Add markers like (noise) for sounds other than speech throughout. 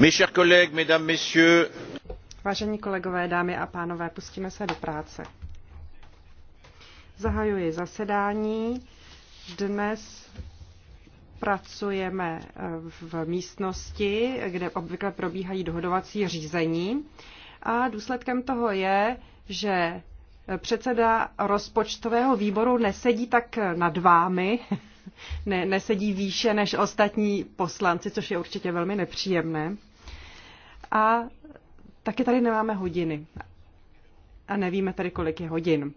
Mes chers collègues, mesdames, messieurs. Vážení kolegové, dámy a pánové, pustíme se do práce. Zahajuji zasedání. Dnes pracujeme eh, v místnosti, kde obvykle probíhají dohodovací řízení. A důsledkem toho je, že předseda rozpočtového výboru nesedí tak nad vámi, (laughs) ne, nesedí výše než ostatní poslanci, což je určitě velmi nepříjemné. A taky tady nemáme hodiny. A nevíme tady, kolik je hodin.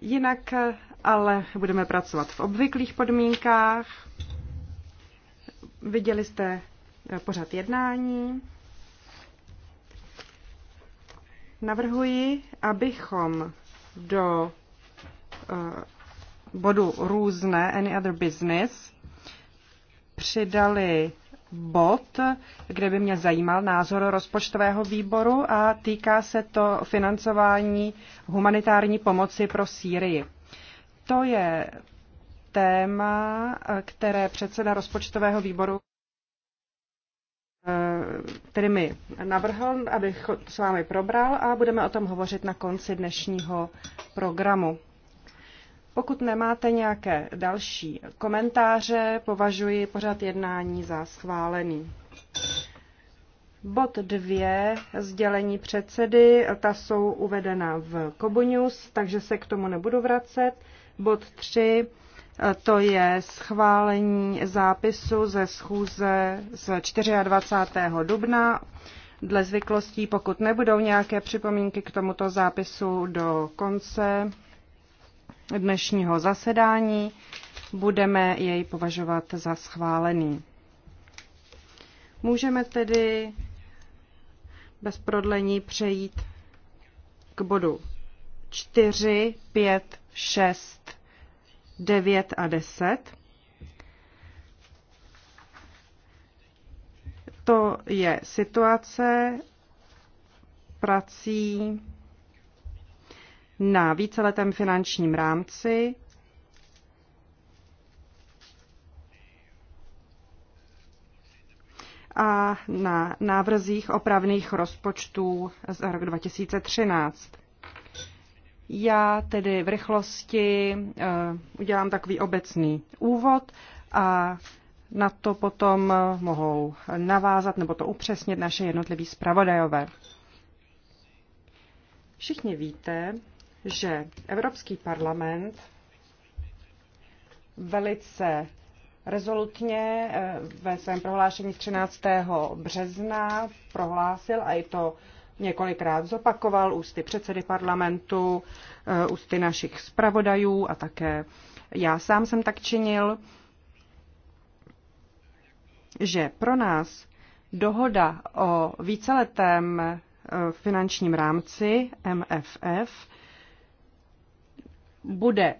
Jinak ale budeme pracovat v obvyklých podmínkách. Viděli jste pořad jednání. Navrhuji, abychom do eh, bodu různé, any other business, přidali bod, kde by mě zajímal názor rozpočtového výboru a týká se to financování humanitární pomoci pro Sýrii. To je téma, eh, které předseda rozpočtového výboru který eh, mi navrhl, abych s vámi probral a budeme o tom hovořit na konci dnešního programu. Pokud nemáte nějaké další komentáře, považuji pořad jednání za schválený. Bod dvě sdělení předsedy, ta jsou uvedena v Kobunius, takže se k tomu nebudu vracet. Bod tři to je schválení zápisu ze schůze z 24. dubna. Dle zvyklostí, pokud nebudou nějaké připomínky k tomuto zápisu do konce dnešního zasedání, budeme jej považovat za schválený. Můžeme tedy bez prodlení přejít k bodu 4, 5, 6 9 a 10. To je situace prací na víceletém finančním rámci a na návrzích opravných rozpočtů za rok 2013. Já tedy v rychlosti eh, udělám takový obecný úvod a na to potom eh, mohou navázat nebo to upřesnit naše jednotliví zpravodajové. Všichni víte, že Evropský parlament velice rezolutně eh, ve svém prohlášení 13. března prohlásil, a i to několikrát zopakoval ústy předsedy parlamentu, eh, ústy našich zpravodajů a také já sám jsem tak činil, že pro nás dohoda o víceletém eh, finančním rámci MFF bude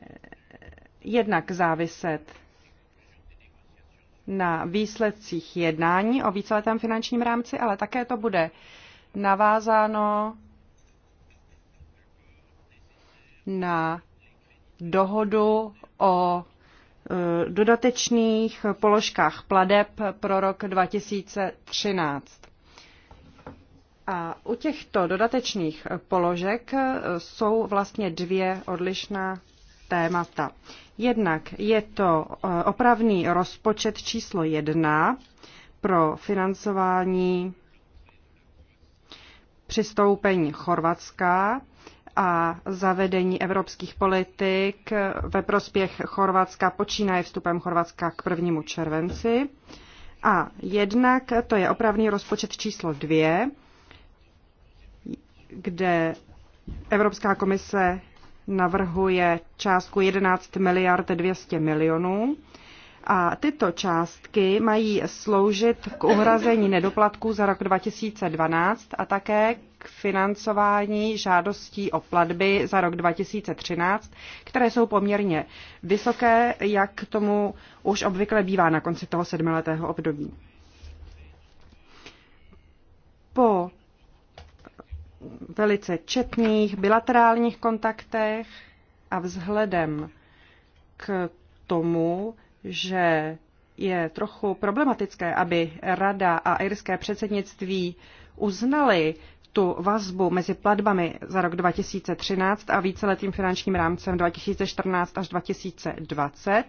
jednak záviset na výsledcích jednání o víceletém finančním rámci, ale také to bude navázáno na dohodu o e, dodatečných položkách pladeb pro rok 2013. A u těchto dodatečných položek e, jsou vlastně dvě odlišná témata. Jednak je to e, opravný rozpočet číslo jedna pro financování přistoupení Chorvatska a zavedení evropských politik ve prospěch Chorvatska počínaje vstupem Chorvatska k 1. červenci. A jednak to je opravný rozpočet číslo dvě, kde Evropská komise navrhuje částku 11 miliard 200 milionů a tyto částky mají sloužit k uhrazení nedoplatků za rok 2012 a také k financování žádostí o platby za rok 2013, které jsou poměrně vysoké, jak tomu už obvykle bývá na konci toho sedmiletého období. Po velice četných bilaterálních kontaktech a vzhledem k tomu, že je trochu problematické, aby Rada a irské předsednictví uznali tu vazbu mezi platbami za rok 2013 a víceletým finančním rámcem 2014 až 2020,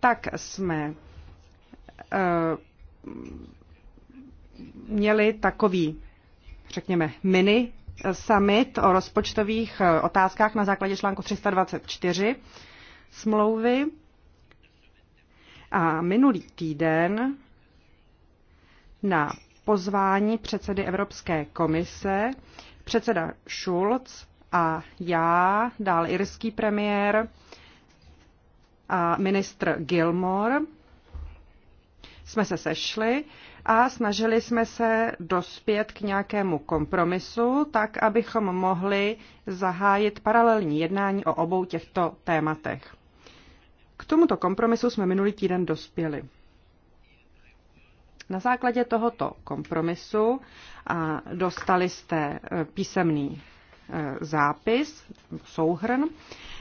tak jsme eh, měli takový, řekněme, mini summit o rozpočtových eh, otázkách na základě článku 324 smlouvy. A minulý týden na pozvání předsedy Evropské komise předseda Schulz a já, dál irský premiér a ministr Gilmore jsme se sešli a snažili jsme se dospět k nějakému kompromisu, tak abychom mohli zahájit paralelní jednání o obou těchto tématech. K tomuto kompromisu jsme minulý týden dospěli. Na základě tohoto kompromisu a dostali jste e, písemný e, zápis, souhrn.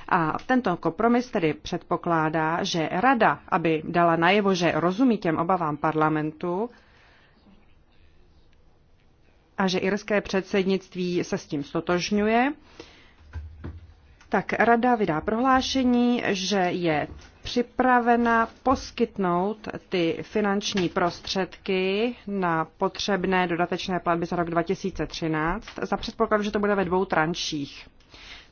A tento kompromis tedy předpokládá, že rada, aby dala najevo, že rozumí těm obavám parlamentu a že irské předsednictví se s tím stotožňuje, tak rada vydá prohlášení, že je připravena poskytnout ty finanční prostředky na potřebné dodatečné platby za rok 2013 za předpokladu, že to bude ve dvou tranších.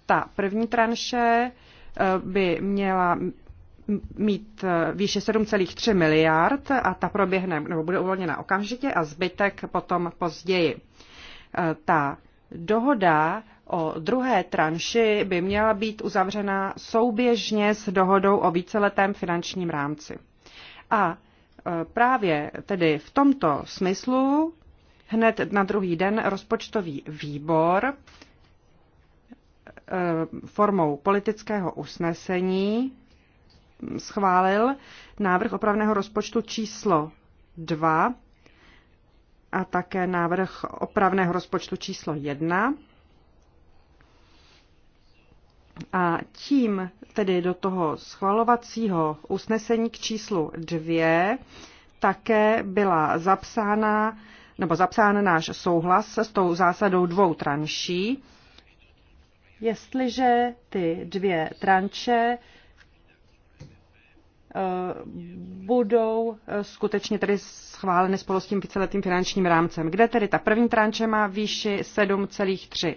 Ta první tranše eh, by měla mít eh, výše 7,3 miliard a ta proběhne nebo bude uvolněna okamžitě a zbytek potom později. Eh, ta dohoda o druhé tranši by měla být uzavřena souběžně s dohodou o víceletém finančním rámci. A e, právě tedy v tomto smyslu hned na druhý den rozpočtový výbor e, formou politického usnesení schválil návrh opravného rozpočtu číslo 2 a také návrh opravného rozpočtu číslo 1 a tím tedy do toho schvalovacího usnesení k číslu 2 také byla zapsána, nebo zapsán náš souhlas s tou zásadou dvou tranší. Jestliže ty dvě tranše eh, budou eh, skutečně tedy schváleny spolu s tím víceletým finančním rámcem, kde tedy ta první tranče má výši 7,3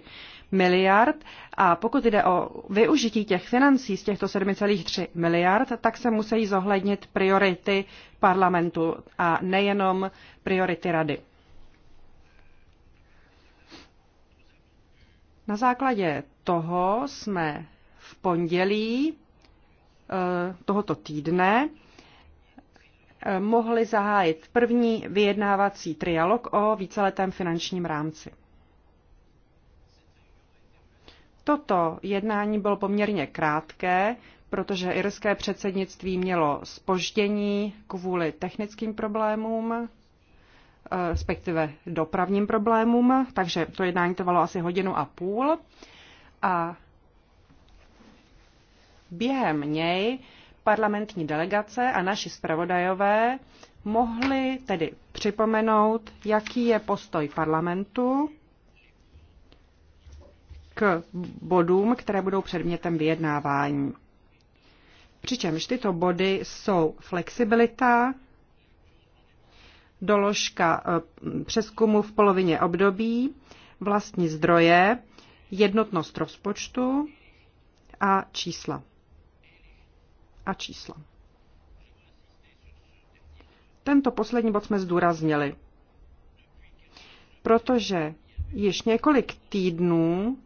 miliard a pokud jde o využití těch financí z těchto 7,3 miliard, tak se musí zohlednit priority parlamentu a nejenom priority rady. Na základě toho jsme v pondělí eh, tohoto týdne eh, mohli zahájit první vyjednávací trialog o víceletém finančním rámci. Toto jednání bylo poměrně krátké, protože irské předsednictví mělo spoždění kvůli technickým problémům, eh, respektive dopravním problémům, takže to jednání trvalo asi hodinu a půl. A během něj parlamentní delegace a naši zpravodajové mohli tedy připomenout, jaký je postoj parlamentu k bodům, které budou předmětem vyjednávání. Přičemž tyto body jsou flexibilita, doložka e, přeskumu v polovině období, vlastní zdroje, jednotnost rozpočtu a čísla. A čísla. Tento poslední bod jsme zdůraznili, protože již několik týdnů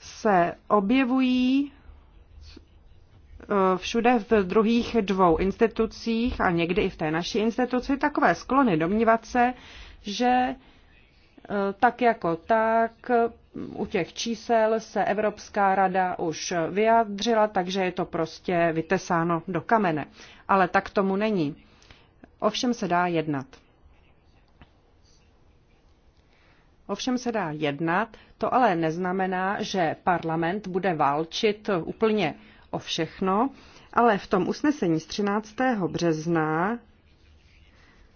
se objevují eh, všude v druhých dvou institucích a někdy i v té naší instituci takové sklony domnívat se, že eh, tak jako tak u těch čísel se Evropská rada už vyjádřila, takže je to prostě vytesáno do kamene. Ale tak tomu není. Ovšem se dá jednat. Ovšem se dá jednat, to ale neznamená, že parlament bude válčit úplně o všechno, ale v tom usnesení z 13. března,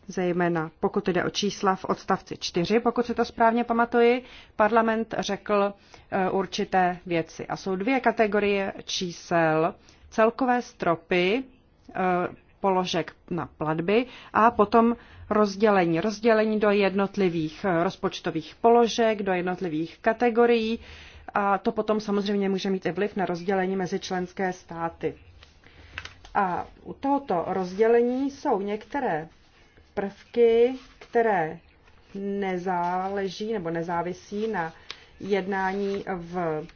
zejména pokud jde o čísla v odstavci 4, pokud se to správně pamatuji, parlament řekl eh, určité věci. A jsou dvě kategorie čísel. Celkové stropy eh, položek na platby a potom rozdělení. Rozdělení do jednotlivých eh, rozpočtových položek, do jednotlivých kategorií a to potom samozřejmě může mít i vliv na rozdělení mezi členské státy. A u tohoto rozdělení jsou některé prvky, které nezáleží nebo nezávisí na jednání v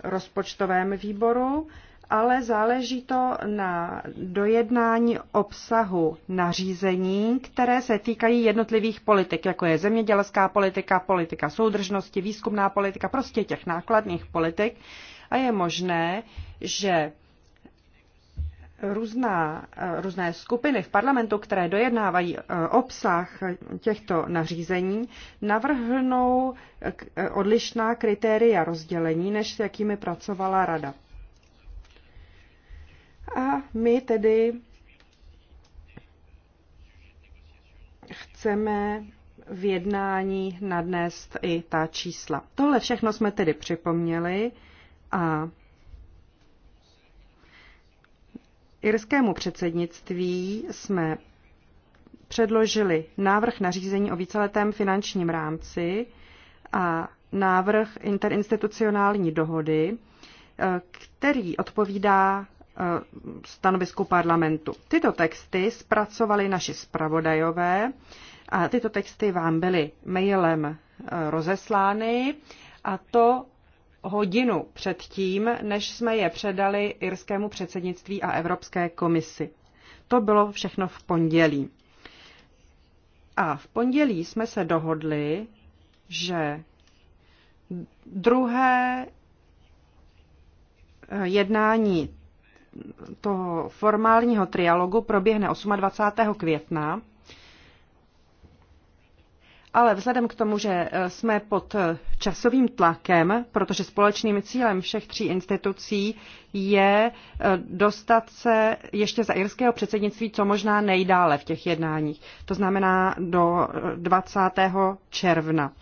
rozpočtovém výboru ale záleží to na dojednání obsahu nařízení, které se týkají jednotlivých politik, jako je zemědělská politika, politika soudržnosti, výzkumná politika, prostě těch nákladných politik. A je možné, že různá, různé skupiny v parlamentu, které dojednávají eh, obsah těchto nařízení, navrhnou eh, odlišná kritéria rozdělení, než s jakými pracovala rada. A my tedy chceme v jednání nadnést i ta čísla. Tohle všechno jsme tedy připomněli a irskému předsednictví jsme předložili návrh nařízení o víceletém finančním rámci a návrh interinstitucionální dohody, eh, který odpovídá Eh, stanovisku parlamentu. Tyto texty zpracovali naši zpravodajové a tyto texty vám byly mailem eh, rozeslány a to hodinu předtím, než jsme je předali irskému předsednictví a Evropské komisi. To bylo všechno v pondělí. A v pondělí jsme se dohodli, že druhé eh, jednání toho formálního trialogu proběhne 28. května. Ale vzhledem k tomu, že eh, jsme pod eh, časovým tlakem, protože společným cílem všech tří institucí je eh, dostat se ještě za irského předsednictví co možná nejdále v těch jednáních, to znamená do 20. června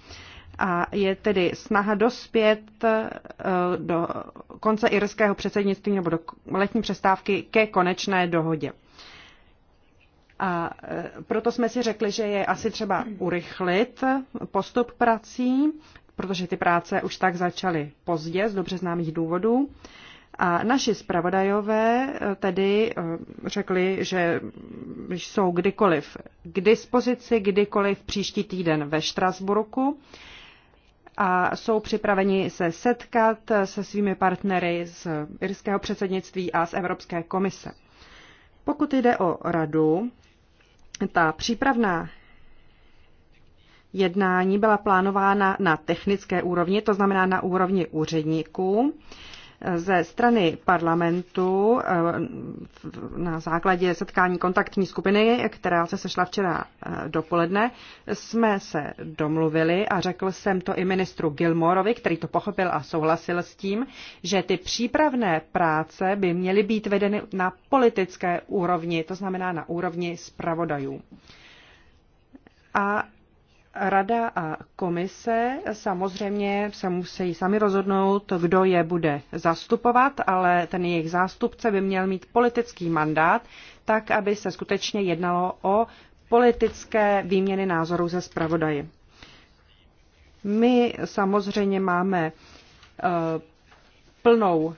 a je tedy snaha dospět eh, do konce irského předsednictví nebo do letní přestávky ke konečné dohodě. A eh, proto jsme si řekli, že je asi třeba urychlit postup prací, protože ty práce už tak začaly pozdě z dobře známých důvodů. A naši zpravodajové eh, tedy řekli, že jsou kdykoliv k dispozici, kdykoliv příští týden ve Štrasburku a jsou připraveni se setkat se svými partnery z irského předsednictví a z Evropské komise. Pokud jde o radu, ta přípravná jednání byla plánována na technické úrovni, to znamená na úrovni úředníků ze strany parlamentu eh, na základě setkání kontaktní skupiny, která se sešla včera eh, dopoledne, jsme se domluvili a řekl jsem to i ministru Gilmorovi, který to pochopil a souhlasil s tím, že ty přípravné práce by měly být vedeny na politické úrovni, to znamená na úrovni zpravodajů. A Rada a komise samozřejmě se musí sami rozhodnout, kdo je bude zastupovat, ale ten jejich zástupce by měl mít politický mandát, tak aby se skutečně jednalo o politické výměny názorů ze zpravodaji. My samozřejmě máme eh, plnou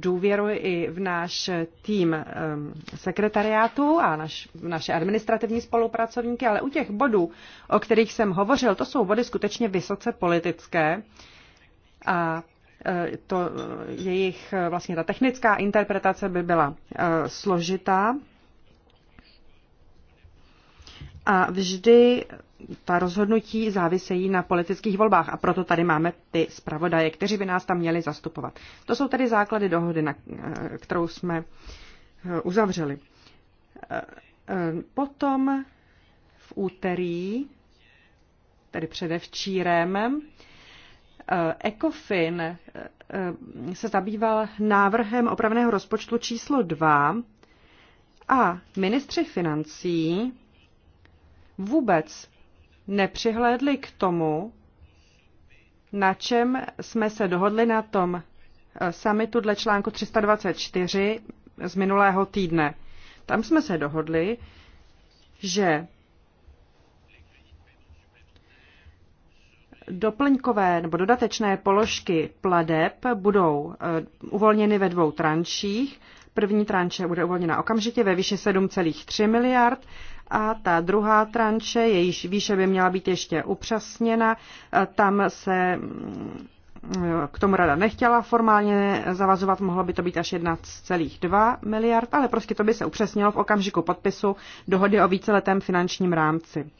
důvěru i v náš tým sekretariátu a naš, naše administrativní spolupracovníky, ale u těch bodů, o kterých jsem hovořil, to jsou body skutečně vysoce politické a e, to e, jejich e, vlastně ta technická interpretace by byla složitá a vždy ta rozhodnutí závisejí na politických volbách a proto tady máme ty zpravodaje, kteří by nás tam měli zastupovat. To jsou tedy základy dohody, na, eh, kterou jsme eh, uzavřeli. Eh, potom v úterý, tedy předevčírem, ECOFIN se zabýval návrhem opravného rozpočtu číslo 2 a ministři financí vůbec nepřihlédli k tomu, na čem jsme se dohodli na tom eh, summitu dle článku 324 z minulého týdne. Tam jsme se dohodli, že doplňkové nebo dodatečné položky pladeb budou eh, uvolněny ve dvou tranších. První tranše bude uvolněna okamžitě ve výši 7,3 miliard a ta druhá tranše, jejíž výše by měla být ještě upřesněna, tam se mm, k tomu rada nechtěla formálně zavazovat, mohlo by to být až 1,2 miliard, ale prostě to by se upřesnilo v okamžiku podpisu dohody o víceletém finančním rámci.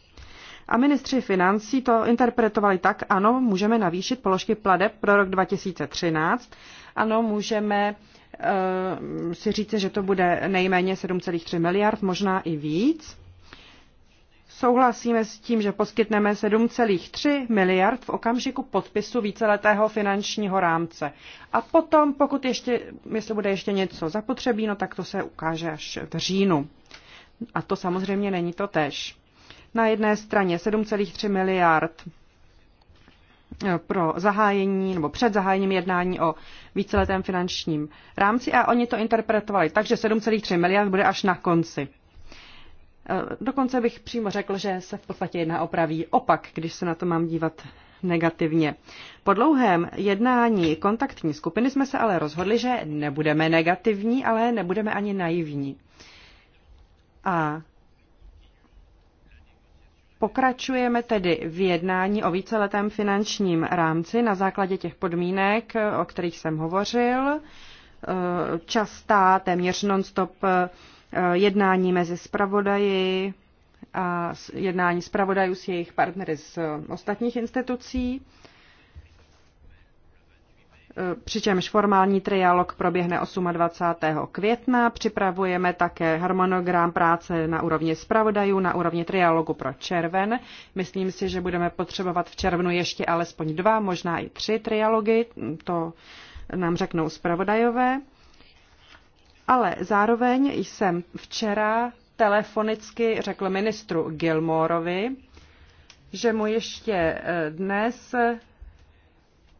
A ministři financí to interpretovali tak, ano, můžeme navýšit položky pladeb pro rok 2013, ano, můžeme eh, si říct, že to bude nejméně 7,3 miliard, možná i víc. Souhlasíme s tím, že poskytneme 7,3 miliard v okamžiku podpisu víceletého finančního rámce. A potom, pokud ještě, jestli bude ještě něco zapotřebí, no tak to se ukáže až v říjnu. A to samozřejmě není to tež. Na jedné straně 7,3 miliard eh, pro zahájení nebo před zahájením jednání o víceletém finančním rámci a oni to interpretovali tak, že 7,3 miliard bude až na konci. Eh, dokonce bych přímo řekl, že se v podstatě jedná o pravý opak, když se na to mám dívat negativně. Po dlouhém jednání kontaktní skupiny jsme se ale rozhodli, že nebudeme negativní, ale nebudeme ani naivní. A Pokračujeme tedy v jednání o víceletém finančním rámci na základě těch podmínek, o kterých jsem hovořil. Eh, častá, téměř non-stop eh, Eh, jednání mezi spravodají a jednání spravodajů s jejich partnery z eh, ostatních institucí, eh, přičemž formální trialog proběhne 28. května. Připravujeme také harmonogram práce na úrovni zpravodajů, na úrovni trialogu pro červen. Myslím si, že budeme potřebovat v červnu ještě alespoň dva, možná i tři trialogy, to nám řeknou zpravodajové. Ale zároveň jsem včera telefonicky řekl ministru Gilmorovi, že mu ještě eh, dnes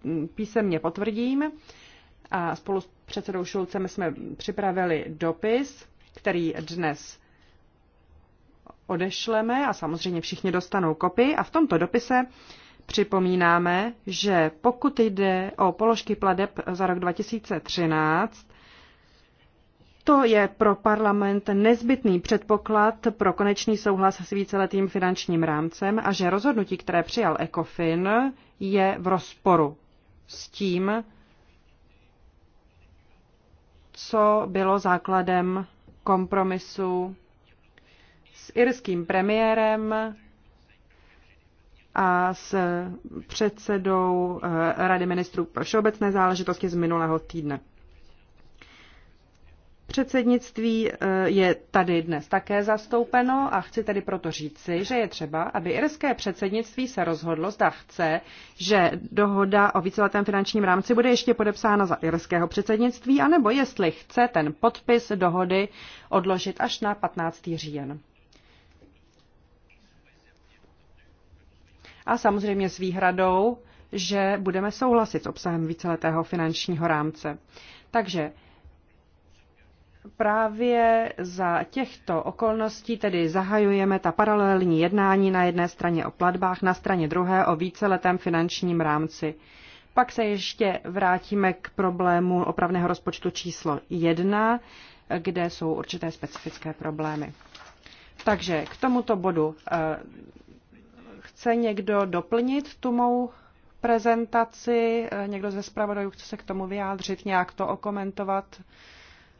hm, písemně potvrdím a spolu s předsedou Šulcem jsme připravili dopis, který dnes odešleme a samozřejmě všichni dostanou kopii a v tomto dopise připomínáme, že pokud jde o položky pladeb za rok 2013, to je pro parlament nezbytný předpoklad pro konečný souhlas s víceletým finančním rámcem a že rozhodnutí, které přijal ECOFIN, je v rozporu s tím, co bylo základem kompromisu s irským premiérem a s předsedou eh, Rady ministrů pro všeobecné záležitosti z minulého týdne. Předsednictví eh, je tady dnes také zastoupeno a chci tedy proto říci, že je třeba, aby irské předsednictví se rozhodlo, zda chce, že dohoda o víceletém finančním rámci bude ještě podepsána za irského předsednictví, anebo jestli chce ten podpis dohody odložit až na 15. říjen. A samozřejmě s výhradou, že budeme souhlasit s obsahem víceletého finančního rámce. Takže právě za těchto okolností tedy zahajujeme ta paralelní jednání na jedné straně o platbách, na straně druhé o víceletém finančním rámci. Pak se ještě vrátíme k problému opravného rozpočtu číslo 1, kde jsou určité specifické problémy. Takže k tomuto bodu eh, chce někdo doplnit tu mou prezentaci, eh, někdo ze zpravodajů chce se k tomu vyjádřit, nějak to okomentovat.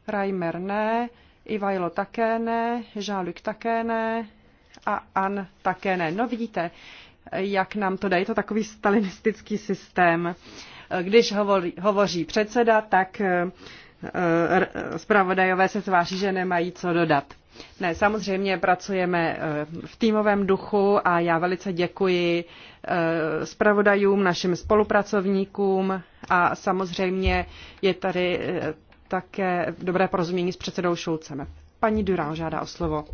Reimer ne, Ivajlo také ne, Žáluk také ne a An také ne. No vidíte, jak nám to dají, to takový stalinistický systém. Když hovoří, hovoří předseda, tak eh, eh, zpravodajové se tváří, že nemají co dodat. Ne, samozřejmě pracujeme eh, v týmovém duchu a já velice děkuji zpravodajům, našim spolupracovníkům a samozřejmě je tady také dobré porozumění s předsedou Šulcem. Paní Durán žádá o slovo.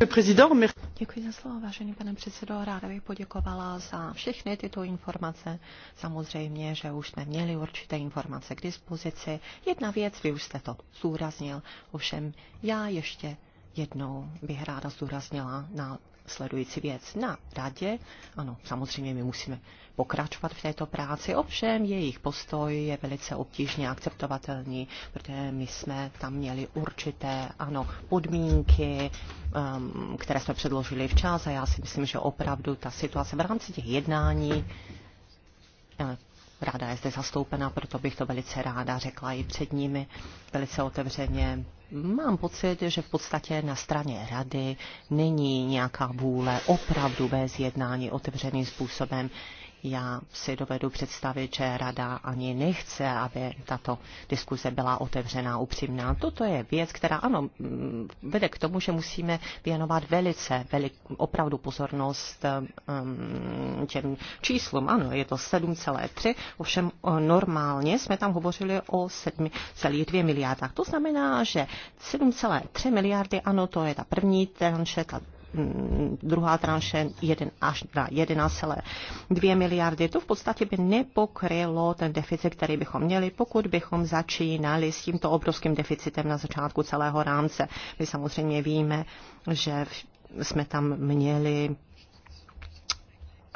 Děkuji za slovo, vážený pane předsedo. Ráda bych poděkovala za všechny tyto informace. Samozřejmě, že už jsme měli určité informace k dispozici. Jedna věc, vy už jste to zúraznil, ovšem já ještě jednou bych ráda zdůraznila na sledující věc. Na radě, ano, samozřejmě my musíme pokračovat v této práci, ovšem jejich postoj je velice obtížně akceptovatelný, protože my jsme tam měli určité, ano, podmínky, um, které jsme předložili včas a já si myslím, že opravdu ta situace v rámci těch jednání eh, Rada je zde zastoupena, proto bych to velice ráda řekla i před nimi velice otevřeně. Mám pocit, že v podstatě na straně rady není nějaká vůle opravdu bez jednání otevřeným způsobem já si dovedu představit, že rada ani nechce, aby tato diskuse byla otevřená, upřímná. Toto je věc, která ano, mm, vede k tomu, že musíme věnovat velice, velik, opravdu pozornost um, těm číslům. Ano, je to 7,3, ovšem eh, normálně jsme tam hovořili o 7,2 miliardách. To znamená, že 7,3 miliardy, ano, to je ta první tranše, ta Mm, druhá tranše 1 až na 1,2 miliardy. To v podstatě by nepokrylo ten deficit, který bychom měli, pokud bychom začínali s tímto obrovským deficitem na začátku celého rámce. My samozřejmě víme, že jsme tam měli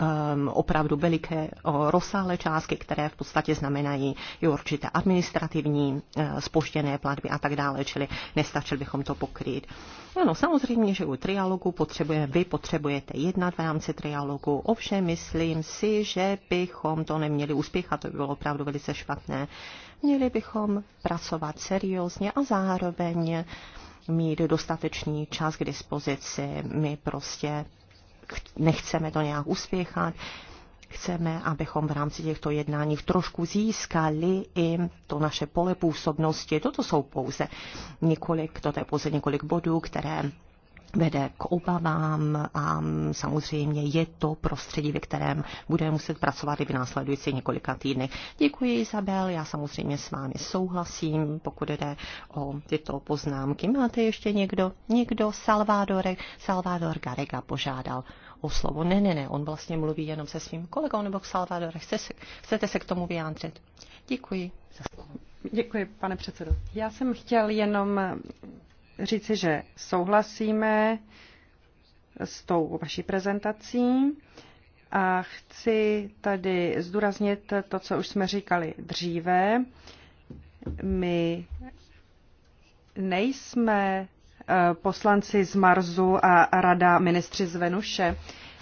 um, opravdu veliké rozsáhlé částky, které v podstatě znamenají i určité administrativní uh, spožděné platby a tak dále, čili nestačili bychom to pokrýt. Ano, samozřejmě, že u trialogu potřebujeme, vy potřebujete jednat v rámci trialogu, ovšem myslím si, že bychom to neměli uspěchat, to by bylo opravdu velice špatné. Měli bychom pracovat seriózně a zároveň mít dostatečný čas k dispozici. My prostě nechceme to nějak uspěchat, chceme, abychom v rámci těchto jednání trošku získali i to naše pole působnosti. Toto jsou pouze několik, toto je pouze několik bodů, které vede k obavám a samozřejmě je to prostředí, ve kterém budeme muset pracovat i v následující několika týdnech. Děkuji, Izabel, já samozřejmě s vámi souhlasím, pokud jde o tyto poznámky. Máte ještě někdo? Někdo? Salvador, Salvador Garega požádal o slovo. Ne, ne, ne, on vlastně mluví jenom se svým kolegou nebo k Salvador. Chce se, chcete se k tomu vyjádřit? Děkuji. Za slovo. Děkuji, pane předsedo. Já jsem chtěl jenom říci, že souhlasíme s tou vaší prezentací a chci tady zdůraznit to, co už jsme říkali dříve. My nejsme Eh, poslanci z Marsu a rada ministři z Venuše.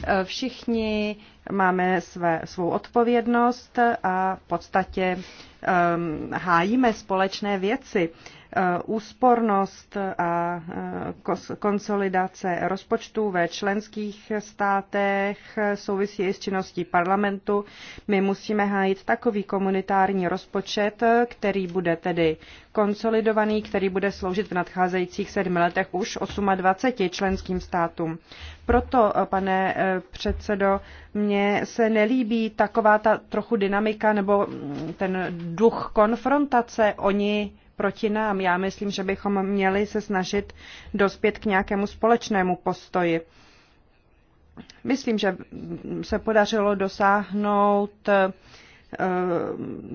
Eh, všichni máme své, svou odpovědnost a v podstatě um, hájíme společné věci. Eh, úspornost a eh, konsolidace rozpočtů ve členských státech eh, souvisí i s činností parlamentu. My musíme hájit takový komunitární rozpočet, který bude tedy konsolidovaný, který bude sloužit v nadcházejících sedmi letech už 28 členským státům. Proto, pane předsedo, mně se nelíbí taková ta trochu dynamika nebo mm, ten duch konfrontace. Oni proti nám. Já myslím, že bychom měli se snažit dospět k nějakému společnému postoji. Myslím, že se podařilo dosáhnout eh,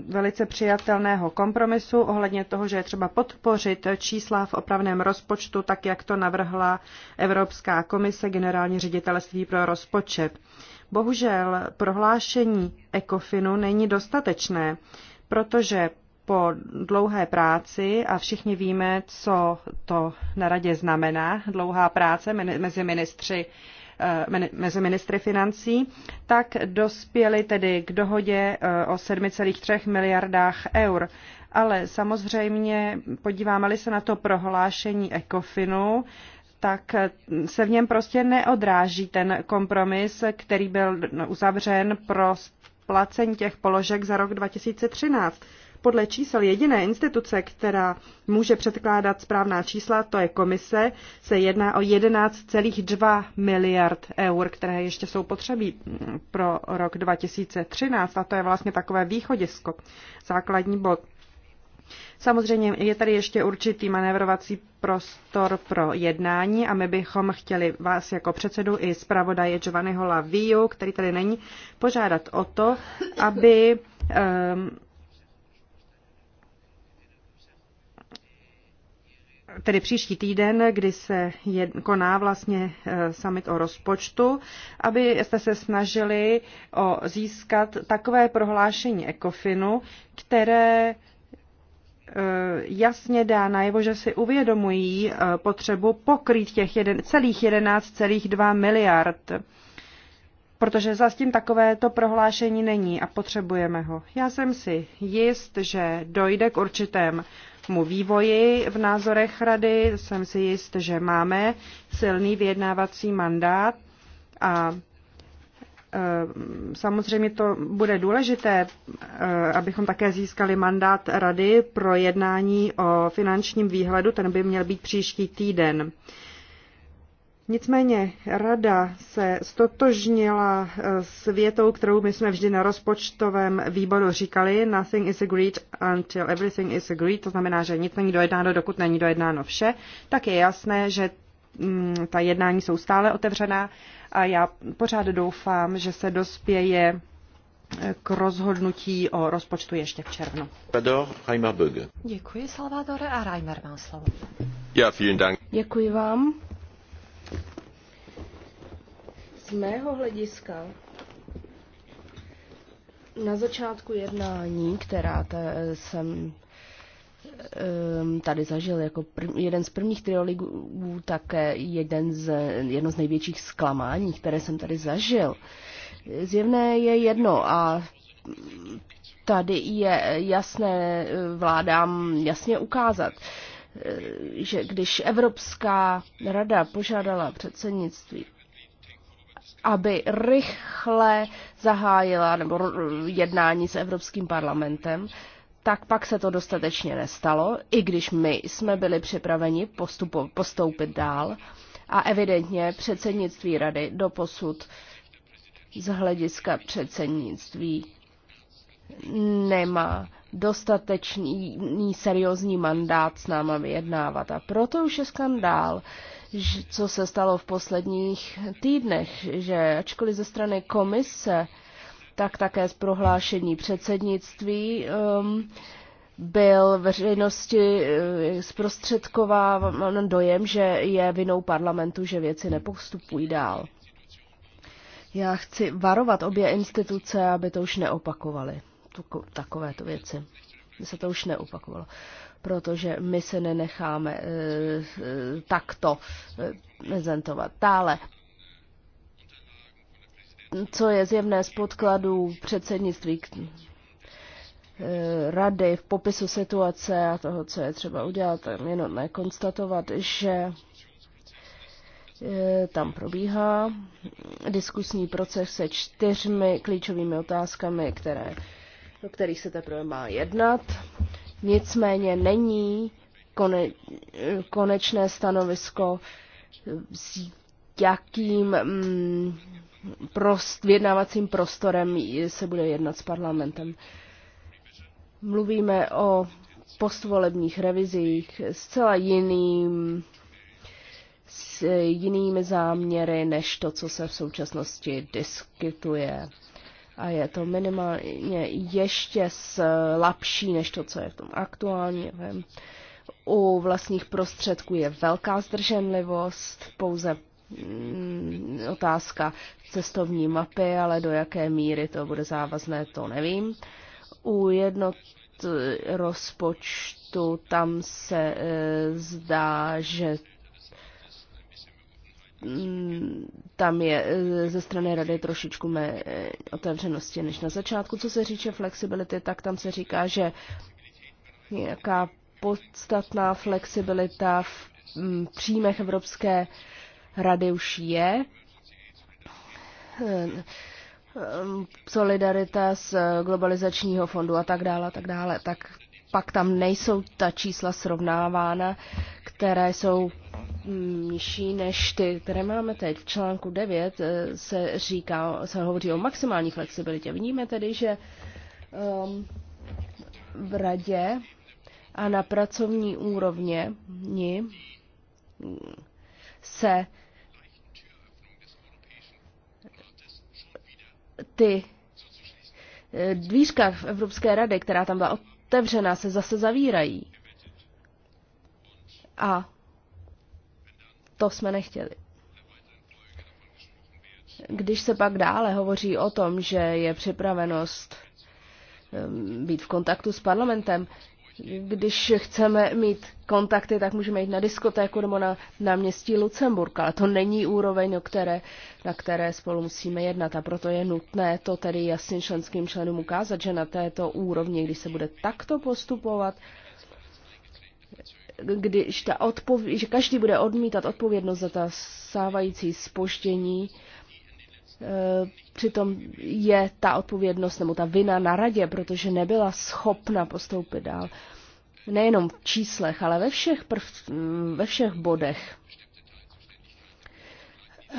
velice přijatelného kompromisu ohledně toho, že je třeba podpořit čísla v opravném rozpočtu, tak jak to navrhla Evropská komise generální ředitelství pro rozpočet. Bohužel prohlášení ECOFINu není dostatečné, protože po dlouhé práci a všichni víme, co to na radě znamená, dlouhá práce mezi ministři eh, mezi ministry financí, tak dospěli tedy k dohodě eh, o 7,3 miliardách eur. Ale samozřejmě podíváme-li se na to prohlášení ECOFINu, tak se v něm prostě neodráží ten kompromis, který byl uzavřen pro splacení těch položek za rok 2013 podle čísel jediné instituce, která může předkládat správná čísla, to je komise, se jedná o 11,2 miliard eur, které ještě jsou potřebí mm, pro rok 2013 a to je vlastně takové východisko, základní bod. Samozřejmě je tady ještě určitý manévrovací prostor pro jednání a my bychom chtěli vás jako předsedu i zpravodaje Giovanniho Laviu, který tady není, požádat o to, aby um, tedy příští týden, kdy se jed, koná vlastně eh, summit o rozpočtu, aby jste se snažili o získat takové prohlášení ECOFINu, které eh, jasně dá najevo, že si uvědomují eh, potřebu pokrýt těch jeden, celých 11,2 miliard, protože za tím takovéto prohlášení není a potřebujeme ho. Já jsem si jist, že dojde k určitém tomu vývoji v názorech rady. Jsem si jist, že máme silný vyjednávací mandát a eh, samozřejmě to bude důležité, eh, abychom také získali mandát rady pro jednání o finančním výhledu, ten by měl být příští týden. Nicméně rada se stotožnila eh, s větou, kterou my jsme vždy na rozpočtovém výboru říkali, nothing is agreed until everything is agreed, to znamená, že nic není dojednáno, dokud není dojednáno vše, tak je jasné, že mm, ta jednání jsou stále otevřená a já pořád doufám, že se dospěje eh, k rozhodnutí o rozpočtu ještě v červnu. Děkuji, Salvadore, a Reimer má slovo. Ja, vielen Dank. Děkuji vám z mého hlediska na začátku jednání, která te, jsem eh, tady zažil jako prv, jeden z prvních trioligů, také jeden z, jedno z největších zklamání, které jsem tady zažil. Zjevné je jedno a tady je jasné eh, vládám jasně ukázat, eh, že když Evropská rada požádala předsednictví aby rychle zahájila nebo jednání s Evropským parlamentem, tak pak se to dostatečně nestalo, i když my jsme byli připraveni postupo, postoupit dál. A evidentně předsednictví rady doposud z hlediska předsednictví nemá dostatečný seriózní mandát s náma vyjednávat. A proto už je skandál, co se stalo v posledních týdnech, že ačkoliv ze strany komise, tak také z prohlášení předsednictví um, byl veřejnosti eh, zprostředkován dojem, že je vinou parlamentu, že věci nepostupují dál. Já chci varovat obě instituce, aby to už neopakovaly, takovéto věci. Aby se to už neopakovalo protože my se nenecháme eh, eh, takto eh, prezentovat. Dále, co je zjevné z podkladů předsednictví rady v popisu situace a toho, co je třeba udělat, jenom konstatovat, že tam probíhá diskusní proces se čtyřmi klíčovými otázkami, které, o kterých se teprve má jednat. Nicméně není kone, konečné stanovisko, s jakým mm, prost, vyjednávacím prostorem se bude jednat s parlamentem. Mluvíme o postvolebních revizích s celá jiným, s jinými záměry, než to, co se v současnosti diskutuje a je to minimálně ještě slabší než to, co je v tom aktuálně. U vlastních prostředků je velká zdrženlivost, pouze mm, otázka cestovní mapy, ale do jaké míry to bude závazné, to nevím. U jednot eh, rozpočtu tam se e, zdá, že tam je eh, ze strany rady trošičku mé eh, otevřenosti než na začátku. Co se říče flexibility, tak tam se říká, že nějaká podstatná flexibilita v mm, příjmech Evropské rady už je. Eh, solidarita z globalizačního fondu a tak dále, a tak dále. Tak pak tam nejsou ta čísla srovnávána, které jsou nižší než ty, které máme teď. V článku 9 eh, se říká, se hovoří o maximální flexibilitě. Vníme tedy, že um, v radě a na pracovní úrovně se ty eh, dvířka v Evropské rady, která tam byla otevřená, se zase zavírají. A to jsme nechtěli. Když se pak dále hovoří o tom, že je připravenost být v kontaktu s parlamentem, když chceme mít kontakty, tak můžeme jít na diskotéku nebo na náměstí Lucemburka, ale to není úroveň, o které, na které spolu musíme jednat a proto je nutné to tedy jasným členským členům ukázat, že na této úrovni, když se bude takto postupovat, když ta odpověd, že každý bude odmítat odpovědnost za ta sávající spoštění, e, přitom je ta odpovědnost nebo ta vina na radě, protože nebyla schopna postoupit dál. Nejenom v číslech, ale ve všech, prv, ve všech bodech.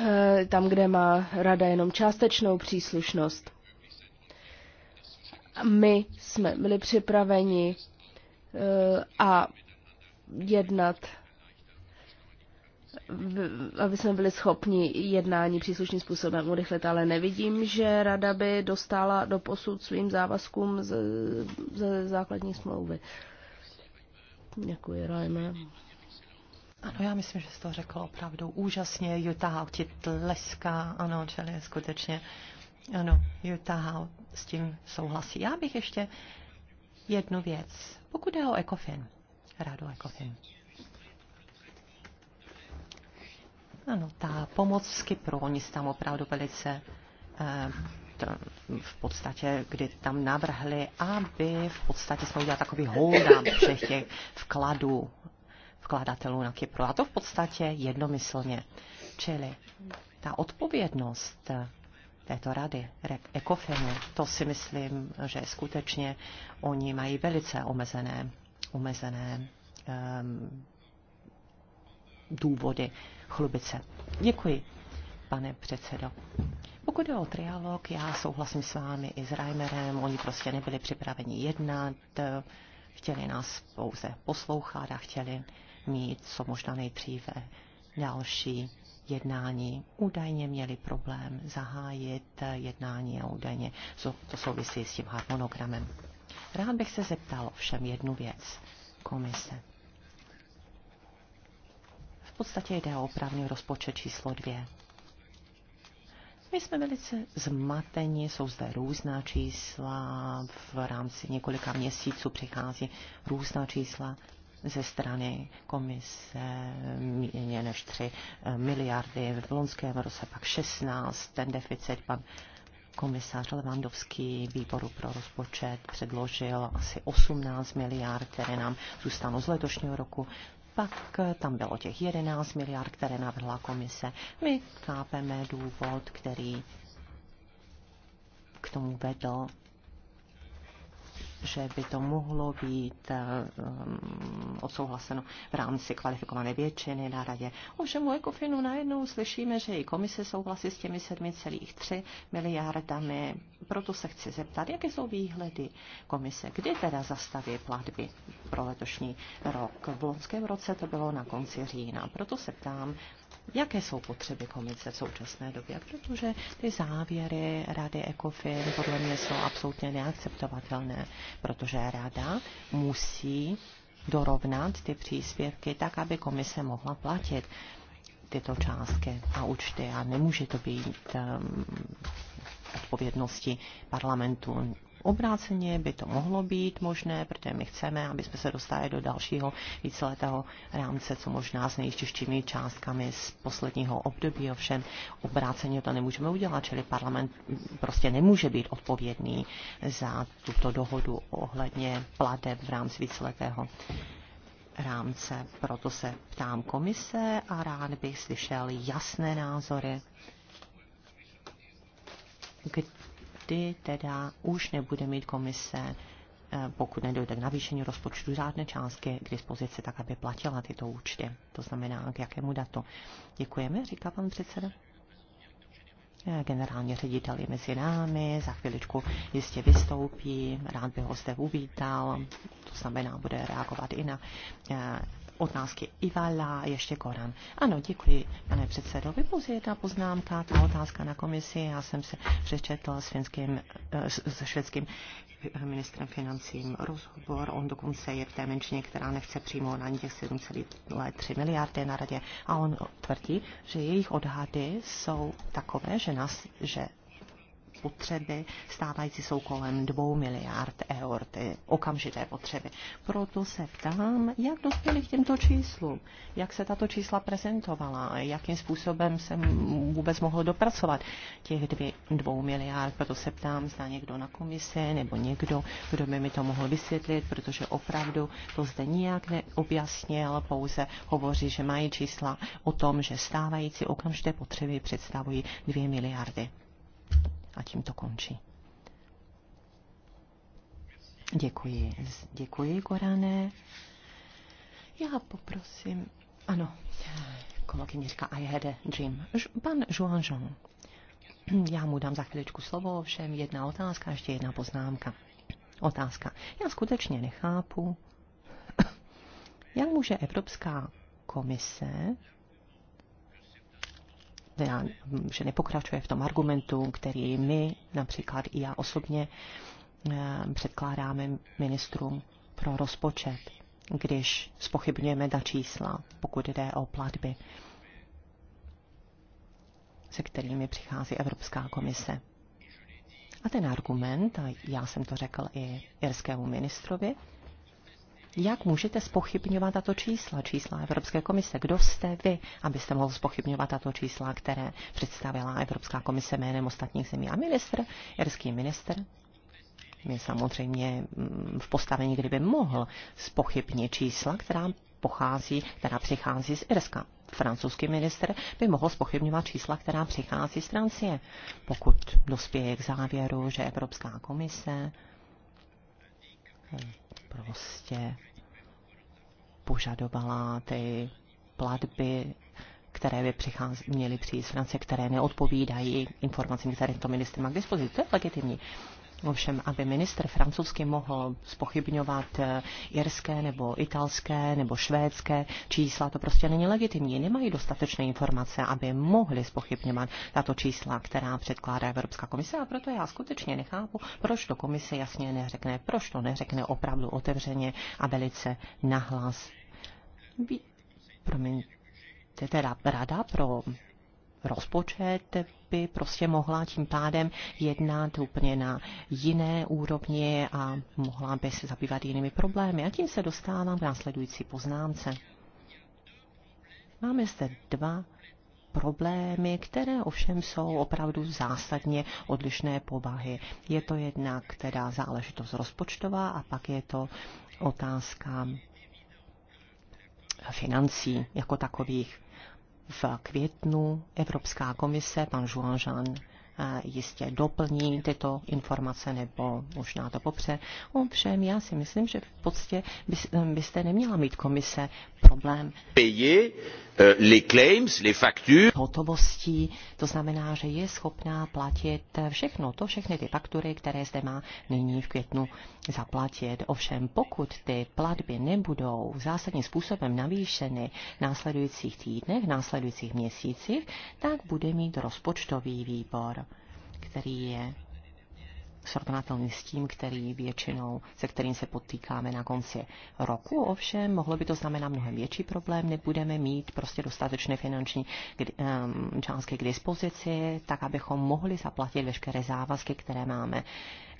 E, tam, kde má rada jenom částečnou příslušnost. My jsme byli připraveni e, a jednat, aby jsme byli schopni jednání příslušným způsobem urychlit, ale nevidím, že rada by dostala do posud svým závazkům ze základní smlouvy. Děkuji, Rajme. Ano, já myslím, že jsi to řekl opravdu úžasně. Utah ti tleská, ano, čili skutečně. Ano, Utah s tím souhlasí. Já bych ještě jednu věc. Pokud je o ECOFIN, jako Ekofin. Ano, ta pomoc z Kypru, oni tam opravdu velice eh, v podstatě, kdy tam navrhli, aby v podstatě jsme udělali takový holdout všech těch vkladů, vkladatelů na Kypru. A to v podstatě jednomyslně. Čili ta odpovědnost této rady, ECOFINu, to si myslím, že skutečně oni mají velice omezené omezené um, důvody chlubit se. Děkuji, pane předsedo. Pokud jde o trialog, já souhlasím s vámi i s Reimerem, oni prostě nebyli připraveni jednat, chtěli nás pouze poslouchat a chtěli mít co možná nejdříve další jednání. Údajně měli problém zahájit jednání a údajně to souvisí s tím harmonogramem. Rád bych se zeptal všem jednu věc komise. V podstatě jde o opravný rozpočet číslo dvě. My jsme velice zmateni, jsou zde různá čísla, v rámci několika měsíců přichází různá čísla ze strany komise méně než 3 miliardy, v loňském roce pak 16, ten deficit pan komisař Levandovský výboru pro rozpočet předložil asi 18 miliard, které nám zůstanou z letošního roku. Pak tam bylo těch 11 miliard, které navrhla komise. My chápeme důvod, který k tomu vedl že by to mohlo být eh, mm, odsouhlaseno v rámci kvalifikované většiny na radě. Ovšem u Ekofinu najednou slyšíme, že i komise souhlasí s těmi 7,3 miliardami. Proto se chci zeptat, jaké jsou výhledy komise, kdy teda zastaví platby pro letošní rok. V loňském roce to bylo na konci října. Proto se ptám, jaké jsou potřeby komise v současné době, protože ty závěry Rady ECOFIN podle mě jsou absolutně neakceptovatelné, protože Rada musí dorovnat ty příspěvky tak, aby komise mohla platit tyto částky a účty a nemůže to být um, ehm, odpovědnosti parlamentu obráceně by to mohlo být možné, protože my chceme, aby jsme se dostali do dalšího víceletého rámce, co možná s nejštěžšími částkami z posledního období, ovšem obráceně to nemůžeme udělat, čili parlament prostě nemůže být odpovědný za tuto dohodu ohledně plateb v rámci víceletého rámce. Proto se ptám komise a rád bych slyšel jasné názory kdy teda už nebude mít komise, eh, pokud nedojde k navýšení rozpočtu žádné částky k dispozici, tak aby platila tyto účty. To znamená, k jakému datu. Děkujeme, říká pan předseda eh, generální ředitel je mezi námi, za chviličku jistě vystoupí, rád by ho zde uvítal, to znamená, bude reagovat i na eh, otázky Ivala ještě Koran. Ano, děkuji, pane předsedo. Pouze jedna poznámka, ta otázka na komisi. Já jsem se přečetl s, finským, eh, s švédským ministrem financím rozhovor. On dokonce je v té menšině, která nechce přímo na těch 7,3 miliardy na radě. A on tvrdí, že jejich odhady jsou takové, že, nás, že potřeby stávající jsou kolem 2 miliard eur, ty okamžité potřeby. Proto se ptám, jak dospěli k těmto číslům, jak se tato čísla prezentovala, jakým způsobem se vůbec mohlo dopracovat těch 2 miliard, proto se ptám, zda někdo na komisi nebo někdo, kdo by mi to mohl vysvětlit, protože opravdu to zde nijak neobjasnil, pouze hovoří, že mají čísla o tom, že stávající okamžité potřeby představují 2 miliardy a tím to končí. Děkuji, děkuji, Korané. Já poprosím, ano, kolegyně říká I had a dream. Pan Joan Jean. Já mu dám za chviličku slovo, všem jedna otázka, ještě jedna poznámka. Otázka. Já skutečně nechápu, (coughs) jak může Evropská komise že nepokračuje v tom argumentu, který my, například i já osobně, eh, předkládáme ministrům pro rozpočet, když spochybňujeme ta čísla, pokud jde o platby, se kterými přichází Evropská komise. A ten argument, a já jsem to řekl i irskému ministrovi, jak můžete spochybňovat tato čísla, čísla Evropské komise? Kdo jste vy, abyste mohl spochybňovat tato čísla, které představila Evropská komise jménem ostatních zemí? A minister, jerský minister, je samozřejmě mm, v postavení, kdyby mohl spochybnit čísla, která pochází, která přichází z Irska. Francouzský minister by mohl spochybňovat čísla, která přichází z Francie, pokud dospěje k závěru, že Evropská komise prostě požadovala ty platby, které by přicház, měly přijít z Francie, které neodpovídají informacím, které to ministr má k dispozici. To je legitimní. Ovšem, aby minister francouzsky mohl spochybňovat jirské eh, nebo italské nebo švédské čísla, to prostě není legitimní. Nemají dostatečné informace, aby mohli spochybňovat tato čísla, která předkládá Evropská komise. A proto já skutečně nechápu, proč to komise jasně neřekne, proč to neřekne opravdu otevřeně a velice nahlas. Promiňte, teda Rada pro rozpočet by prostě mohla tím pádem jednat úplně na jiné úrovni a mohla by se zabývat jinými problémy. A tím se dostávám k následující poznámce. Máme zde dva problémy, které ovšem jsou opravdu zásadně odlišné povahy. Je to jednak teda záležitost rozpočtová a pak je to otázka financí jako takových v květnu Evropská komise, pan Juan Jean eh, jistě doplní tyto informace nebo možná to popře. Ovšem, já si myslím, že v podstatě eh, byste neměla mít komise problém eh, hotovostí, to znamená, že je schopná platit všechno, to všechny ty faktury, které zde má nyní v květnu zaplatit. Ovšem, pokud ty platby nebudou zásadním způsobem navýšeny v následujících týdnech, v následujících měsících, tak bude mít rozpočtový výbor, který je srovnatelný s tím, který většinou, se kterým se potýkáme na konci roku. Ovšem, mohlo by to znamenat mnohem větší problém, nebudeme mít prostě dostatečné finanční částky k dispozici, tak abychom mohli zaplatit veškeré závazky, které máme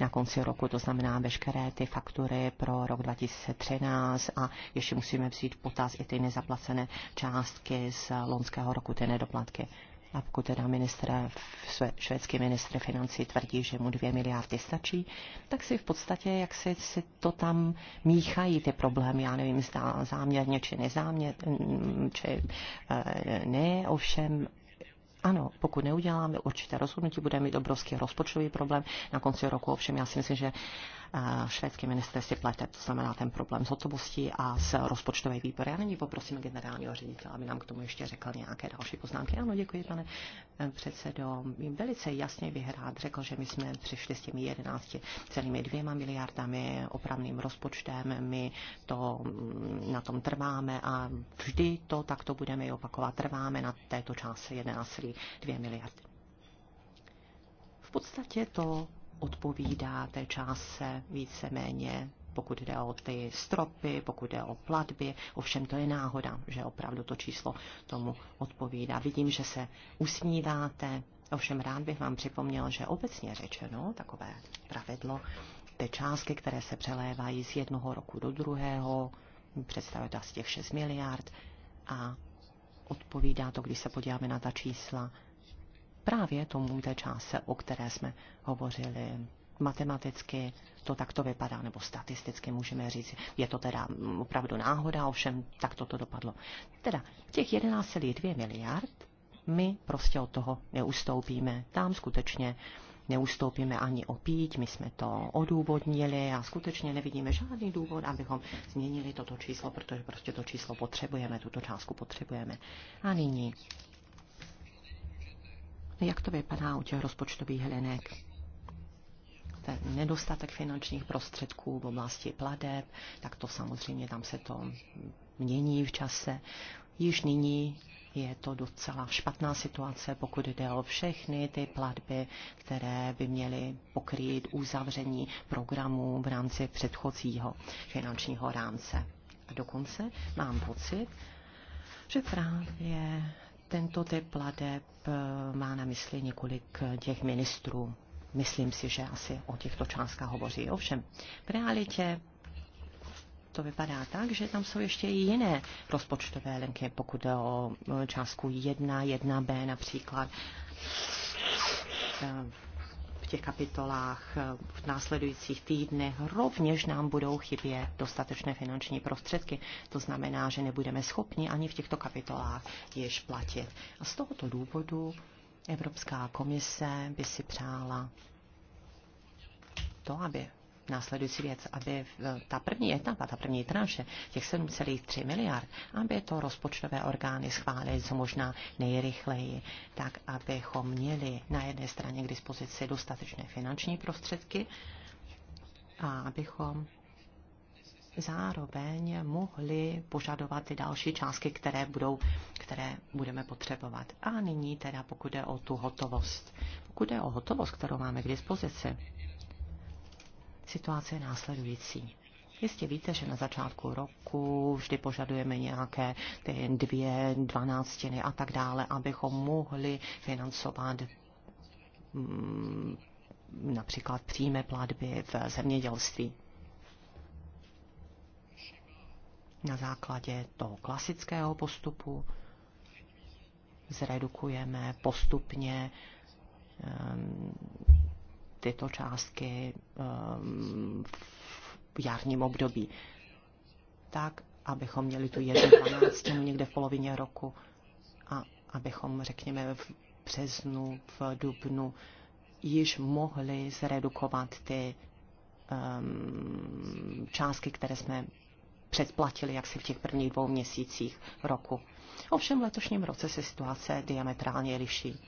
na konci roku, to znamená veškeré ty faktury pro rok 2013 a ještě musíme vzít potaz i ty nezaplacené částky z loňského roku, ty nedoplatky. A pokud teda ministr, švédský ministr financí tvrdí, že mu dvě miliardy stačí, tak si v podstatě, jak si, si to tam míchají ty problémy, já nevím, zda záměrně či nezáměrně, mm, či eh, ne, ovšem ano, pokud neuděláme určité rozhodnutí, budeme mít obrovský rozpočtový problém na konci roku. Ovšem, já si myslím, že švédské ministerství plete, to znamená ten problém s hotovostí a s rozpočtové výbory. Já nyní poprosím generálního ředitele, aby nám k tomu ještě řekl nějaké další poznámky. Ano, děkuji, pane eh, předsedo. Velice jasně bych rád řekl, že my jsme přišli s těmi 11 celými dvěma miliardami opravným rozpočtem. My to mm, na tom trváme a vždy to takto budeme i opakovat. Trváme na této části 11,2 miliardy. V podstatě to odpovídá té částce víceméně pokud jde o ty stropy, pokud jde o platby. Ovšem to je náhoda, že opravdu to číslo tomu odpovídá. Vidím, že se usmíváte. Ovšem rád bych vám připomněl, že obecně řečeno, takové pravidlo, ty částky, které se přelévají z jednoho roku do druhého, představuje to asi těch 6 miliard a odpovídá to, když se podíváme na ta čísla právě tomu té čase, o které jsme hovořili. Matematicky to takto vypadá, nebo statisticky můžeme říct, je to teda mm, opravdu náhoda, ovšem tak toto dopadlo. Teda těch 11,2 miliard my prostě od toho neustoupíme. Tam skutečně neustoupíme ani o píť, my jsme to odůvodnili a skutečně nevidíme žádný důvod, abychom změnili toto číslo, protože prostě to číslo potřebujeme, tuto částku potřebujeme. A nyní jak to vypadá u těch rozpočtových hlinek. Ten nedostatek finančních prostředků v oblasti pladeb, tak to samozřejmě tam se to mění v čase. Již nyní je to docela špatná situace, pokud jde o všechny ty platby, které by měly pokrýt uzavření programů v rámci předchozího finančního rámce. A dokonce mám pocit, že právě tento typ pladeb eh, má na mysli několik eh, těch ministrů. Myslím si, že asi o těchto částkách hovoří. Ovšem, v realitě to vypadá tak, že tam jsou ještě i jiné rozpočtové linky, pokud jde o eh, částku 1, 1b například těch kapitolách eh, v následujících týdnech, rovněž nám budou chybět dostatečné finanční prostředky. To znamená, že nebudeme schopni ani v těchto kapitolách již platit. A z tohoto důvodu Evropská komise by si přála to, aby následující věc, aby ta první etapa, ta první tranše, těch 7,3 miliard, aby to rozpočtové orgány schválily co možná nejrychleji, tak abychom měli na jedné straně k dispozici dostatečné finanční prostředky a abychom zároveň mohli požadovat ty další částky, které, budou, které budeme potřebovat. A nyní teda pokud jde o tu hotovost. Pokud jde o hotovost, kterou máme k dispozici, Situace je následující. Jistě víte, že na začátku roku vždy požadujeme nějaké ty dvě dvanáctiny a tak dále, abychom mohli financovat mm, například přímé platby v zemědělství. Na základě toho klasického postupu zredukujeme postupně mm, tyto částky ehm, v jarním období. Tak, abychom měli tu jednu dvanáctinu někde v polovině roku a abychom, řekněme, v březnu, v dubnu již mohli zredukovat ty um, částky, které jsme předplatili jaksi v těch prvních dvou měsících roku. Ovšem v letošním roce se situace diametrálně liší.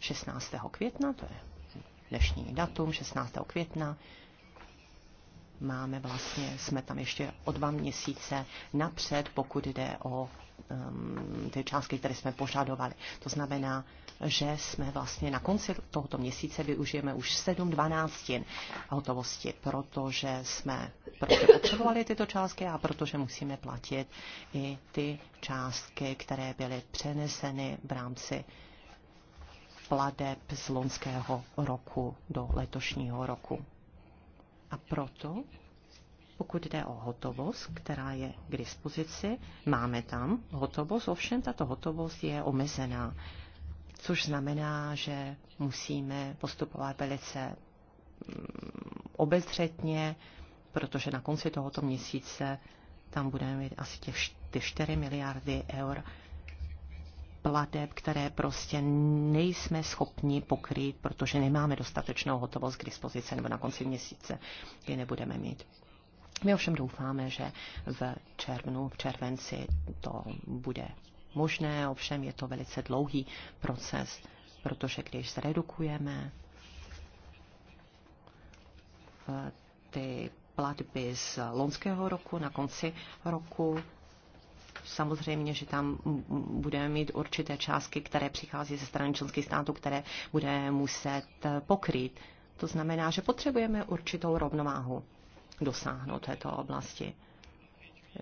16. května, to je dnešní datum, 16. května. Máme vlastně, jsme tam ještě o dva měsíce napřed, pokud jde o um, ty částky, které jsme požadovali. To znamená, že jsme vlastně na konci tohoto měsíce využijeme už 7 dvanáctin hotovosti, protože jsme protože potřebovali tyto částky a protože musíme platit i ty částky, které byly přeneseny v rámci pladeb z loňského roku do letošního roku. A proto, pokud jde o hotovost, která je k dispozici, máme tam hotovost, ovšem tato hotovost je omezená, což znamená, že musíme postupovat velice mm, obezřetně, protože na konci tohoto měsíce tam budeme mít asi těch, ty 4 miliardy eur plateb, které prostě nejsme schopni pokrýt, protože nemáme dostatečnou hotovost k dispozici nebo na konci měsíce je nebudeme mít. My ovšem doufáme, že v červnu, v červenci to bude možné, ovšem je to velice dlouhý proces, protože když zredukujeme eh, ty platby z loňského roku na konci roku, samozřejmě, že tam budeme mít určité částky, které přichází ze strany členských států, které bude muset eh, pokryt. To znamená, že potřebujeme určitou rovnováhu dosáhnout této oblasti.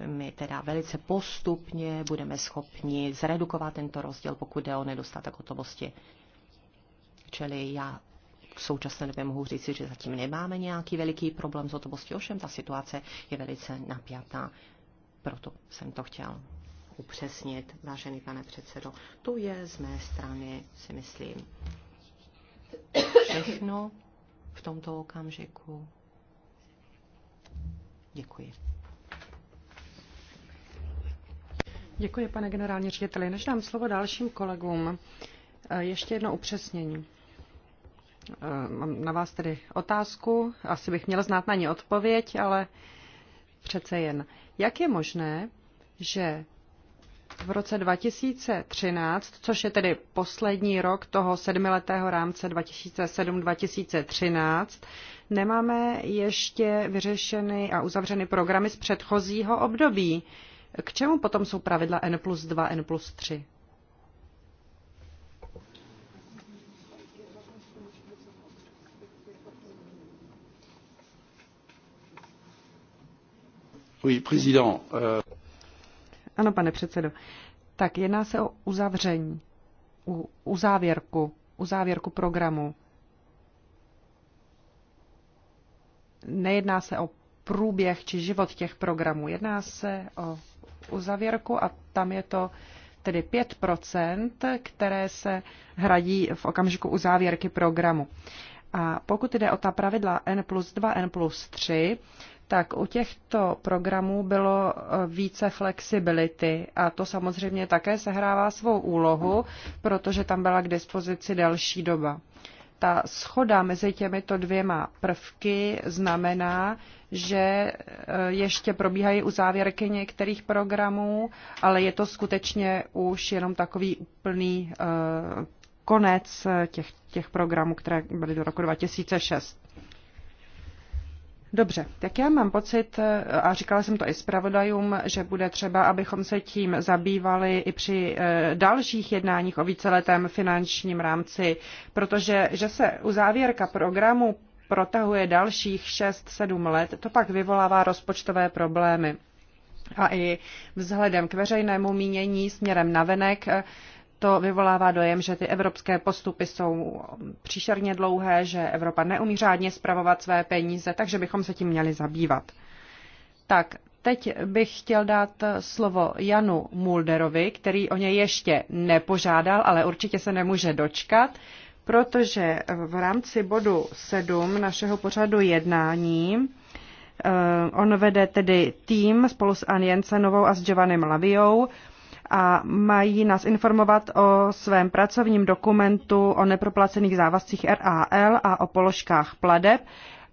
My teda velice postupně budeme schopni zredukovat tento rozdíl, pokud jde o nedostatek hotovosti. Čili já v současné době mohu říct, že zatím nemáme nějaký veliký problém s hotovostí, ovšem ta situace je velice napjatá. Proto jsem to chtěl upřesnit, vážený pane předsedo. To je z mé strany, si myslím, všechno v tomto okamžiku. Děkuji. Děkuji, pane generální řediteli. Než dám slovo dalším kolegům, eh, ještě jedno upřesnění. Eh, mám na vás tedy otázku. Asi bych měla znát na ní odpověď, ale přece jen. Jak je možné, že v roce 2013, což je tedy poslední rok toho sedmiletého rámce 2007-2013, nemáme ještě vyřešeny a uzavřeny programy z předchozího období. K čemu potom jsou pravidla N plus 2, N plus 3? Euh, ano, pane předsedo. Tak jedná se o uzavření, uzávěrku, uzávěrku programu. Nejedná se o průběh či život těch programů. Jedná se o uzávěrku a tam je to tedy 5 které se hradí v okamžiku uzávěrky programu. A pokud jde o ta pravidla N plus 2, N plus 3, tak u těchto programů bylo eh, více flexibility a to samozřejmě také sehrává svou úlohu, protože tam byla k dispozici delší doba. Ta schoda mezi těmito dvěma prvky znamená, že eh, ještě probíhají u závěrky některých programů, ale je to skutečně už jenom takový úplný eh, konec těch, těch programů, které byly do roku 2006. Dobře, tak já mám pocit, eh, a říkala jsem to i zpravodajům, že bude třeba, abychom se tím zabývali i při eh, dalších jednáních o víceletém finančním rámci, protože že se u závěrka programu protahuje dalších 6-7 let, to pak vyvolává rozpočtové problémy. A i vzhledem k veřejnému mínění směrem navenek eh, to vyvolává dojem, že ty evropské postupy jsou příšerně dlouhé, že Evropa neumí řádně spravovat své peníze, takže bychom se tím měli zabývat. Tak, teď bych chtěl dát slovo Janu Mulderovi, který o něj ještě nepožádal, ale určitě se nemůže dočkat, protože v rámci bodu 7 našeho pořadu jednání eh, on vede tedy tým spolu s Ann Jensenovou a s Giovannem Laviou, a mají nás informovat o svém pracovním dokumentu o neproplacených závazcích RAL a o položkách pladeb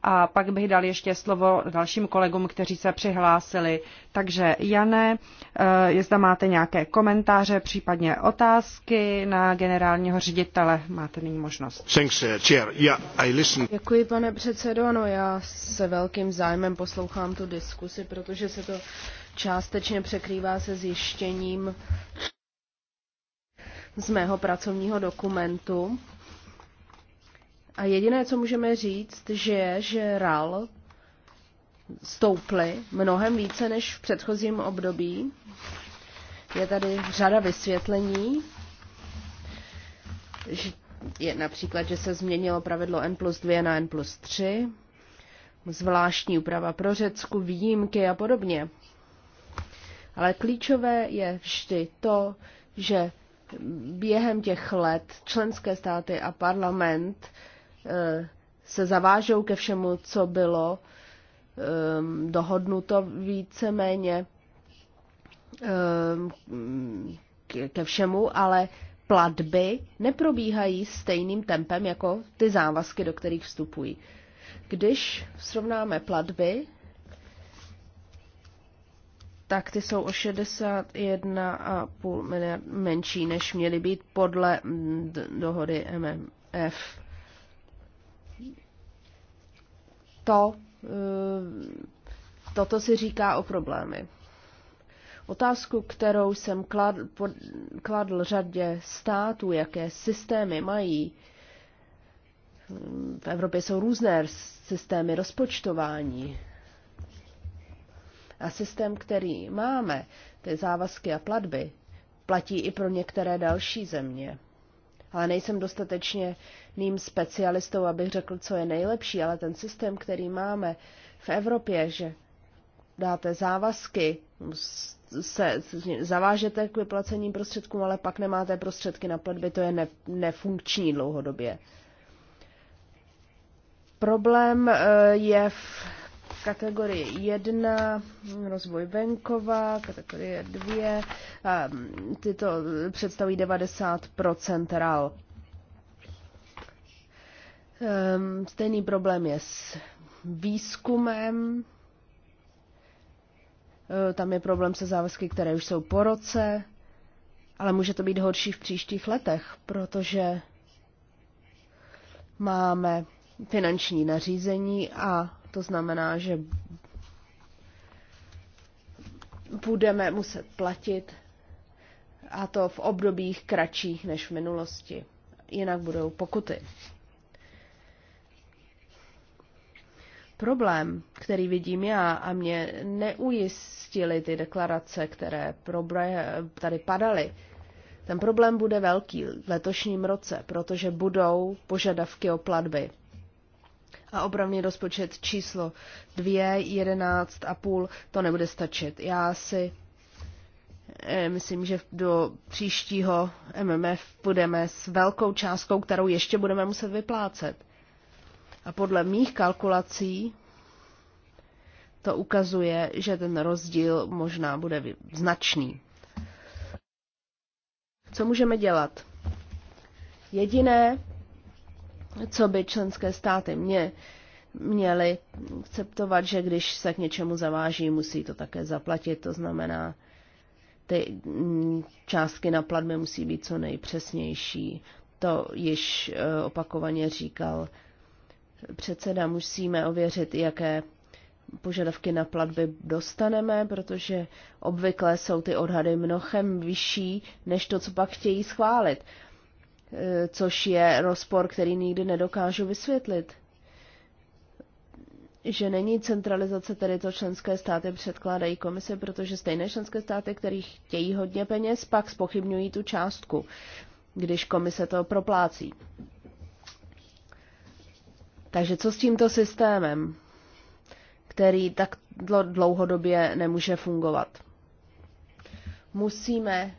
a pak bych dal ještě slovo dalším kolegům, kteří se přihlásili. Takže Jane, eh, jestli máte nějaké komentáře, případně otázky na generálního ředitele, máte nyní možnost. Thanks, eh, chair. Yeah, I listen. Děkuji, pane předsedo. No, já se velkým zájmem poslouchám tu diskusi, protože se to částečně překrývá se zjištěním z mého pracovního dokumentu a jediné, co můžeme říct, že je, že RAL stouply mnohem více než v předchozím období. Je tady řada vysvětlení, že je například, že se změnilo pravidlo N plus 2 na N plus 3, zvláštní úprava pro Řecku, výjimky a podobně. Ale klíčové je vždy to, že během těch let členské státy a parlament se zavážou ke všemu, co bylo ehm, dohodnuto víceméně ehm, ke všemu, ale platby neprobíhají stejným tempem jako ty závazky, do kterých vstupují. Když srovnáme platby, tak ty jsou o 61,5 miliard menší, než měly být podle mm, dohody MMF. to, eh, toto si říká o problémy. Otázku, kterou jsem kladl, pod, kladl řadě států, jaké systémy mají, v Evropě jsou různé systémy rozpočtování. A systém, který máme, ty závazky a platby, platí i pro některé další země ale nejsem dostatečně ným specialistou, abych řekl, co je nejlepší, ale ten systém, který máme v Evropě, že dáte závazky, se zavážete k vyplacení prostředkům, ale pak nemáte prostředky na platby, to je ne, nefunkční dlouhodobě. Problém eh, je v kategorie 1 rozvoj venkova, kategorie 2 tyto představují 90 RAL. Ehm, stejný problém je s výzkumem. E, tam je problém se závazky, které už jsou po roce, ale může to být horší v příštích letech, protože máme finanční nařízení a to znamená, že budeme muset platit a to v obdobích kratších než v minulosti. Jinak budou pokuty. Problém, který vidím já a mě neujistily ty deklarace, které tady padaly, ten problém bude velký v letošním roce, protože budou požadavky o platby a opravný rozpočet číslo 2, 11,5, to nebude stačit. Já si eh, myslím, že do příštího MMF budeme s velkou částkou, kterou ještě budeme muset vyplácet. A podle mých kalkulací to ukazuje, že ten rozdíl možná bude značný. Co můžeme dělat? Jediné, co by členské státy mě měly akceptovat, že když se k něčemu zaváží, musí to také zaplatit. To znamená, ty mm, částky na platby musí být co nejpřesnější. To již e, opakovaně říkal předseda. Musíme ověřit, jaké požadavky na platby dostaneme, protože obvykle jsou ty odhady mnohem vyšší než to, co pak chtějí schválit. Eh, což je rozpor, který nikdy nedokážu vysvětlit. Že není centralizace, tedy to členské státy předkládají komise, protože stejné členské státy, které chtějí hodně peněz, pak spochybňují tu částku, když komise to proplácí. Takže co s tímto systémem, který tak dlouhodobě nemůže fungovat? Musíme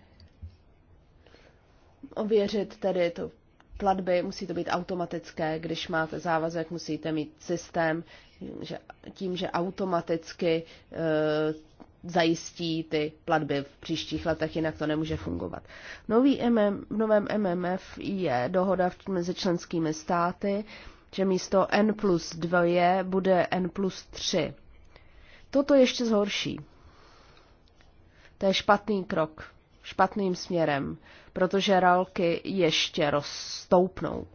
ověřit tedy to platby, musí to být automatické, když máte závazek, musíte mít systém, že tím, že automaticky e, zajistí ty platby v příštích letech, jinak to nemůže fungovat. Nový MM, v novém MMF je dohoda mezi členskými státy, že místo N plus 2 bude N plus 3. Toto ještě zhorší. To je špatný krok špatným směrem, protože ralky ještě rozstoupnou.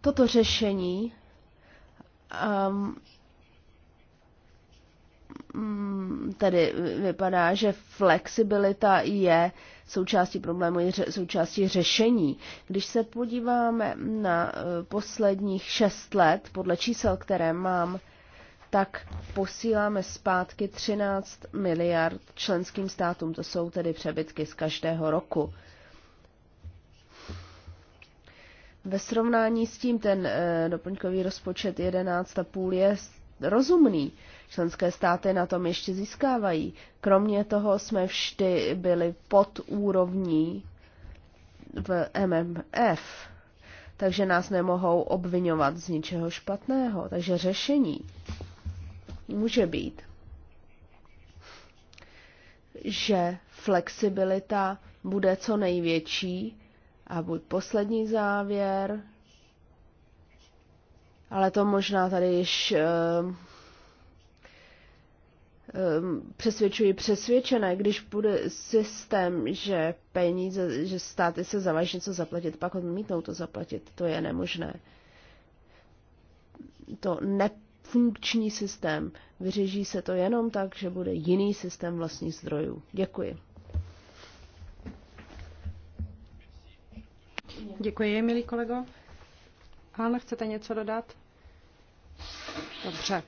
Toto řešení um, mm, tedy vypadá, že flexibilita je součástí problému, je součástí řešení. Když se podíváme na eh, posledních šest let, podle čísel, které mám, tak posíláme zpátky 13 miliard členským státům. To jsou tedy přebytky z každého roku. Ve srovnání s tím ten e, doplňkový rozpočet 11,5 je rozumný. Členské státy na tom ještě získávají. Kromě toho jsme vždy byli pod úrovní v MMF, takže nás nemohou obvinovat z ničeho špatného. Takže řešení může být, že flexibilita bude co největší a buď poslední závěr, ale to možná tady již eh, eh, přesvědčují přesvědčené, když bude systém, že peníze, že státy se zavaží něco zaplatit, pak odmítnou to zaplatit, to je nemožné. To ne, funkční systém. Vyřeží se to jenom tak, že bude jiný systém vlastních zdrojů. Děkuji. Děkuji, milý kolego. Hán, chcete něco dodat? Dobře.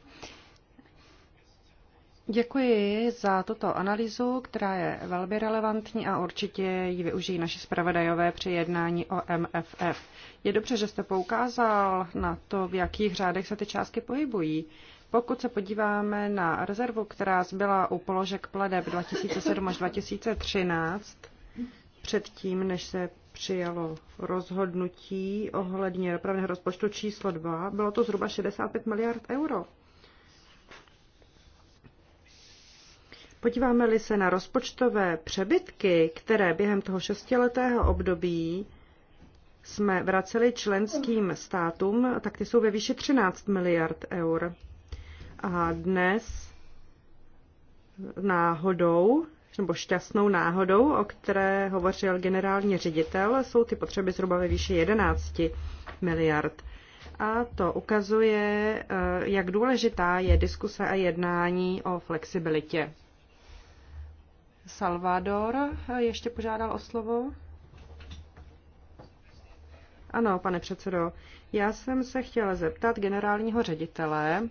Děkuji za tuto analýzu, která je velmi relevantní a určitě ji využijí naši zpravodajové při jednání o MFF. Je dobře, že jste poukázal na to, v jakých řádech se ty částky pohybují. Pokud se podíváme na rezervu, která zbyla u položek pladeb 2007 až 2013, předtím, než se přijalo rozhodnutí ohledně dopravného rozpočtu číslo 2, bylo to zhruba 65 miliard euro. Podíváme-li se na rozpočtové přebytky, které během toho šestiletého období jsme vraceli členským státům, tak ty jsou ve výši 13 miliard eur. A dnes náhodou, nebo šťastnou náhodou, o které hovořil generální ředitel, jsou ty potřeby zhruba ve výši 11 miliard. A to ukazuje, eh, jak důležitá je diskuse a jednání o flexibilitě. Salvador eh, ještě požádal o slovo. Ano, pane předsedo, já jsem se chtěla zeptat generálního ředitele,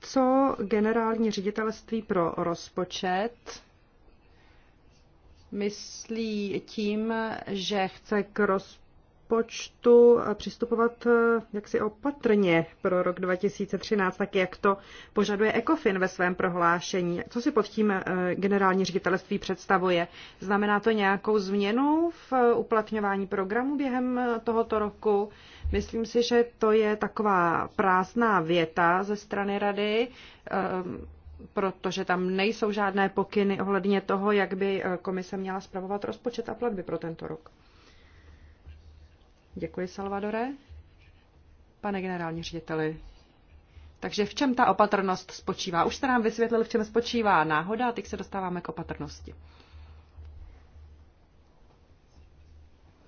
co generální ředitelství pro rozpočet myslí tím, že chce k rozpočtu rozpočtu přistupovat eh, jaksi opatrně pro rok 2013, tak jak to požaduje ECOFIN ve svém prohlášení. Co si pod tím eh, generální ředitelství představuje? Znamená to nějakou změnu v eh, uplatňování programu během tohoto roku? Myslím si, že to je taková prázdná věta ze strany rady protože tam nejsou žádné pokyny ohledně toho, jak by komise měla spravovat rozpočet a platby pro tento rok. Děkuji, Salvadore. Pane generální řediteli, takže v čem ta opatrnost spočívá? Už jste nám vysvětlil, v čem spočívá náhoda a teď se dostáváme k opatrnosti.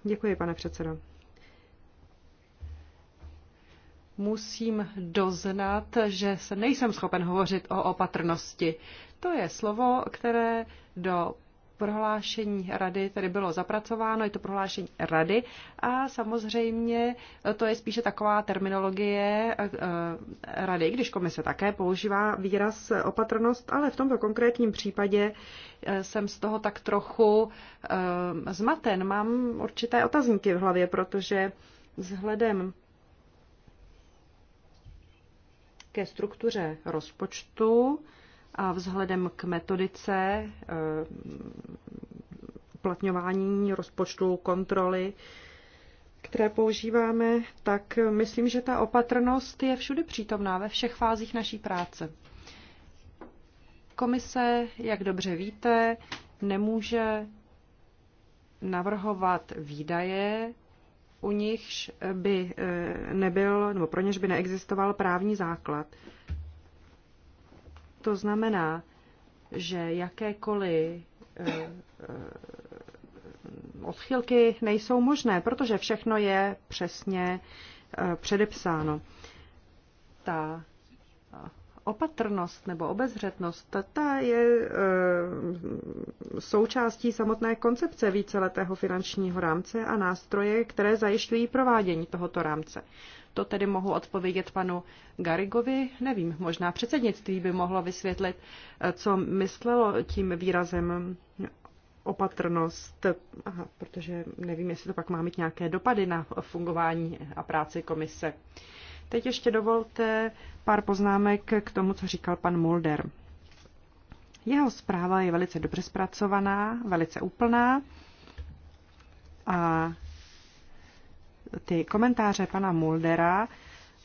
Děkuji, pane předsedo. Musím doznat, že se nejsem schopen hovořit o opatrnosti. To je slovo, které do prohlášení rady tedy bylo zapracováno, je to prohlášení rady a samozřejmě to je spíše taková terminologie eh, eh, rady, když komise také používá výraz opatrnost, ale v tomto konkrétním případě eh, jsem z toho tak trochu zmaten. Mám určité otazníky v hlavě, protože vzhledem ke struktuře rozpočtu, a vzhledem k metodice eh, uplatňování rozpočtu, kontroly, které používáme, tak myslím, že ta opatrnost je všude přítomná ve všech fázích naší práce. Komise, jak dobře víte, nemůže navrhovat výdaje, u nichž by eh, nebyl, nebo pro něž by neexistoval právní základ. To znamená, že jakékoliv eh, eh, odchylky nejsou možné, protože všechno je přesně eh, předepsáno. Ta opatrnost nebo obezřetnost, ta je součástí samotné koncepce víceletého finančního rámce a nástroje, které zajišťují provádění tohoto rámce. To tedy mohu odpovědět panu Garigovi. Nevím, možná předsednictví by mohlo vysvětlit, eh, co myslelo tím výrazem opatrnost, Aha, protože nevím, jestli to pak má mít nějaké dopady na fungování a práci komise. Teď ještě dovolte pár poznámek k tomu, co říkal pan Mulder. Jeho zpráva je velice dobře zpracovaná, velice úplná a ty komentáře pana Muldera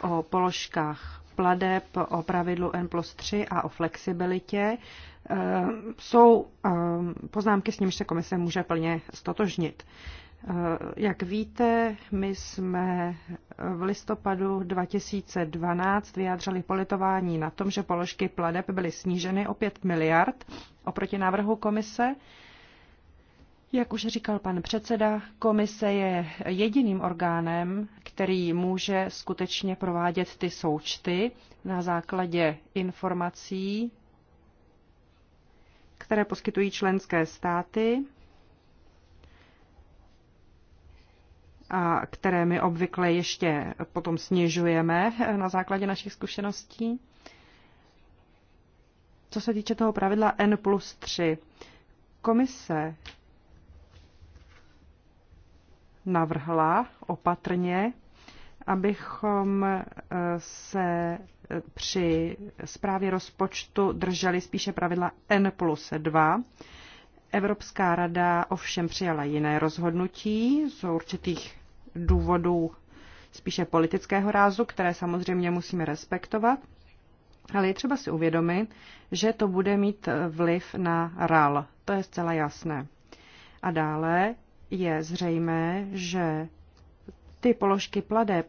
o položkách pladeb, o pravidlu N plus 3 a o flexibilitě eh, jsou eh, poznámky, s nimiž se komise může plně stotožnit. Eh, jak víte, my jsme v listopadu 2012 vyjádřili politování na tom, že položky pladeb byly sníženy o 5 miliard oproti návrhu komise jak už říkal pan předseda, komise je jediným orgánem, který může skutečně provádět ty součty na základě informací, které poskytují členské státy a které my obvykle ještě potom snižujeme na základě našich zkušeností. Co se týče toho pravidla N plus 3, komise navrhla opatrně, abychom e, se e, při zprávě rozpočtu drželi spíše pravidla N plus 2. Evropská rada ovšem přijala jiné rozhodnutí z určitých důvodů spíše politického rázu, které samozřejmě musíme respektovat. Ale je třeba si uvědomit, že to bude mít vliv na RAL. To je zcela jasné. A dále je zřejmé, že ty položky pladeb,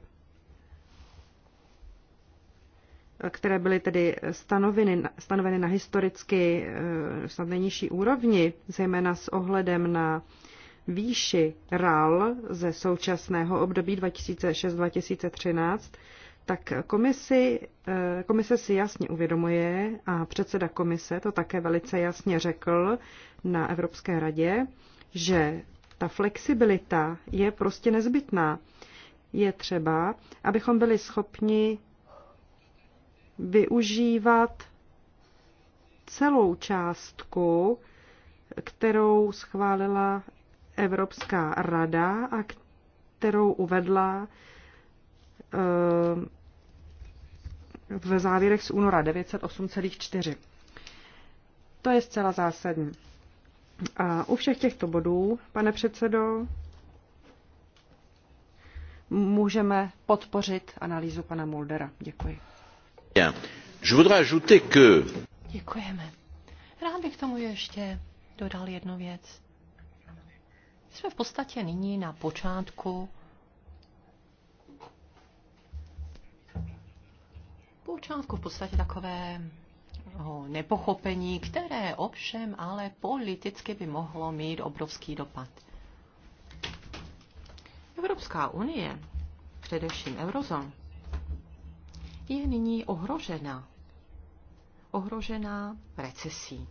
které byly tedy stanoveny, stanoveny na historicky eh, snad nejnižší úrovni, zejména s ohledem na výši RAL ze současného období 2006-2013, tak komisi, eh, komise si jasně uvědomuje a předseda komise to také velice jasně řekl na Evropské radě, že ta flexibilita je prostě nezbytná. Je třeba, abychom byli schopni využívat celou částku, kterou schválila Evropská rada a kterou uvedla eh, v závěrech z února 908,4. To je zcela zásadní. A u všech těchto bodů, pane předsedo, můžeme podpořit analýzu pana Muldera. Děkuji. Děkujeme. Rád bych k tomu ještě dodal jednu věc. Jsme v podstatě nyní na počátku počátku v podstatě takové nepochopení, které ovšem ale politicky by mohlo mít obrovský dopad. Evropská unie, především eurozón, je nyní ohrožena. Ohrožená recesí.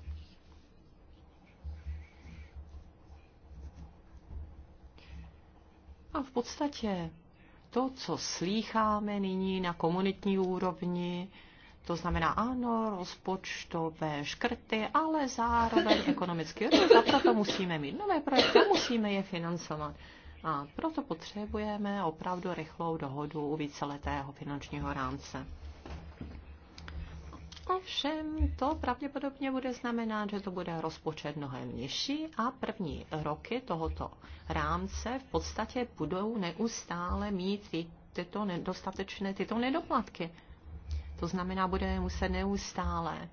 A v podstatě to, co slýcháme nyní na komunitní úrovni, to znamená, ano, rozpočtové škrty, ale zároveň ekonomický růst a proto musíme mít nové projekty, musíme je financovat. A proto potřebujeme opravdu rychlou dohodu u víceletého finančního rámce. Ovšem, to pravděpodobně bude znamenat, že to bude rozpočet mnohem nižší a první roky tohoto rámce v podstatě budou neustále mít tyto nedostatečné, tyto nedoplatky. To znamená, budeme muset neustále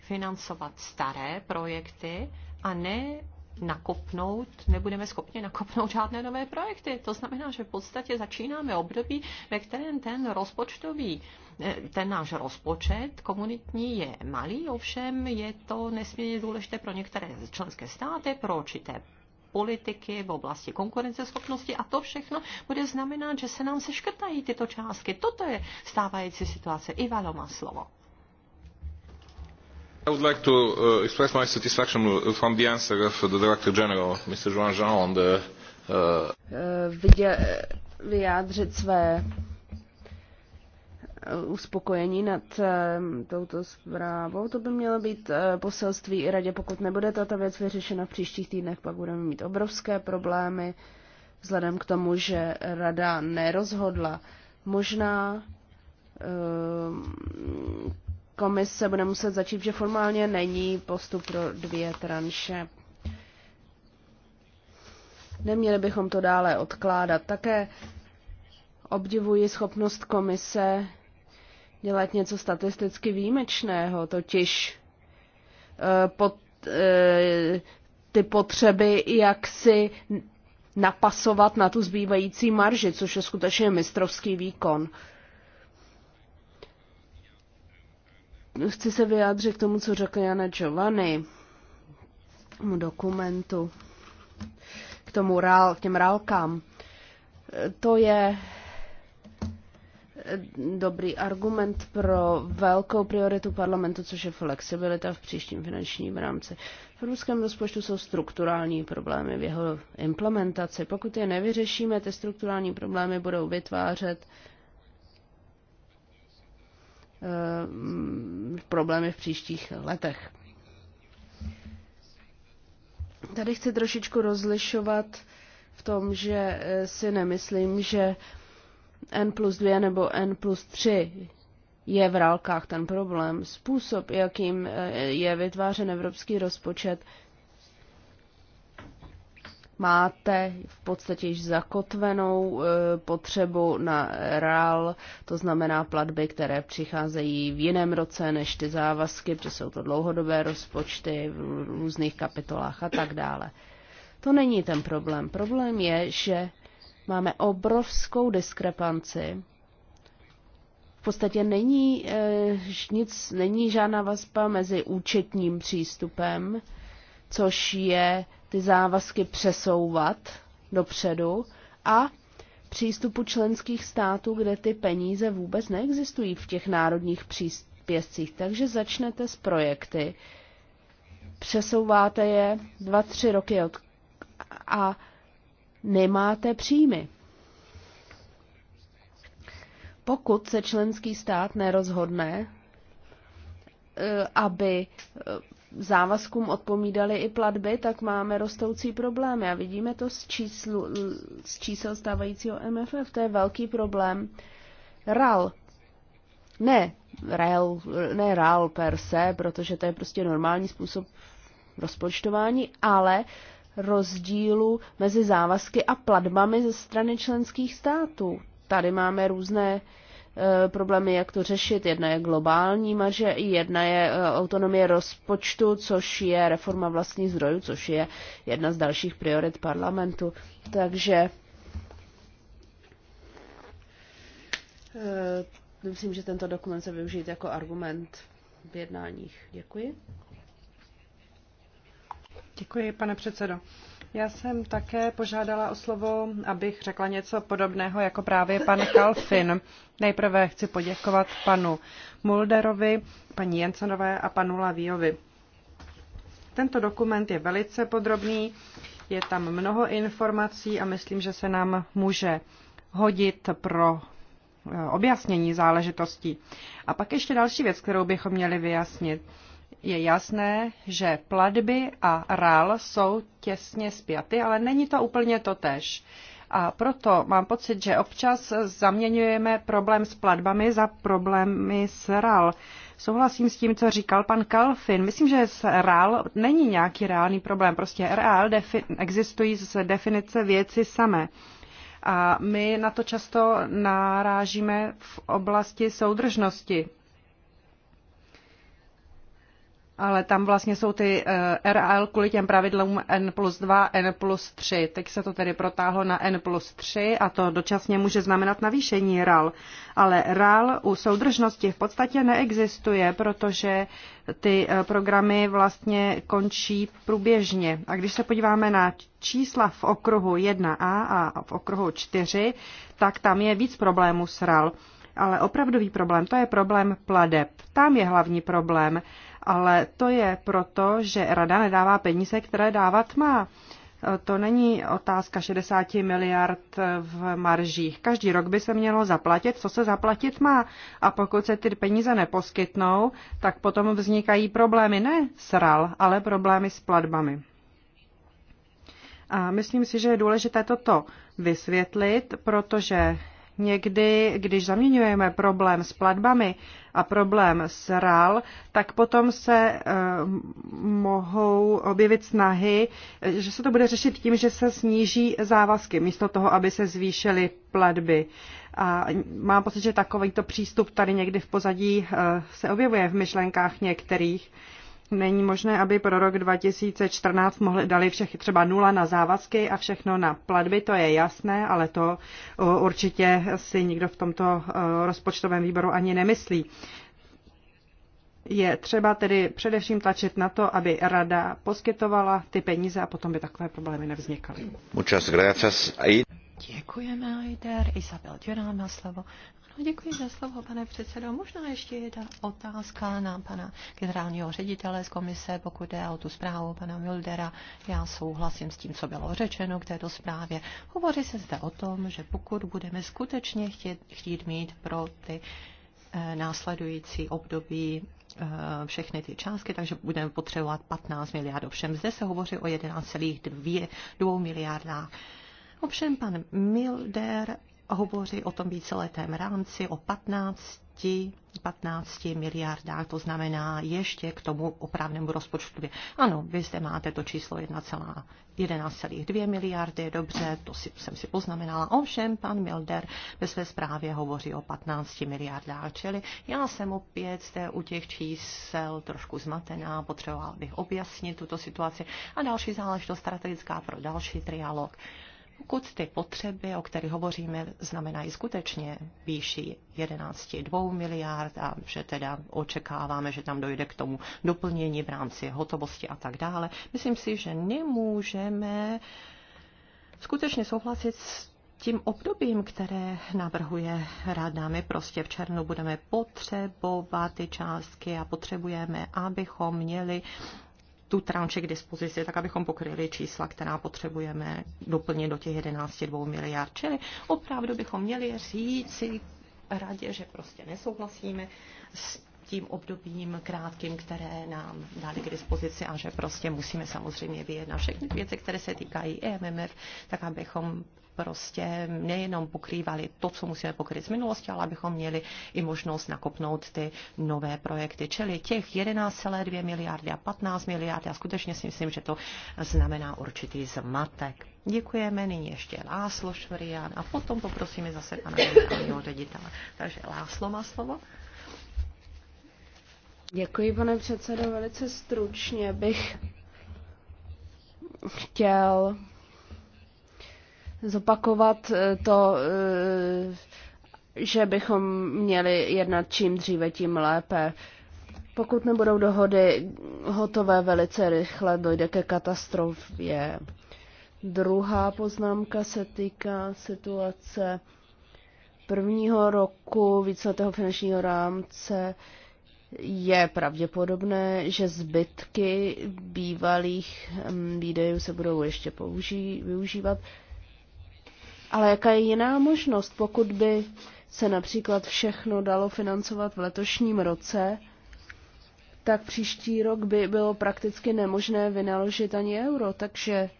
financovat staré projekty a ne nakopnout, nebudeme schopni nakopnout žádné nové projekty. To znamená, že v podstatě začínáme období, ve kterém ten rozpočtový, eh, ten náš rozpočet komunitní je malý, ovšem je to nesmírně důležité pro některé členské státy, pro určité politiky v oblasti konkurenceschopnosti a to všechno bude znamenat, že se nám seškrtají tyto částky. Toto je stávající situace. Ivalo má slovo. I would like to uh, express my satisfaction from the answer of the Director General, Mr. Jean Jean, on the... Uh... Uh, vyjádřit své Eh, uspokojení nad eh, touto zprávou. To by mělo být eh, poselství i radě, pokud nebude tato věc vyřešena v příštích týdnech, pak budeme mít obrovské problémy, vzhledem k tomu, že rada nerozhodla. Možná komise bude muset začít, že formálně není postup pro dvě tranše. Neměli bychom to dále odkládat. Také obdivuji schopnost komise dělat něco statisticky výjimečného, totiž eh, pod, eh, ty potřeby jak si napasovat na tu zbývající marži, což je skutečně mistrovský výkon. Chci se vyjádřit k tomu, co řekl Jana Giovanni, k tomu dokumentu, k, tomu rál, k těm rálkám. Eh, to je dobrý argument pro velkou prioritu parlamentu, což je flexibilita v příštím finančním rámci. V ruském rozpočtu jsou strukturální problémy v jeho implementaci. Pokud je nevyřešíme, ty strukturální problémy budou vytvářet eh, problémy v příštích letech. Tady chci trošičku rozlišovat v tom, že eh, si nemyslím, že N plus 2 nebo N plus 3 je v rálkách ten problém. Způsob, jakým eh, je vytvářen evropský rozpočet, máte v podstatě již zakotvenou eh, potřebu na rál, to znamená platby, které přicházejí v jiném roce než ty závazky, protože jsou to dlouhodobé rozpočty v různých kapitolách a tak dále. To není ten problém. Problém je, že Máme obrovskou diskrepanci. V podstatě není, e, nic, není žádná vazba mezi účetním přístupem, což je ty závazky přesouvat dopředu, a přístupu členských států, kde ty peníze vůbec neexistují v těch národních příspěvcích. Takže začnete s projekty, přesouváte je dva, tři roky od, a nemáte příjmy. Pokud se členský stát nerozhodne, eh, aby eh, závazkům odpomídali i platby, tak máme rostoucí problémy. A vidíme to z, číslu, z čísel stávajícího MFF. To je velký problém. RAL. Ne, RAL, ne RAL per se, protože to je prostě normální způsob rozpočtování, ale rozdílu mezi závazky a platbami ze strany členských států. Tady máme různé e, problémy, jak to řešit. Jedna je globální marže, jedna je e, autonomie rozpočtu, což je reforma vlastních zdrojů, což je jedna z dalších priorit parlamentu. Takže e, myslím, že tento dokument se využít jako argument v jednáních. Děkuji. Děkuji, pane předsedo. Já jsem také požádala o slovo, abych řekla něco podobného jako právě pan Kalfin. Nejprve chci poděkovat panu Mulderovi, paní Jensenové a panu Lavíovi. Tento dokument je velice podrobný, je tam mnoho informací a myslím, že se nám může hodit pro eh, objasnění záležitostí. A pak ještě další věc, kterou bychom měli vyjasnit. Je jasné, že platby a RAL jsou těsně spjaty, ale není to úplně to tež. A proto mám pocit, že občas zaměňujeme problém s platbami za problémy s RAL. Souhlasím s tím, co říkal pan Kalfin. Myslím, že s RAL není nějaký reálný problém. Prostě RAL existují z definice věci samé. A my na to často narážíme v oblasti soudržnosti ale tam vlastně jsou ty eh, RAL kvůli těm pravidlům N plus 2, N plus 3. Teď se to tedy protáhlo na N plus 3 a to dočasně může znamenat navýšení RAL. Ale RAL u soudržnosti v podstatě neexistuje, protože ty eh, programy vlastně končí průběžně. A když se podíváme na čísla v okruhu 1A a v okruhu 4, tak tam je víc problémů s RAL. Ale opravdový problém, to je problém pladeb. Tam je hlavní problém ale to je proto, že rada nedává peníze, které dávat má. E, to není otázka 60 miliard v maržích. Každý rok by se mělo zaplatit, co se zaplatit má. A pokud se ty peníze neposkytnou, tak potom vznikají problémy ne sral, ale problémy s platbami. A myslím si, že je důležité toto vysvětlit, protože Někdy, když zaměňujeme problém s platbami a problém s RAL, tak potom se eh, mohou objevit snahy, eh, že se to bude řešit tím, že se sníží závazky, místo toho, aby se zvýšily platby. A mám pocit, že takovýto přístup tady někdy v pozadí eh, se objevuje v myšlenkách některých. E, není možné, aby pro rok 2014 mohli dali všechny třeba nula na závazky a všechno na platby, to je jasné, ale to uh, určitě si nikdo v tomto uh, rozpočtovém výboru ani nemyslí. Je třeba tedy především tlačit na to, aby rada poskytovala ty peníze a potom by takové problémy nevznikaly. Děkujeme, Aider. Isabel Durán slovo děkuji za slovo, pane předsedo. Možná ještě jedna otázka na pana generálního ředitele z komise, pokud jde o tu zprávu pana Muldera. Já souhlasím s tím, co bylo řečeno k této zprávě. Hovoří se zde o tom, že pokud budeme skutečně chtít, chtít mít pro ty eh, následující období eh, všechny ty částky, takže budeme potřebovat 15 miliard. Ovšem zde se hovoří o 11,2 miliardách. Ovšem pan Milder hovoří o tom víceletém rámci, o 15 15 miliardách, to znamená ještě k tomu opravnému rozpočtu. Ano, vy zde máte to číslo 1,11,2 miliardy, dobře, to si, jsem si poznamenala. Ovšem, pan Milder ve své zprávě hovoří o 15 miliardách, čili já jsem opět zde u těch čísel trošku zmatená, potřeboval bych objasnit tuto situaci. A další záležitost strategická pro další trialog. Pokud ty potřeby, o kterých hovoříme, znamenají skutečně výši 11,2 miliard a že teda očekáváme, že tam dojde k tomu doplnění v rámci hotovosti a tak dále, myslím si, že nemůžeme skutečně souhlasit s tím obdobím, které navrhuje rada, my prostě v černu budeme potřebovat ty částky a potřebujeme, abychom měli tu tranči k dispozici, tak abychom pokryli čísla, která potřebujeme doplnit do těch 11,2 miliard. Čili opravdu bychom měli říci radě, že prostě nesouhlasíme s tím obdobím krátkým, které nám dali k dispozici a že prostě musíme samozřejmě vyjednat všechny věci, které se týkají EMMF, tak abychom prostě nejenom pokrývali to, co musíme pokryt z minulosti, ale abychom měli i možnost nakopnout ty nové projekty. Čili těch 11,2 miliardy a 15 miliard, já skutečně si myslím, že to znamená určitý zmatek. Děkujeme nyní ještě Láslo Švrián a potom poprosíme zase pana generálního ředitele. Takže Láslo má slovo. Děkuji, pane předsedo. Velice stručně bych chtěl zopakovat eh, to, eh, že bychom měli jednat čím dříve, tím lépe. Pokud nebudou dohody hotové velice rychle, dojde ke katastrofě. Druhá poznámka se týká situace prvního roku víceletého finančního rámce. Je pravděpodobné, že zbytky bývalých mm, výdejů se budou ještě použí, využívat. Ale jaká je jiná možnost, pokud by se například všechno dalo financovat v letošním roce, tak příští rok by bylo prakticky nemožné vynaložit ani euro, takže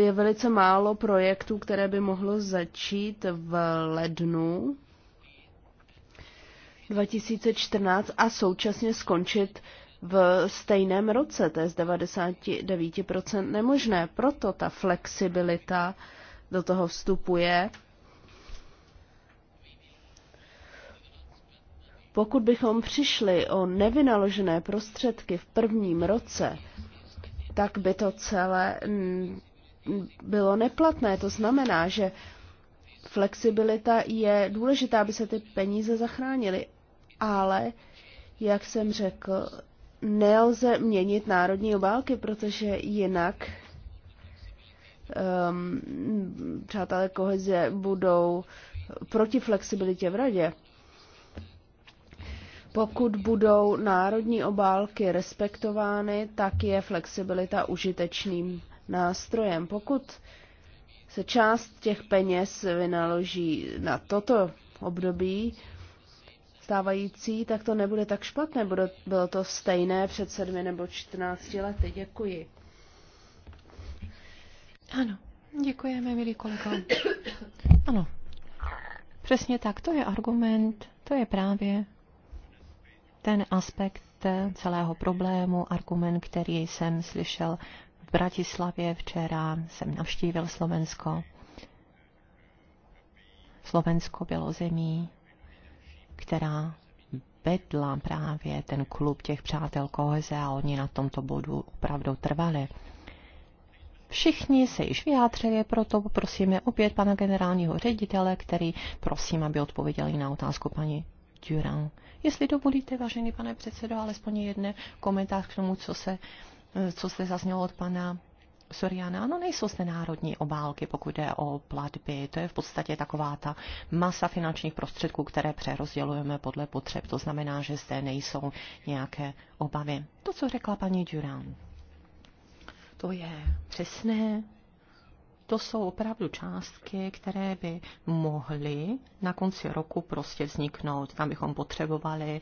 je velice málo projektů, které by mohlo začít v lednu 2014 a současně skončit v stejném roce, to je z 99% nemožné. Proto ta flexibilita do toho vstupuje. Pokud bychom přišli o nevynaložené prostředky v prvním roce, tak by to celé bylo neplatné. To znamená, že flexibilita je důležitá, aby se ty peníze zachránily. Ale, jak jsem řekl, nelze měnit národní obálky, protože jinak um, přátelé koheze budou proti flexibilitě v radě. Pokud budou národní obálky respektovány, tak je flexibilita užitečným nástrojem. Pokud se část těch peněz vynaloží na toto období, stávající, tak to nebude tak špatné. Bude, bylo to stejné před sedmi nebo čtrnácti lety. Děkuji. Ano, děkujeme, milí kolego. Ano, přesně tak, to je argument, to je právě ten aspekt celého problému, argument, který jsem slyšel v Bratislavě včera, jsem navštívil Slovensko. Slovensko bylo zemí, která vedla právě ten klub těch přátel koheze a oni na tomto bodu opravdu trvali. Všichni se již vyjádřili, proto poprosíme opět pana generálního ředitele, který prosím, aby odpověděl na otázku paní Durand. Jestli dovolíte, vážený pane předsedo, alespoň jeden komentář k tomu, co se co se zaznělo od pana Soriana, ano, nejsou zde národní obálky, pokud jde o platby. To je v podstatě taková ta masa finančních prostředků, které přerozdělujeme podle potřeb. To znamená, že zde nejsou nějaké obavy. To, co řekla paní Durán, to je přesné, to jsou opravdu částky, které by mohly na konci roku prostě vzniknout. Tam bychom potřebovali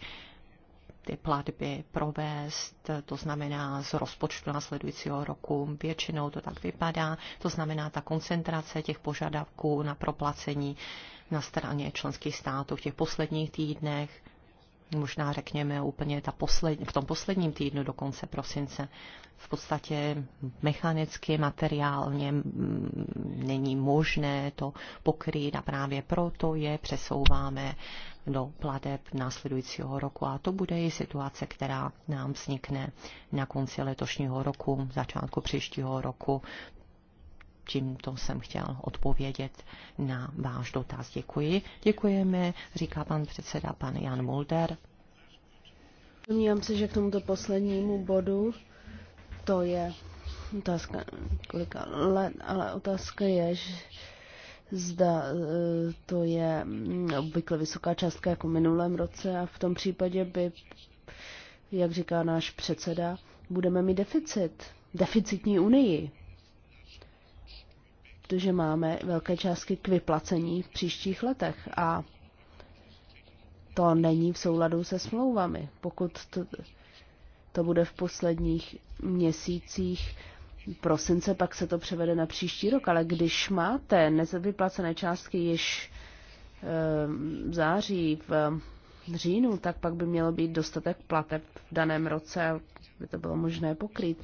ty platby provést, to znamená z rozpočtu následujícího roku. Většinou to tak vypadá, to znamená ta koncentrace těch požadavků na proplacení na straně členských států v těch posledních týdnech možná řekněme úplně ta posled, v tom posledním týdnu do konce prosince. V podstatě mechanicky, materiálně není možné to pokrýt a právě proto je přesouváme do plateb následujícího roku. A to bude i situace, která nám vznikne na konci letošního roku, začátku příštího roku tímto jsem chtěl odpovědět na váš dotaz. Děkuji. Děkujeme, říká pan předseda, pan Jan Mulder. Domnívám se, že k tomuto poslednímu bodu to je otázka kolika let, ale otázka je, že zda eh, to je mm, obvykle vysoká částka jako v minulém roce a v tom případě by, jak říká náš předseda, budeme mít deficit, deficitní unii protože máme velké částky k vyplacení v příštích letech a to není v souladu se smlouvami. Pokud to, to bude v posledních měsících prosince, pak se to převede na příští rok, ale když máte nevyplacené částky již ehm, v září, v ehm, říjnu, tak pak by mělo být dostatek plateb v daném roce, aby to bylo možné pokrýt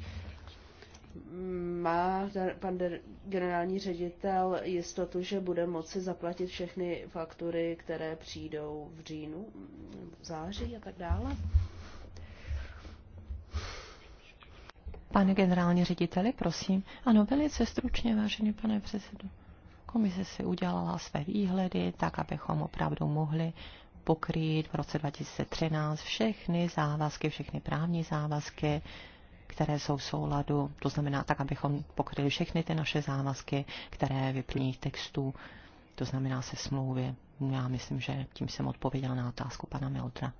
má pan generální ředitel jistotu, že bude moci zaplatit všechny faktury, které přijdou v říjnu, v září a tak dále? Pane generální řediteli, prosím. Ano, velice stručně, vážený pane předsedo. Komise si udělala své výhledy tak, abychom opravdu mohli pokrýt v roce 2013 všechny závazky, všechny právní závazky, které jsou v souladu, to znamená tak, abychom pokryli všechny ty naše závazky, které vyplní textů, to znamená se smlouvy. Já myslím, že tím jsem odpověděla na otázku pana Meldra.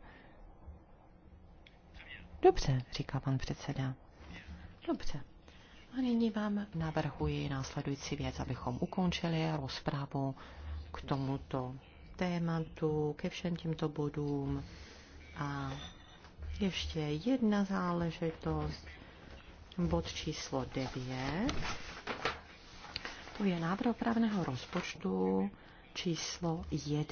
Dobře, říká pan předseda. Dobře. A nyní vám navrhuji následující věc, abychom ukončili rozpravu k tomuto tématu, ke všem těmto bodům. A ještě jedna záležitost bod číslo 9. To je návrh opravného rozpočtu číslo 1.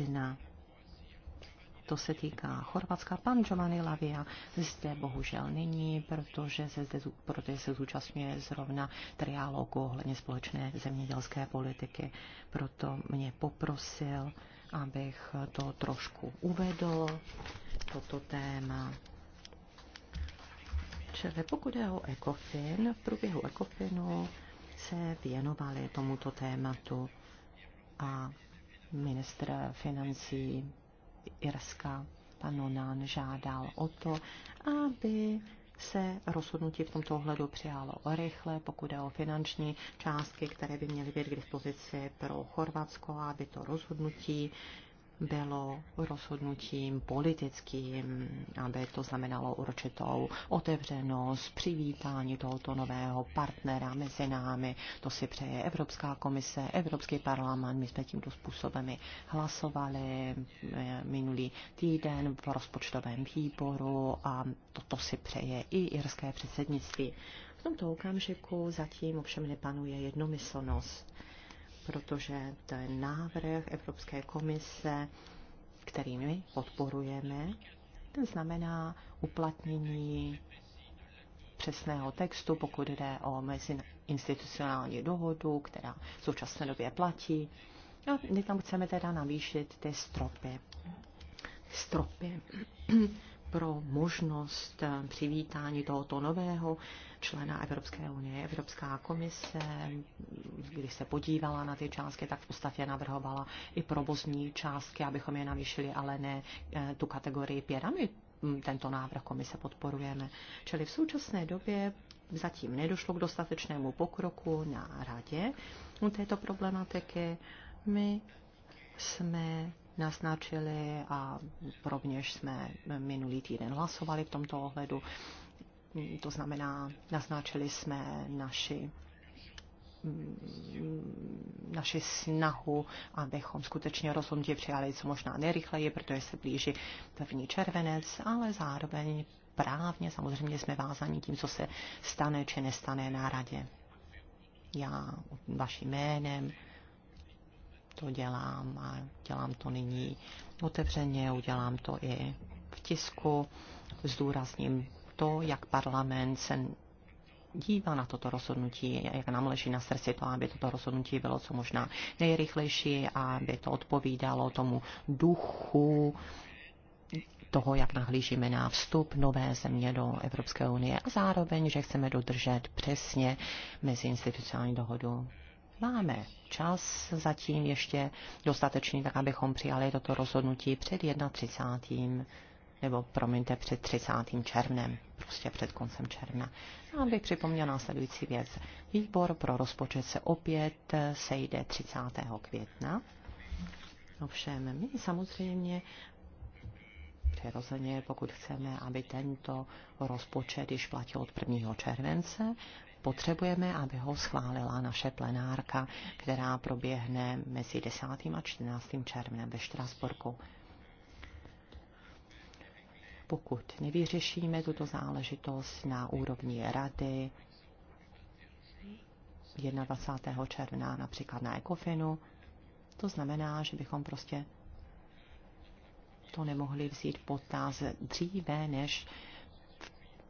To se týká Chorvatska. Pan Giovanni Lavia zde bohužel není, protože se, zde, protože se zúčastňuje zrovna triálogu ohledně společné zemědělské politiky. Proto mě poprosil, abych to trošku uvedl, toto téma. Čili pokud je o ECOFIN, v průběhu ECOFINu se věnovali tomuto tématu a ministr financí Irska, pan Nonan, žádal o to, aby se rozhodnutí v tomto ohledu přijalo rychle, pokud je o finanční částky, které by měly být k dispozici pro Chorvatsko, aby to rozhodnutí bylo rozhodnutím politickým, aby to znamenalo určitou otevřenost, přivítání tohoto nového partnera mezi námi. To si přeje Evropská komise, Evropský parlament. My jsme tímto způsobem hlasovali eh, minulý týden v rozpočtovém výboru a toto si přeje i irské předsednictví. V tomto okamžiku zatím ovšem nepanuje jednomyslnost protože to je návrh Evropské komise, který my podporujeme. To znamená uplatnění přesného textu, pokud jde o institucionální dohodu, která v současné době platí. A my tam chceme teda navýšit ty stropy. Stropy (clears throat) pro možnost přivítání tohoto nového člena Evropské unie, Evropská komise, když se podívala na ty částky, tak v podstatě navrhovala i provozní částky, abychom je navýšili, ale ne eh, tu kategorii pyramid. Hm, tento návrh komise podporujeme. Čili v současné době zatím nedošlo k dostatečnému pokroku na radě u této problematiky. My jsme naznačili a rovněž jsme minulý týden hlasovali v tomto ohledu to znamená, naznačili jsme naši naši snahu, abychom skutečně rozhodnutí přijali co možná nejrychleji, protože se blíží první červenec, ale zároveň právně samozřejmě jsme vázaní tím, co se stane či nestane na radě. Já vaším jménem to dělám a dělám to nyní otevřeně, udělám to i v tisku, zdůrazním to, jak parlament se dívá na toto rozhodnutí, jak nám leží na srdci to, aby toto rozhodnutí bylo co možná nejrychlejší a aby to odpovídalo tomu duchu toho, jak nahlížíme na vstup nové země do Evropské unie a zároveň, že chceme dodržet přesně meziinstitucionální dohodu. Máme čas zatím ještě dostatečný, tak abychom přijali toto rozhodnutí před 31 nebo promiňte před 30. červnem, prostě před koncem června. A bych připomněl následující věc. Výbor pro rozpočet se opět eh, sejde 30. května. Ovšem, my samozřejmě přirozeně, pokud chceme, aby tento rozpočet již platil od 1. července, potřebujeme, aby ho schválila naše plenárka, která proběhne mezi 10. a 14. červnem ve Štrasburku pokud nevyřešíme tuto záležitost na úrovni rady 21. června například na ECOFINu, to znamená, že bychom prostě to nemohli vzít potaz dříve než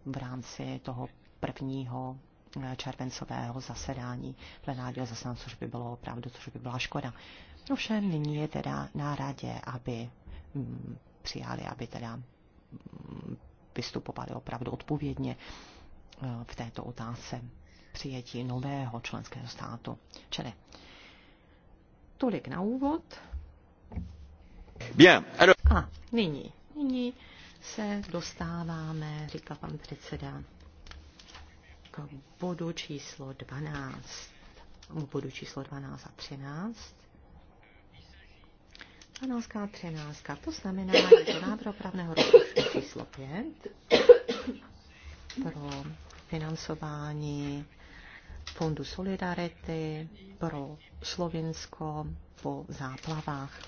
v rámci toho prvního eh, červencového zasedání plenárního zasedání, což by bylo opravdu, což by byla škoda. Ovšem nyní je teda na radě, aby mm, přijali, aby teda vystupovali opravdu odpovědně eh, v této otázce přijetí nového členského státu. Čili tolik na úvod. A nyní, nyní se dostáváme, říká pan předseda, k bodu číslo 12. Bodu číslo 12 a 13. 12, třináctka, To znamená, že to návrh opravného rozpočtu číslo 5 pro financování Fondu Solidarity pro Slovinsko po záplavách.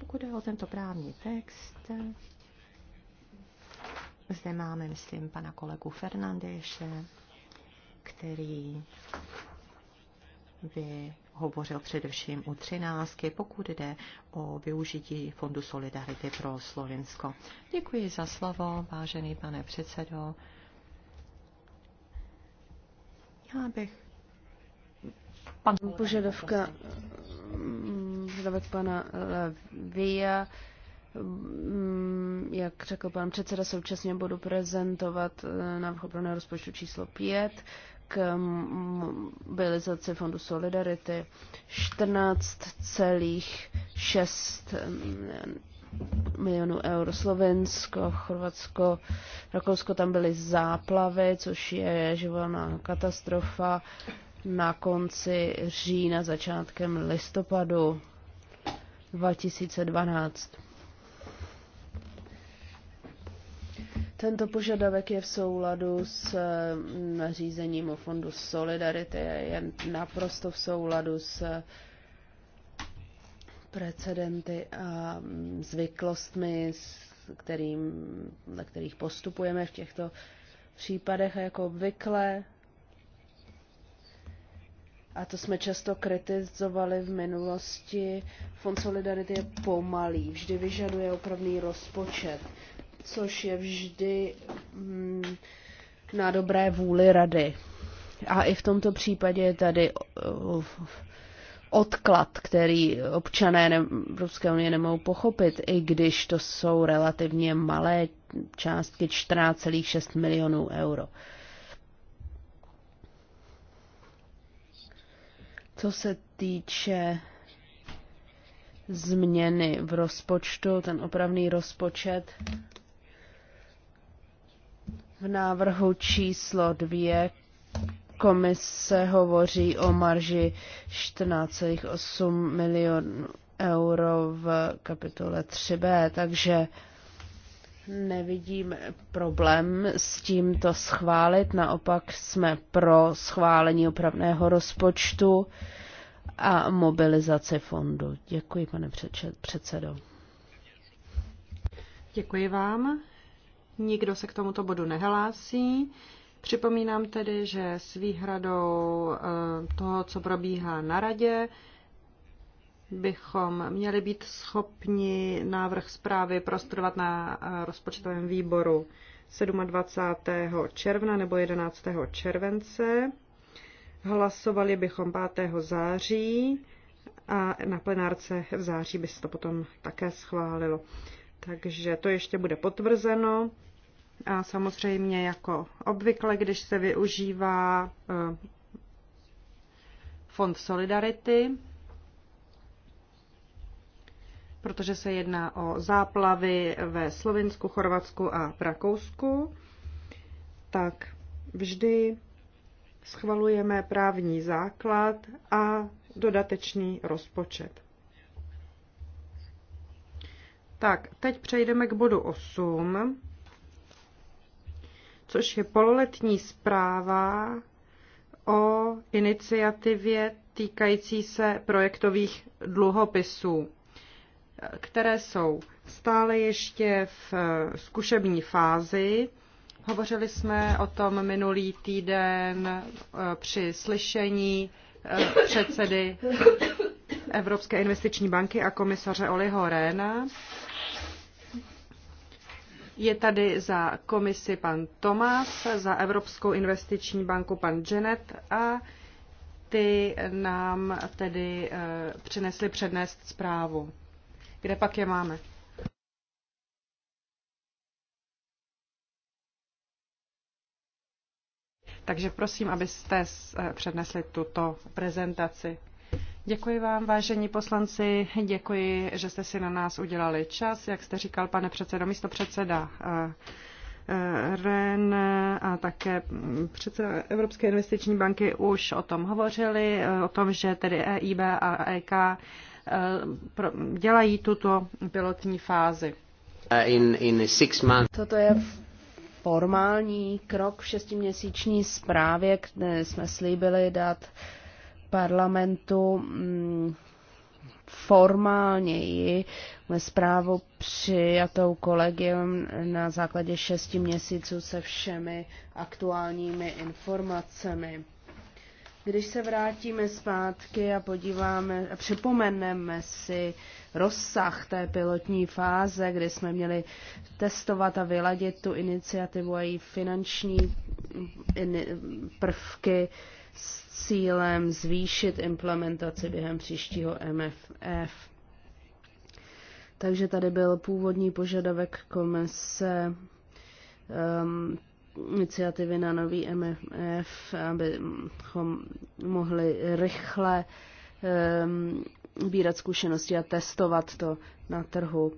Pokud je o tento právní text, zde máme, myslím, pana kolegu Fernandéše, který by hovořil především u třináctky, pokud jde o využití Fondu Solidarity pro Slovensko. Děkuji za slovo, vážený pane předsedo. Já bych... Pan... Požadavka mm, požadavek pana Levia, mm, jak řekl pan předseda, současně budu prezentovat eh, návrh obrany rozpočtu číslo 5, k mobilizaci Fondu Solidarity 14,6 milionů eur. Slovensko, Chorvatsko, Rakousko tam byly záplavy, což je živelná katastrofa na konci října, začátkem listopadu 2012. Tento požadavek je v souladu s mm, nařízením o fondu Solidarity, je naprosto v souladu s precedenty a mm, zvyklostmi, s kterým, na kterých postupujeme v těchto případech a jako obvykle. A to jsme často kritizovali v minulosti. Fond Solidarity je pomalý, vždy vyžaduje opravný rozpočet což je vždy mm, na dobré vůli rady. A i v tomto případě je tady eh, odklad, který občané Evropské unie nemohou pochopit, i když to jsou relativně malé částky 14,6 milionů euro. Co se týče změny v rozpočtu, ten opravný rozpočet, v návrhu číslo dvě komise hovoří o marži 14,8 milionů euro v kapitole 3b, takže nevidím problém s tímto schválit. Naopak jsme pro schválení opravného rozpočtu a mobilizaci fondu. Děkuji, pane předsedo. Děkuji vám. Nikdo se k tomuto bodu nehlásí. Připomínám tedy, že s výhradou eh, toho, co probíhá na radě, bychom měli být schopni návrh zprávy prostudovat na eh, rozpočtovém výboru 27. června nebo 11. července. Hlasovali bychom 5. září a na plenárce v září by se to potom také schválilo. Takže to ještě bude potvrzeno. A samozřejmě jako obvykle, když se využívá eh, fond Solidarity, protože se jedná o záplavy ve Slovensku, Chorvatsku a Rakousku, tak vždy schvalujeme právní základ a dodatečný rozpočet. Tak, teď přejdeme k bodu 8 což je pololetní zpráva o iniciativě týkající se projektových dluhopisů, které jsou stále ještě v zkušební fázi. Hovořili jsme o tom minulý týden eh, při slyšení eh, předsedy Evropské investiční banky a komisaře Oliho Réna. Je tady za komisi pan Tomás, za Evropskou investiční banku pan Janet a ty nám tedy eh, přinesli přednést zprávu. Kde pak je máme? Takže prosím, abyste eh, přednesli tuto prezentaci. Děkuji vám, vážení poslanci, děkuji, že jste si na nás udělali čas. Jak jste říkal, pane předsedo, místo předseda eh, eh, REN a také předseda Evropské investiční banky už o tom hovořili, eh, o tom, že tedy EIB a EK dělají tuto pilotní fázi. In, in six months. Toto je formální krok v šestiměsíční zprávě, kde jsme slíbili dát parlamentu mm, formálněji zprávu přijatou kolegium na základě šesti měsíců se všemi aktuálními informacemi. Když se vrátíme zpátky a podíváme, a připomeneme si rozsah té pilotní fáze, kdy jsme měli testovat a vyladit tu iniciativu a její finanční prvky, s cílem zvýšit implementaci během příštího MFF. Takže tady byl původní požadavek komise um, iniciativy na nový MFF, abychom mohli rychle um, bírat zkušenosti a testovat to na trhu.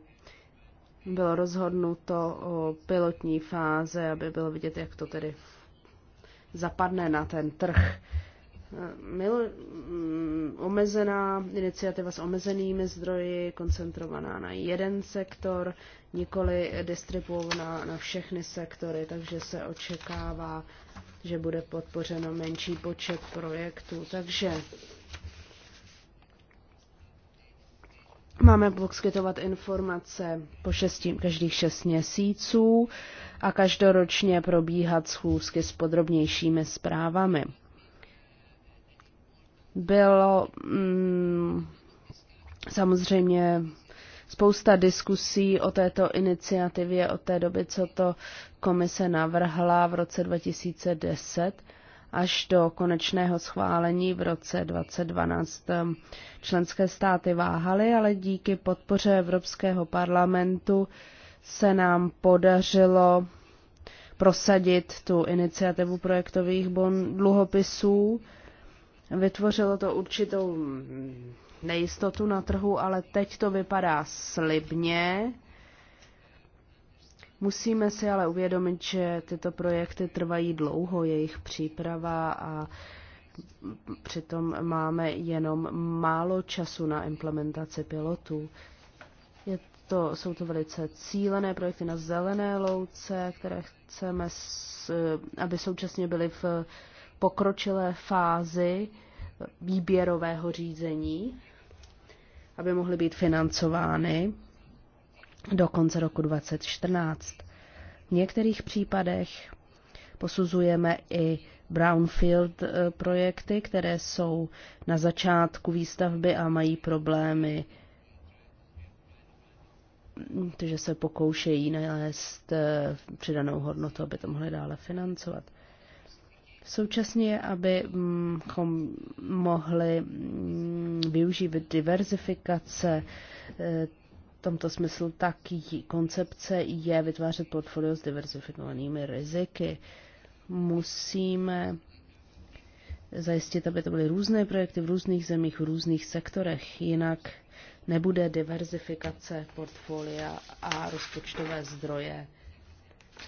Bylo rozhodnuto o pilotní fáze, aby bylo vidět, jak to tedy zapadne na ten trh. Mil, omezená iniciativa s omezenými zdroji, koncentrovaná na jeden sektor, nikoli distribuovaná na všechny sektory, takže se očekává, že bude podpořeno menší počet projektů. Takže máme poskytovat informace po šestím, každých šest měsíců a každoročně probíhat schůzky s podrobnějšími zprávami. Bylo mm, samozřejmě spousta diskusí o této iniciativě od té doby, co to komise navrhla v roce 2010 až do konečného schválení v roce 2012. Členské státy váhaly, ale díky podpoře Evropského parlamentu se nám podařilo prosadit tu iniciativu projektových bon, dluhopisů. Vytvořilo to určitou nejistotu na trhu, ale teď to vypadá slibně. Musíme si ale uvědomit, že tyto projekty trvají dlouho, jejich příprava a přitom máme jenom málo času na implementaci pilotů to, jsou to velice cílené projekty na zelené louce, které chceme, s, aby současně byly v pokročilé fázi výběrového řízení, aby mohly být financovány do konce roku 2014. V některých případech posuzujeme i brownfield eh, projekty, které jsou na začátku výstavby a mají problémy že se pokoušejí nalézt eh, přidanou hodnotu, aby to mohli dále financovat. Současně, abychom mm, mohli mm, využívat diverzifikace eh, v tomto smyslu, tak koncepce je vytvářet portfolio s diverzifikovanými riziky. Musíme zajistit, aby to byly různé projekty v různých zemích, v různých sektorech, jinak nebude diverzifikace portfolia a rozpočtové zdroje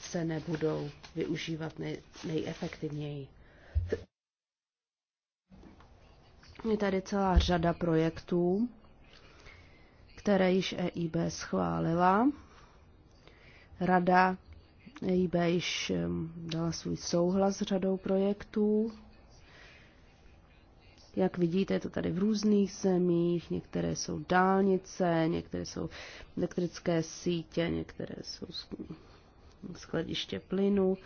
se nebudou využívat nej, nejefektivněji. Je tady celá řada projektů, které již EIB schválila. Rada EIB již ehm, dala svůj souhlas s řadou projektů. Jak vidíte, je to tady v různých zemích, některé jsou dálnice, některé jsou elektrické sítě, některé jsou skladiště plynu.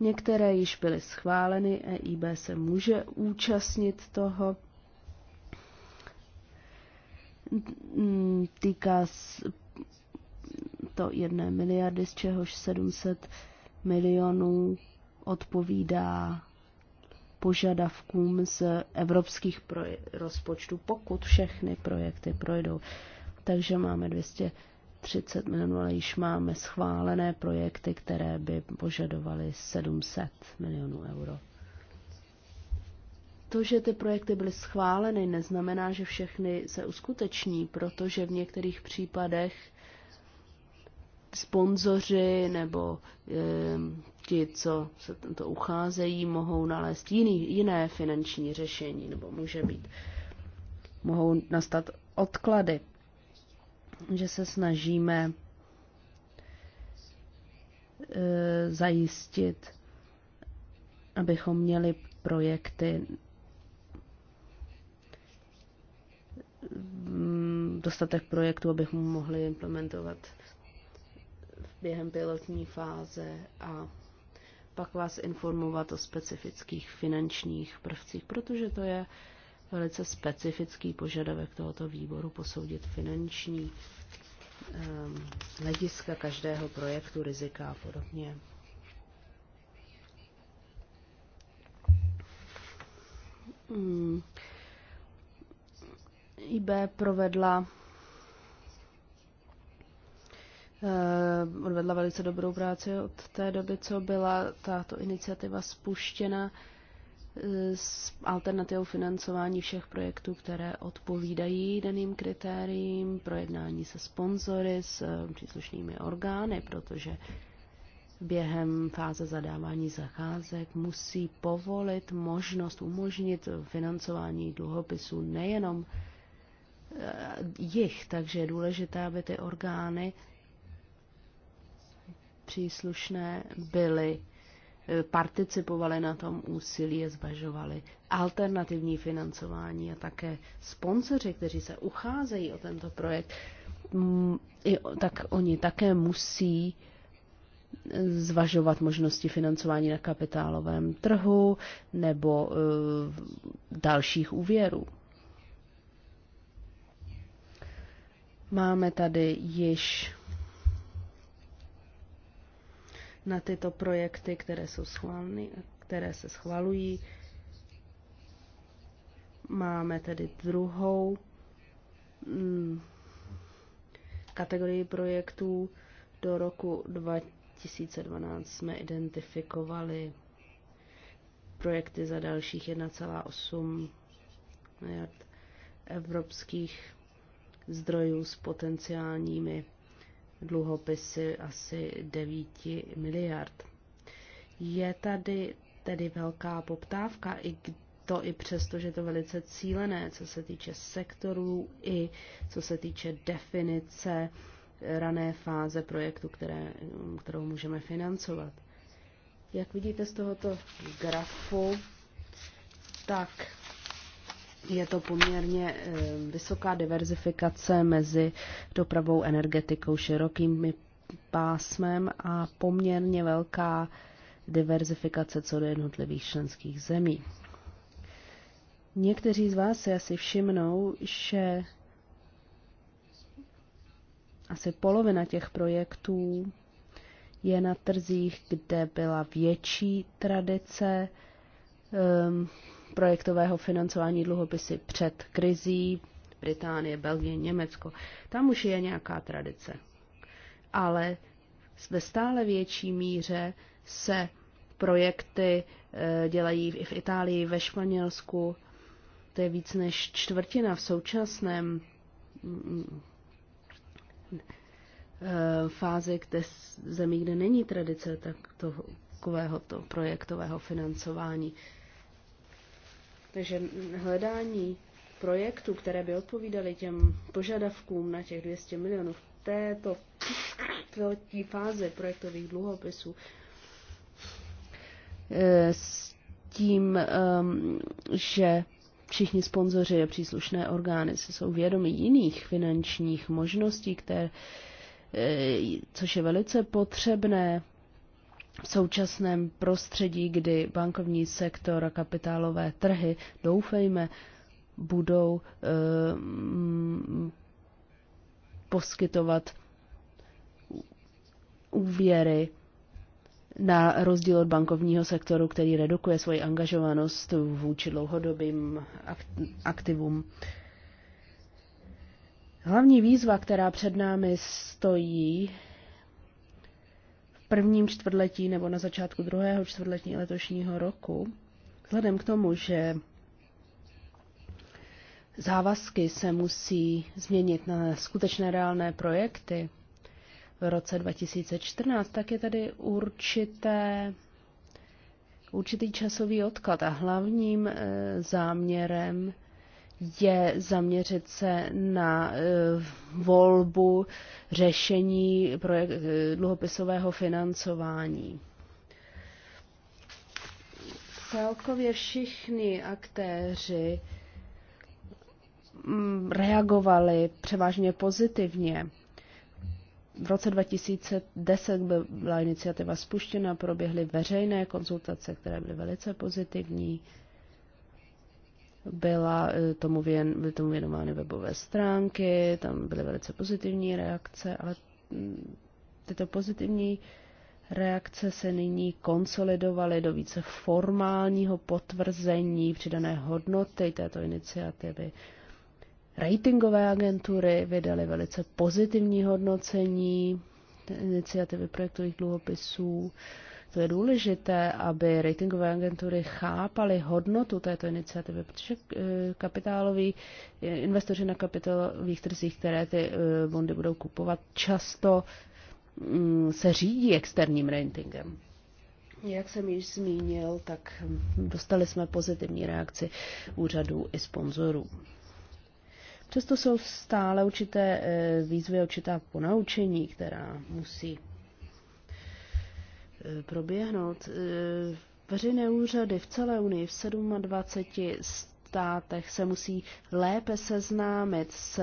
Některé již byly schváleny, EIB se může účastnit toho. Týká to jedné miliardy, z čehož 700 milionů odpovídá požadavkům z evropských rozpočtů, pokud všechny projekty projdou. Takže máme 230 milionů, ale již máme schválené projekty, které by požadovaly 700 milionů euro. To, že ty projekty byly schváleny, neznamená, že všechny se uskuteční, protože v některých případech sponzoři nebo e, ti, co se to ucházejí, mohou nalézt jiný, jiné finanční řešení, nebo může být. Mohou nastat odklady, že se snažíme e, zajistit, abychom měli projekty mm, dostatek projektů, abychom mohli implementovat během pilotní fáze a pak vás informovat o specifických finančních prvcích, protože to je velice specifický požadavek tohoto výboru posoudit finanční um, každého projektu, rizika a podobně. Hmm. IB provedla Eh, odvedla velice dobrou práci od té doby, co byla tato iniciativa spuštěna eh, s alternativou financování všech projektů, které odpovídají daným kritériím, projednání se sponzory, s eh, příslušnými orgány, protože během fáze zadávání zacházek musí povolit možnost umožnit financování dluhopisů nejenom jich, takže je důležité, aby ty orgány příslušné byly, eh, participovali na tom úsilí a zvažovali alternativní financování a také sponzoři, kteří se ucházejí o tento projekt, mm, tak oni také musí eh, zvažovat možnosti financování na kapitálovém trhu nebo eh, dalších úvěrů. Máme tady již na tyto projekty, které jsou schválny, které se schvalují. Máme tedy druhou mm, kategorii projektů. Do roku 2012 jsme identifikovali projekty za dalších 1,8 miliard evropských zdrojů s potenciálními dluhopisy asi 9 miliard. Je tady tedy velká poptávka, i to i přesto, že je to velice cílené, co se týče sektorů i co se týče definice rané fáze projektu, které, kterou můžeme financovat. Jak vidíte z tohoto grafu, tak je to poměrně eh, vysoká diverzifikace mezi dopravou, energetikou, širokými pásmem a poměrně velká diverzifikace co do jednotlivých členských zemí. Někteří z vás si asi všimnou, že asi polovina těch projektů je na trzích, kde byla větší tradice um, projektového financování dluhopisy před krizí, Británie, Belgie, Německo. Tam už je nějaká tradice. Ale ve stále větší míře se projekty eh, dělají i v Itálii, ve Španělsku. To je víc než čtvrtina v současném eh, fázi kde zemí, kde není tradice takového projektového financování. Takže hledání projektů, které by odpovídaly těm požadavkům na těch 200 milionů v této pilotní fáze projektových dluhopisů, eh, s tím, ehm, že všichni sponzoři a příslušné orgány se jsou vědomi jiných finančních možností, které, eh, což je velice potřebné v současném prostředí, kdy bankovní sektor a kapitálové trhy, doufejme, budou e, poskytovat úvěry na rozdíl od bankovního sektoru, který redukuje svoji angažovanost vůči dlouhodobým aktivům. Hlavní výzva, která před námi stojí, prvním čtvrtletí nebo na začátku druhého čtvrtletí letošního roku, vzhledem k tomu, že závazky se musí změnit na skutečné reálné projekty v roce 2014, tak je tady určité, určitý časový odklad a hlavním eh, záměrem je zaměřit se na e, volbu řešení projekt, e, dluhopisového financování. Celkově všichni aktéři mm, reagovali převážně pozitivně. V roce 2010 byla iniciativa spuštěna, proběhly veřejné konzultace, které byly velice pozitivní byla eh, tomu, věn, byly tomu věnovány webové stránky, tam byly velice pozitivní reakce, ale mm, tyto pozitivní reakce se nyní konsolidovaly do více formálního potvrzení přidané hodnoty této iniciativy. Ratingové agentury vydaly velice pozitivní hodnocení iniciativy projektových dluhopisů. Uh, to je důležité, aby ratingové agentury chápaly hodnotu této iniciativy, protože eh, kapitáloví eh, investoři na kapitálových trzích, které ty eh, bondy budou kupovat, často mm, se řídí externím ratingem. Jak jsem již zmínil, tak dostali jsme pozitivní reakci úřadů i sponzorů. Přesto jsou stále určité výzvy, určitá ponaučení, která musí Eh, proběhnout. Eh, veřejné úřady v celé Unii v 27 státech se musí lépe seznámit s,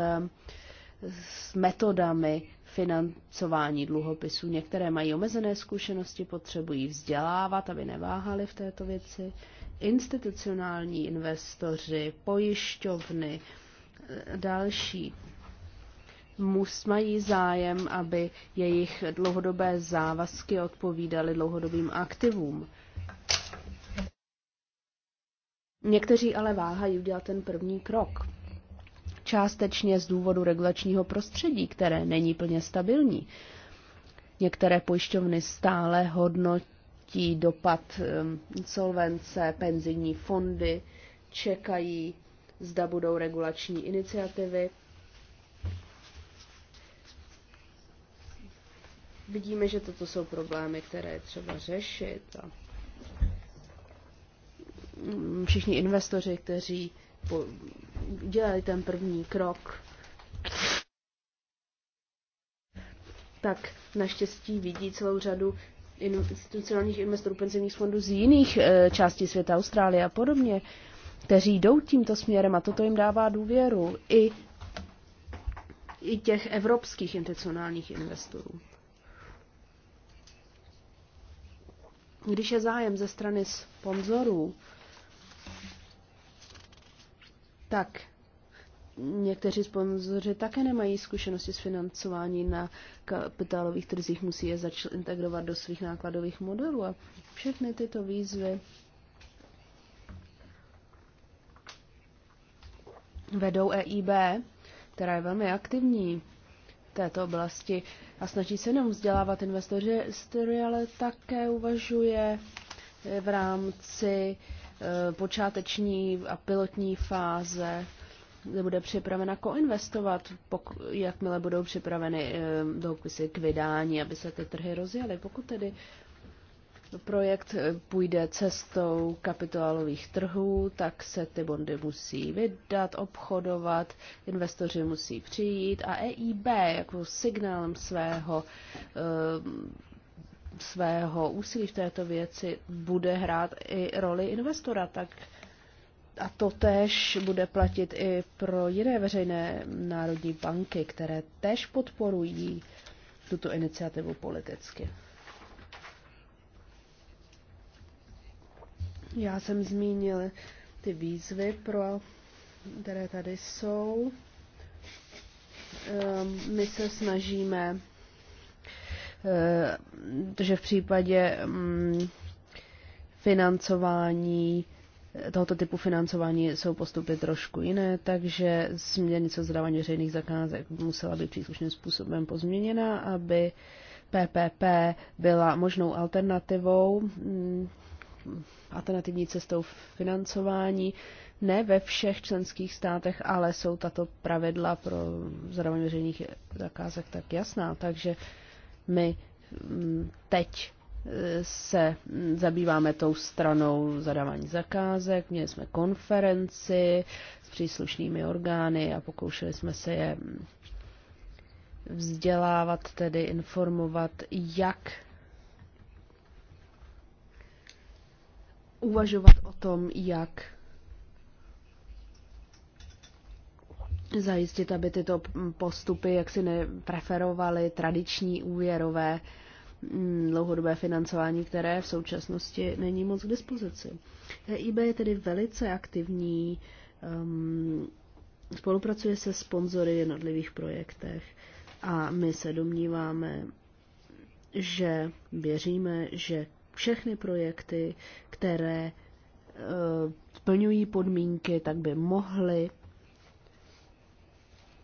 s metodami financování dluhopisů. Některé mají omezené zkušenosti, potřebují vzdělávat, aby neváhali v této věci. Institucionální investoři, pojišťovny, eh, další mus mají zájem, aby jejich dlouhodobé závazky odpovídaly dlouhodobým aktivům. Někteří ale váhají udělat ten první krok. Částečně z důvodu regulačního prostředí, které není plně stabilní. Některé pojišťovny stále hodnotí dopad insolvence, penzijní fondy, čekají, zda budou regulační iniciativy vidíme, že toto jsou problémy, které je třeba řešit. A všichni investoři, kteří po, dělali ten první krok, tak naštěstí vidí celou řadu institucionálních investorů penzijních fondů z jiných e, částí světa, Austrálie a podobně, kteří jdou tímto směrem a toto jim dává důvěru i, i těch evropských institucionálních investorů. Když je zájem ze strany sponzorů, tak někteří sponzoři také nemají zkušenosti s financování na kapitálových trzích, musí je začít integrovat do svých nákladových modelů a všechny tyto výzvy vedou EIB, která je velmi aktivní této oblasti a snaží se jenom vzdělávat investory, ale také uvažuje eh, v rámci eh, počáteční a pilotní fáze, kde bude připravena koinvestovat, jakmile budou připraveny eh, dopisy k vydání, aby se ty trhy rozjaly. Pokud tedy projekt eh, půjde cestou kapitálových trhů, tak se ty bondy musí vydat, obchodovat, investoři musí přijít a EIB jako signálem svého eh, svého úsilí v této věci bude hrát i roli investora, tak a to tež bude platit i pro jiné veřejné národní banky, které tež podporují tuto iniciativu politicky. Já jsem zmínil ty výzvy, pro, které tady jsou. Ehm, my se snažíme, eh, že v případě mm, financování tohoto typu financování jsou postupy trošku jiné, takže směrnice o zadávání veřejných zakázek musela být příslušným způsobem pozměněna, aby PPP byla možnou alternativou mm, alternativní cestou financování. Ne ve všech členských státech, ale jsou tato pravidla pro zadávání veřejných zakázek tak jasná, takže my mm, teď eh, se mm, zabýváme tou stranou zadávání zakázek, měli jsme konferenci s příslušnými orgány a pokoušeli jsme se je vzdělávat, tedy informovat, jak uvažovat o tom, jak zajistit, aby tyto postupy jaksi nepreferovaly tradiční úvěrové mm, dlouhodobé financování, které v současnosti není moc k dispozici. EIB je tedy velice aktivní, um, spolupracuje se sponzory v jednotlivých projektech a my se domníváme, že věříme, že všechny projekty, které eh, splňují podmínky, tak by mohly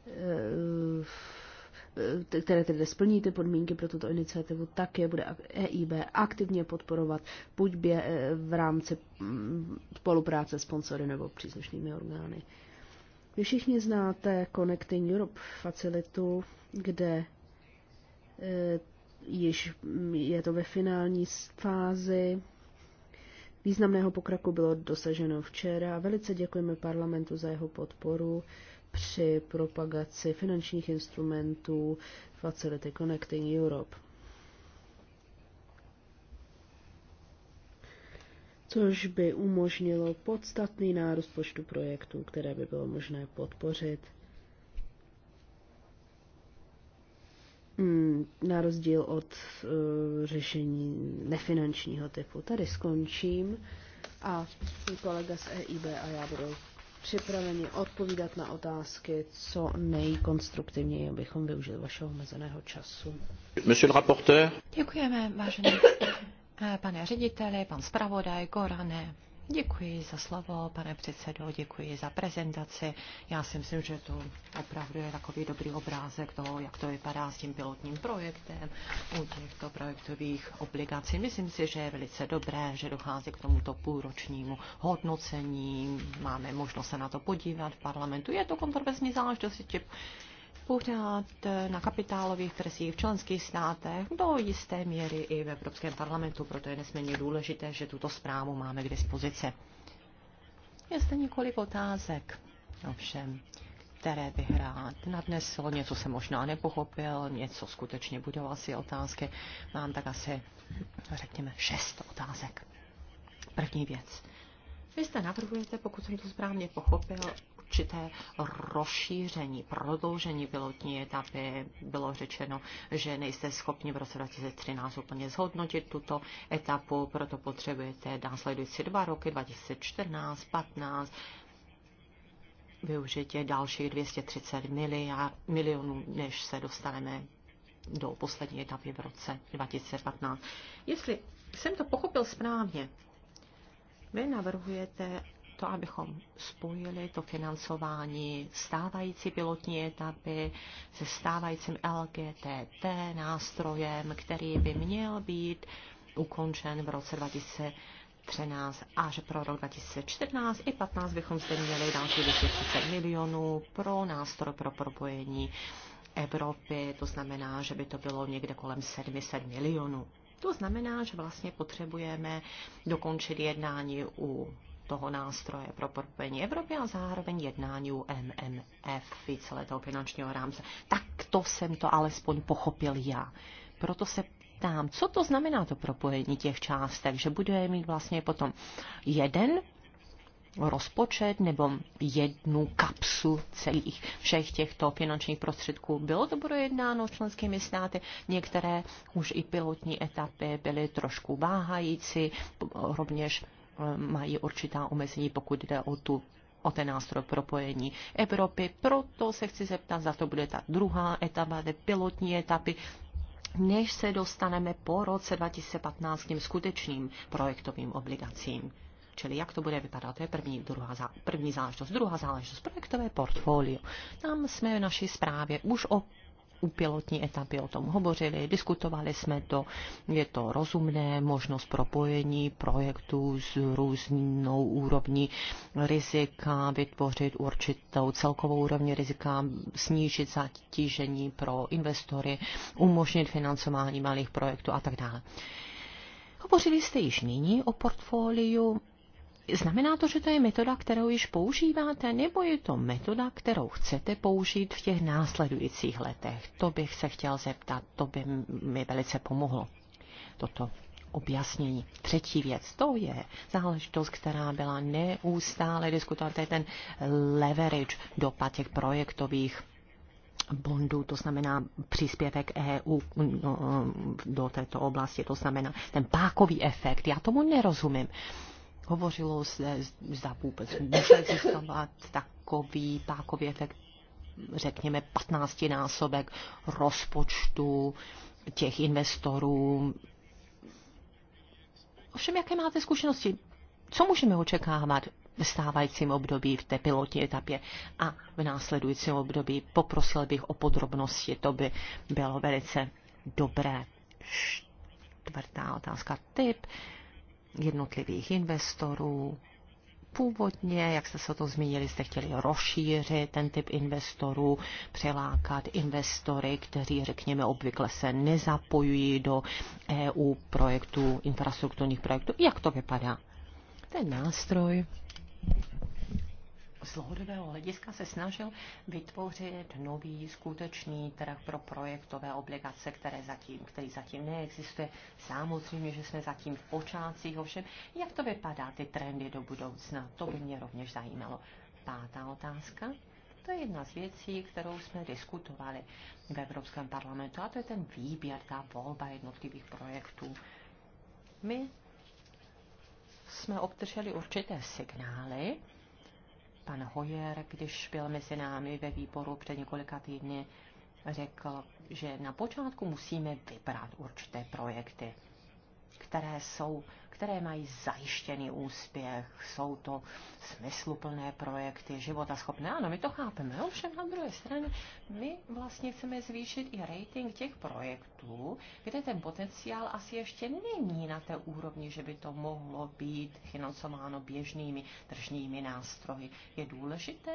eh, které tedy splní ty podmínky pro tuto iniciativu, tak je bude EIB aktivně podporovat buď bě, eh, v rámci mm, spolupráce s sponsory nebo příslušnými orgány. Vy všichni znáte Connecting Europe facilitu, kde již mm, je to ve finální fázi, Významného pokraku bylo dosaženo včera. Velice děkujeme parlamentu za jeho podporu při propagaci finančních instrumentů Facility Connecting Europe. což by umožnilo podstatný nárůst počtu projektů, které by bylo možné podpořit Mm, na rozdíl od uh, řešení nefinančního typu. Tady skončím a kolega z EIB a já budou připraveni odpovídat na otázky co nejkonstruktivněji, abychom využili vašeho omezeného času. Monsieur le rapporteur. Děkujeme, vážený eh, pane řediteli, pan zpravodaj, Gorane, Děkuji za slovo, pane předsedo, děkuji za prezentaci. Já si myslím, že to opravdu je takový dobrý obrázek toho, jak to vypadá s tím pilotním projektem u těchto projektových obligací. Myslím si, že je velice dobré, že dochází k tomuto půlročnímu hodnocení. Máme možnost se na to podívat v parlamentu. Je to kontroverzní záležitost, pořád eh, na kapitálových trzích v členských státech, do jisté míry i v Evropském parlamentu, proto je nesmírně důležité, že tuto zprávu máme k dispozici. Je zde několik otázek, ovšem, které bych rád nadnesl. Něco jsem možná nepochopil, něco skutečně budou asi otázky. Mám tak asi, řekněme, šest otázek. První věc. Vy jste navrhujete, pokud jsem to správně pochopil, určité rozšíření, prodloužení pilotní etapy. Bylo řečeno, že nejste schopni v roce 2013 úplně zhodnotit tuto etapu, proto potřebujete následující dva roky, 2014, 15, využitě dalších 230 miliard, milionů, než se dostaneme do poslední etapy v roce 2015. Jestli jsem to pochopil správně, vy navrhujete, to, abychom spojili to financování stávající pilotní etapy se stávajícím LGTT nástrojem, který by měl být ukončen v roce 2013 a že pro rok 2014 i 15 bychom zde měli další 230 milionů pro nástroj pro propojení Evropy, to znamená, že by to bylo někde kolem 700 milionů. To znamená, že vlastně potřebujeme dokončit jednání u toho nástroje pro propojení Evropy a zároveň jednání u MMF, toho finančního rámce. Tak to jsem to alespoň pochopil já. Proto se ptám, co to znamená to propojení těch částek, že budeme mít vlastně potom jeden rozpočet nebo jednu kapsu celých všech těchto finančních prostředků. Bylo to projednáno členskými státy, některé už i pilotní etapy byly trošku váhající, rovněž mají určitá omezení, pokud jde o tu o ten nástroj propojení Evropy. Proto se chci zeptat, za to bude ta druhá etapa, ty pilotní etapy, než se dostaneme po roce 2015 k těm skutečným projektovým obligacím. Čili jak to bude vypadat, to je první, druhá, první záležitost. Druhá záležitost, projektové portfolio. Tam jsme v naší zprávě už o u pilotní etapy o tom hovořili, diskutovali jsme to, je to rozumné, možnost propojení projektů s různou úrovní rizika, vytvořit určitou celkovou úrovni rizika, snížit zatížení pro investory, umožnit financování malých projektů a tak dále. Hovořili jste již nyní o portfoliu Znamená to, že to je metoda, kterou již používáte, nebo je to metoda, kterou chcete použít v těch následujících letech? To bych se chtěl zeptat, to by mi velice pomohlo. Toto objasnění. Třetí věc, to je záležitost, která byla neustále diskutována, to je ten leverage dopad těch projektových bondů, to znamená příspěvek EU no, do této oblasti, to znamená ten pákový efekt. Já tomu nerozumím. Hovořilo se, zda vůbec může existovat takový pákový efekt, řekněme, 15-násobek rozpočtu těch investorů. Ovšem, jaké máte zkušenosti? Co můžeme očekávat v stávajícím období, v té pilotní etapě a v následujícím období? Poprosil bych o podrobnosti, to by bylo velice dobré. Čtvrtá otázka. Typ jednotlivých investorů. Původně, jak jste se to zmínili, jste chtěli rozšířit ten typ investorů, přelákat investory, kteří, řekněme, obvykle se nezapojují do EU projektů, infrastrukturních projektů. Jak to vypadá? Ten nástroj z dlouhodobého hlediska se snažil vytvořit nový skutečný trh pro projektové obligace, které zatím, který zatím neexistuje. Samozřejmě, že jsme zatím v počátcích, ovšem, jak to vypadá ty trendy do budoucna, to by mě rovněž zajímalo. Pátá otázka. To je jedna z věcí, kterou jsme diskutovali v Evropském parlamentu, a to je ten výběr, ta volba jednotlivých projektů. My jsme obdrželi určité signály pan Hoyer, když byl mezi námi ve výboru před několika týdny, řekl, že na počátku musíme vybrat určité projekty které jsou které mají zajištěný úspěch, jsou to smysluplné projekty, životaschopné. Ano, my to chápeme, ovšem na druhé straně my vlastně chceme zvýšit i rating těch projektů, kde ten potenciál asi ještě není na té úrovni, že by to mohlo být financováno běžnými tržními nástroji. Je důležité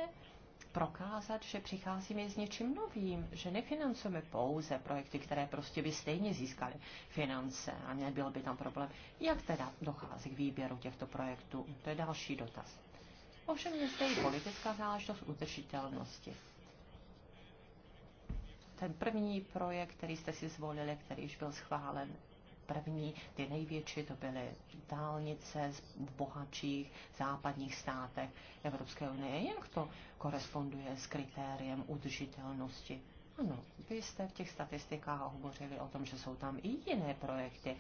prokázat, že přicházíme s něčím novým, že nefinancujeme pouze projekty, které prostě by stejně získaly finance a nebyl by tam problém. Jak teda dochází k výběru těchto projektů? To je další dotaz. Ovšem je zde i politická záležitost udržitelnosti. Ten první projekt, který jste si zvolili, který již byl schválen, první, ty největší, to byly dálnice v bohatších západních státech Evropské unie. Jak to koresponduje s kritériem udržitelnosti? Ano, vy jste v těch statistikách hovořili o tom, že jsou tam i jiné projekty,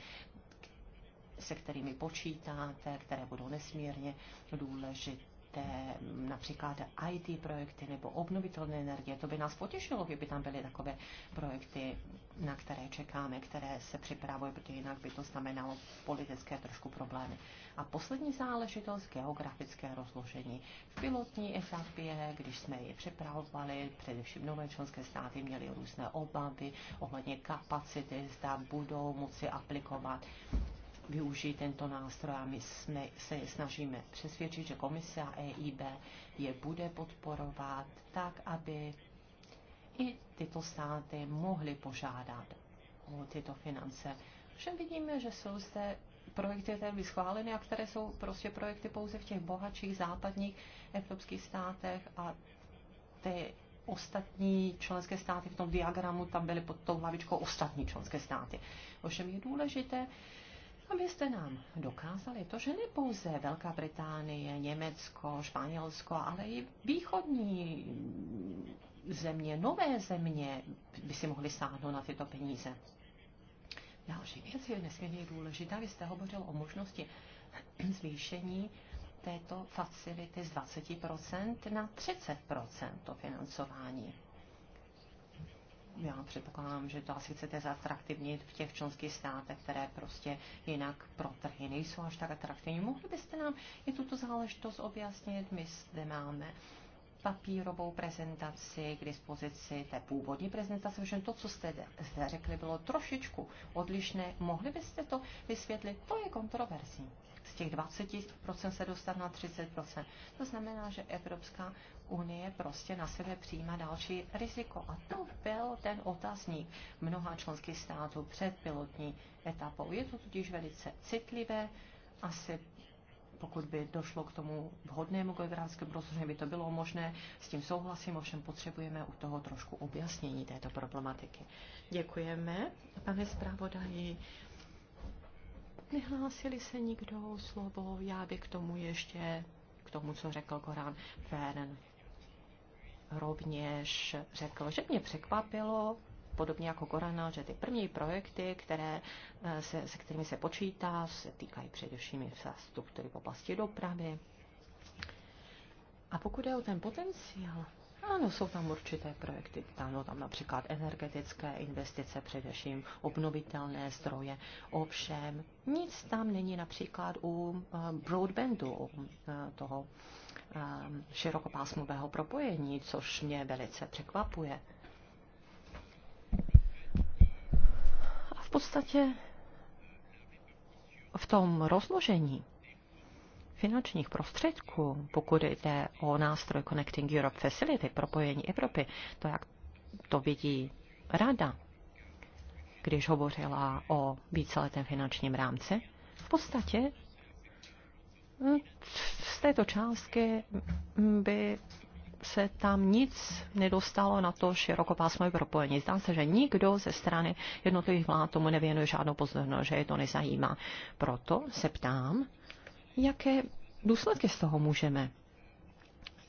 se kterými počítáte, které budou nesmírně důležité například IT projekty nebo obnovitelné energie. To by nás potěšilo, kdyby tam byly takové projekty na které čekáme, které se připravuje, protože jinak by to znamenalo politické trošku problémy. A poslední záležitost, geografické rozložení. V pilotní etapě, když jsme ji připravovali, především nové členské státy měly různé obavy ohledně kapacity, zda budou moci aplikovat využít tento nástroj a my jsme, se snažíme přesvědčit, že komise a EIB je bude podporovat tak, aby i tyto státy mohly požádat o tyto finance. Všem vidíme, že jsou zde projekty, které byly schváleny a které jsou prostě projekty pouze v těch bohatších západních evropských státech a ty ostatní členské státy v tom diagramu tam byly pod tou hlavičkou ostatní členské státy. Ovšem je důležité, abyste nám dokázali to, že ne pouze Velká Británie, Německo, Španělsko, ale i východní země, nové země by si mohly sáhnout na tyto peníze. Další věc je nesmírně důležitá. Vy jste hovořil o možnosti (clears throat) zvýšení této facility z 20% na 30% to financování. Já předpokládám, že to asi chcete zatraktivnit v těch členských státech, které prostě jinak pro trhy nejsou až tak atraktivní. Mohli byste nám i tuto záležitost objasnit? My zde máme uh, papírovou prezentaci k dispozici té původní prezentace, protože to, co jste zde řekli, bylo trošičku odlišné. Mohli byste to vysvětlit? To je kontroverzní. Z těch 20% se dostat na 30%. To znamená, že Evropská unie prostě na sebe přijímá další riziko. A to byl ten otazník mnoha členských států před pilotní etapou. Je to totiž velice citlivé asi pokud by došlo k tomu vhodnému geografickému prostoru, by to bylo možné, s tím souhlasím, ovšem potřebujeme u toho trošku objasnění této problematiky. Děkujeme, pane zpravodaji. Nehlásili se nikdo o slovo, já bych k tomu ještě, k tomu, co řekl Korán Feren, rovněž řekl, že mě překvapilo, podobně jako Gorana, že ty první projekty, které eh, se, se kterými se počítá, se týkají především infrastruktury v oblasti dopravy. A pokud je o ten potenciál, ano, jsou tam určité projekty, ano, tam například energetické investice, především obnovitelné zdroje. Ovšem, nic tam není například u eh, broadbandu, eh, toho širokopásmového propojení, což mě velice překvapuje. podstatě v tom rozložení finančních prostředků, pokud jde o nástroj Connecting Europe Facility, propojení Evropy, to, jak to vidí rada, když hovořila o víceletém finančním rámci, v podstatě hm, z této částky by se tam nic nedostalo na to širokopásmové propojení. Zdá se, že nikdo ze strany jednotlivých vlád tomu nevěnuje žádnou pozornost, že je to nezajímá. Proto se ptám, jaké důsledky z toho můžeme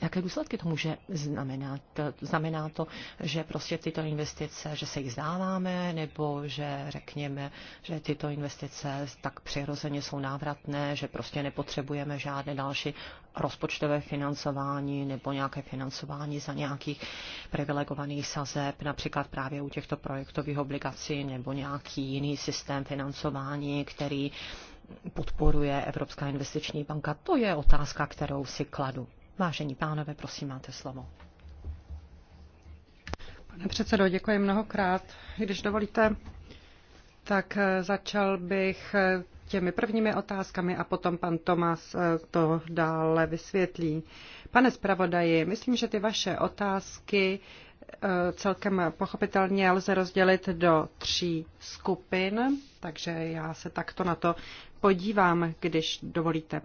jaké důsledky to může znamenat? Znamená to, že prostě tyto investice, že se jich zdáváme, nebo že řekněme, že tyto investice tak přirozeně jsou návratné, že prostě nepotřebujeme žádné další rozpočtové financování nebo nějaké financování za nějakých privilegovaných sazeb, například právě u těchto projektových obligací nebo nějaký jiný systém financování, který podporuje Evropská investiční banka. To je otázka, kterou si kladu. Vážení pánové, prosím, máte slovo. Pane předsedo, děkuji mnohokrát. Když dovolíte, tak eh, začal bych eh, těmi prvními otázkami a potom pan Tomas eh, to dále vysvětlí. Pane zpravodaji, myslím, že ty vaše otázky celkem pochopitelně lze rozdělit do tří skupin, takže já se takto na to podívám, když dovolíte.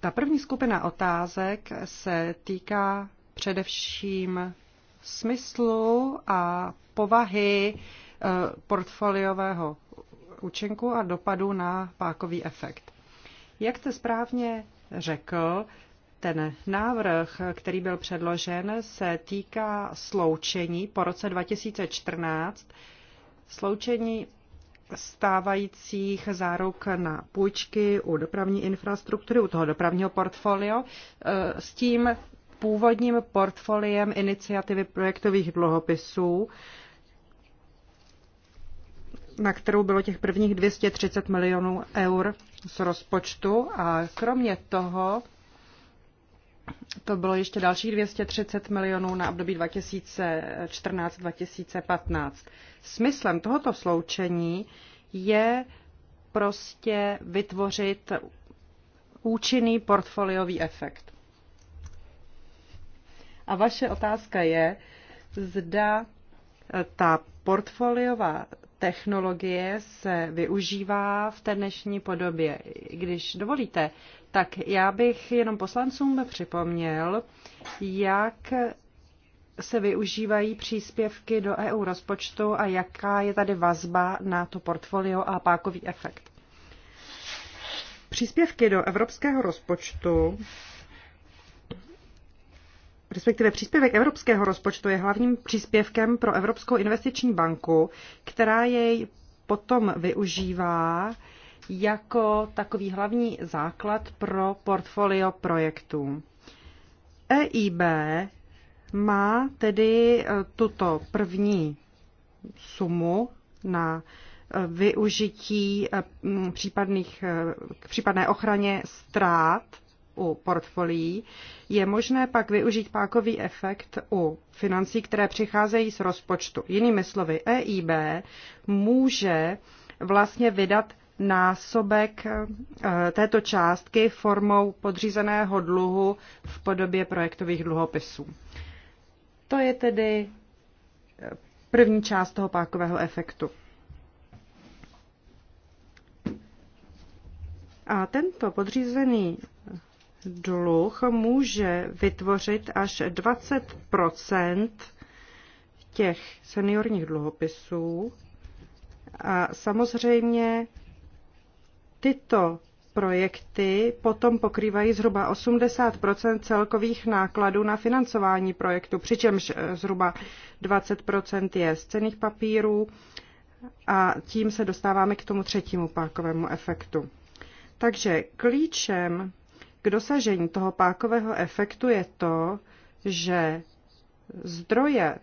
Ta první skupina otázek se týká především smyslu a povahy eh, portfoliového účinku a dopadu na pákový efekt. Jak jste správně řekl, ten návrh, který byl předložen, se týká sloučení po roce 2014, sloučení stávajících záruk na půjčky u dopravní infrastruktury, u toho dopravního portfolio, eh, s tím původním portfoliem iniciativy projektových dluhopisů, na kterou bylo těch prvních 230 milionů eur z rozpočtu. A kromě toho to bylo ještě dalších 230 milionů na období 2014-2015. Smyslem tohoto sloučení je prostě vytvořit účinný portfoliový efekt. A vaše otázka je, zda eh, ta portfoliová technologie se využívá v té dnešní podobě. Když dovolíte, tak já bych jenom poslancům připomněl, jak se využívají příspěvky do EU rozpočtu a jaká je tady vazba na to portfolio a pákový efekt. Příspěvky do evropského rozpočtu respektive příspěvek evropského rozpočtu je hlavním příspěvkem pro Evropskou investiční banku, která jej potom využívá jako takový hlavní základ pro portfolio projektů. EIB má tedy e, tuto první sumu na e, využití e, případných, k případné ochraně ztrát u portfolií, je možné pak využít pákový efekt u financí, které přicházejí z rozpočtu. Jinými slovy, EIB může vlastně vydat násobek eh, této částky formou podřízeného dluhu v podobě projektových dluhopisů. To je tedy eh, první část toho pákového efektu. A tento podřízený dluh může vytvořit až 20 těch seniorních dluhopisů. A samozřejmě Tyto projekty potom pokrývají zhruba 80 celkových nákladů na financování projektu, přičemž eh, zhruba 20 je z cených papírů a tím se dostáváme k tomu třetímu pákovému efektu. Takže klíčem k dosažení toho pákového efektu je to, že zdroje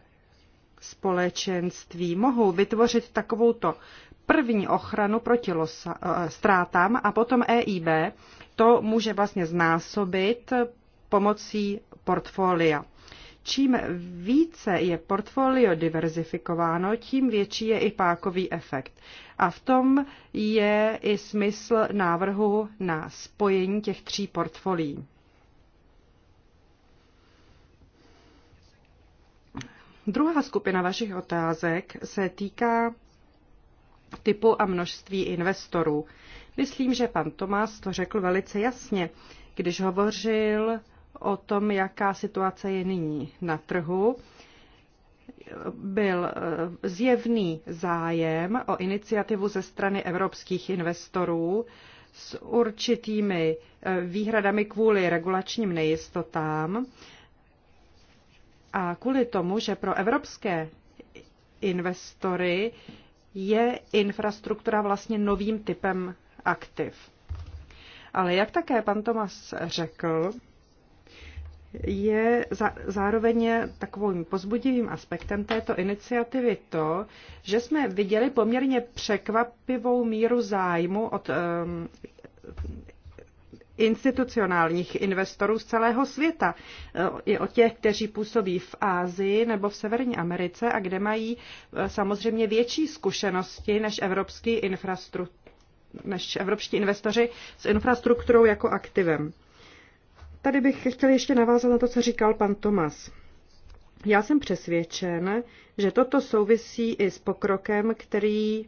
společenství mohou vytvořit takovouto první ochranu proti losa, eh, ztrátám a potom EIB to může vlastně znásobit pomocí portfolia. Čím více je portfolio diverzifikováno, tím větší je i pákový efekt. A v tom je i smysl návrhu na spojení těch tří portfolií. Druhá skupina vašich otázek se týká typu a množství investorů. Myslím, že pan Tomás to řekl velice jasně, když hovořil o tom, jaká situace je nyní na trhu. Byl eh, zjevný zájem o iniciativu ze strany evropských investorů s určitými eh, výhradami kvůli regulačním nejistotám a kvůli tomu, že pro evropské investory je infrastruktura vlastně novým typem aktiv. Ale jak také pan Tomas řekl, je zároveň takovým pozbudivým aspektem této iniciativy to, že jsme viděli poměrně překvapivou míru zájmu od um, institucionálních investorů z celého světa. I e, o těch, kteří působí v Ázii nebo v Severní Americe a kde mají e, samozřejmě větší zkušenosti než evropský infrastruktur než evropští investoři s infrastrukturou jako aktivem. Tady bych chtěl ještě navázat na to, co říkal pan Tomas. Já jsem přesvědčen, že toto souvisí i s pokrokem, který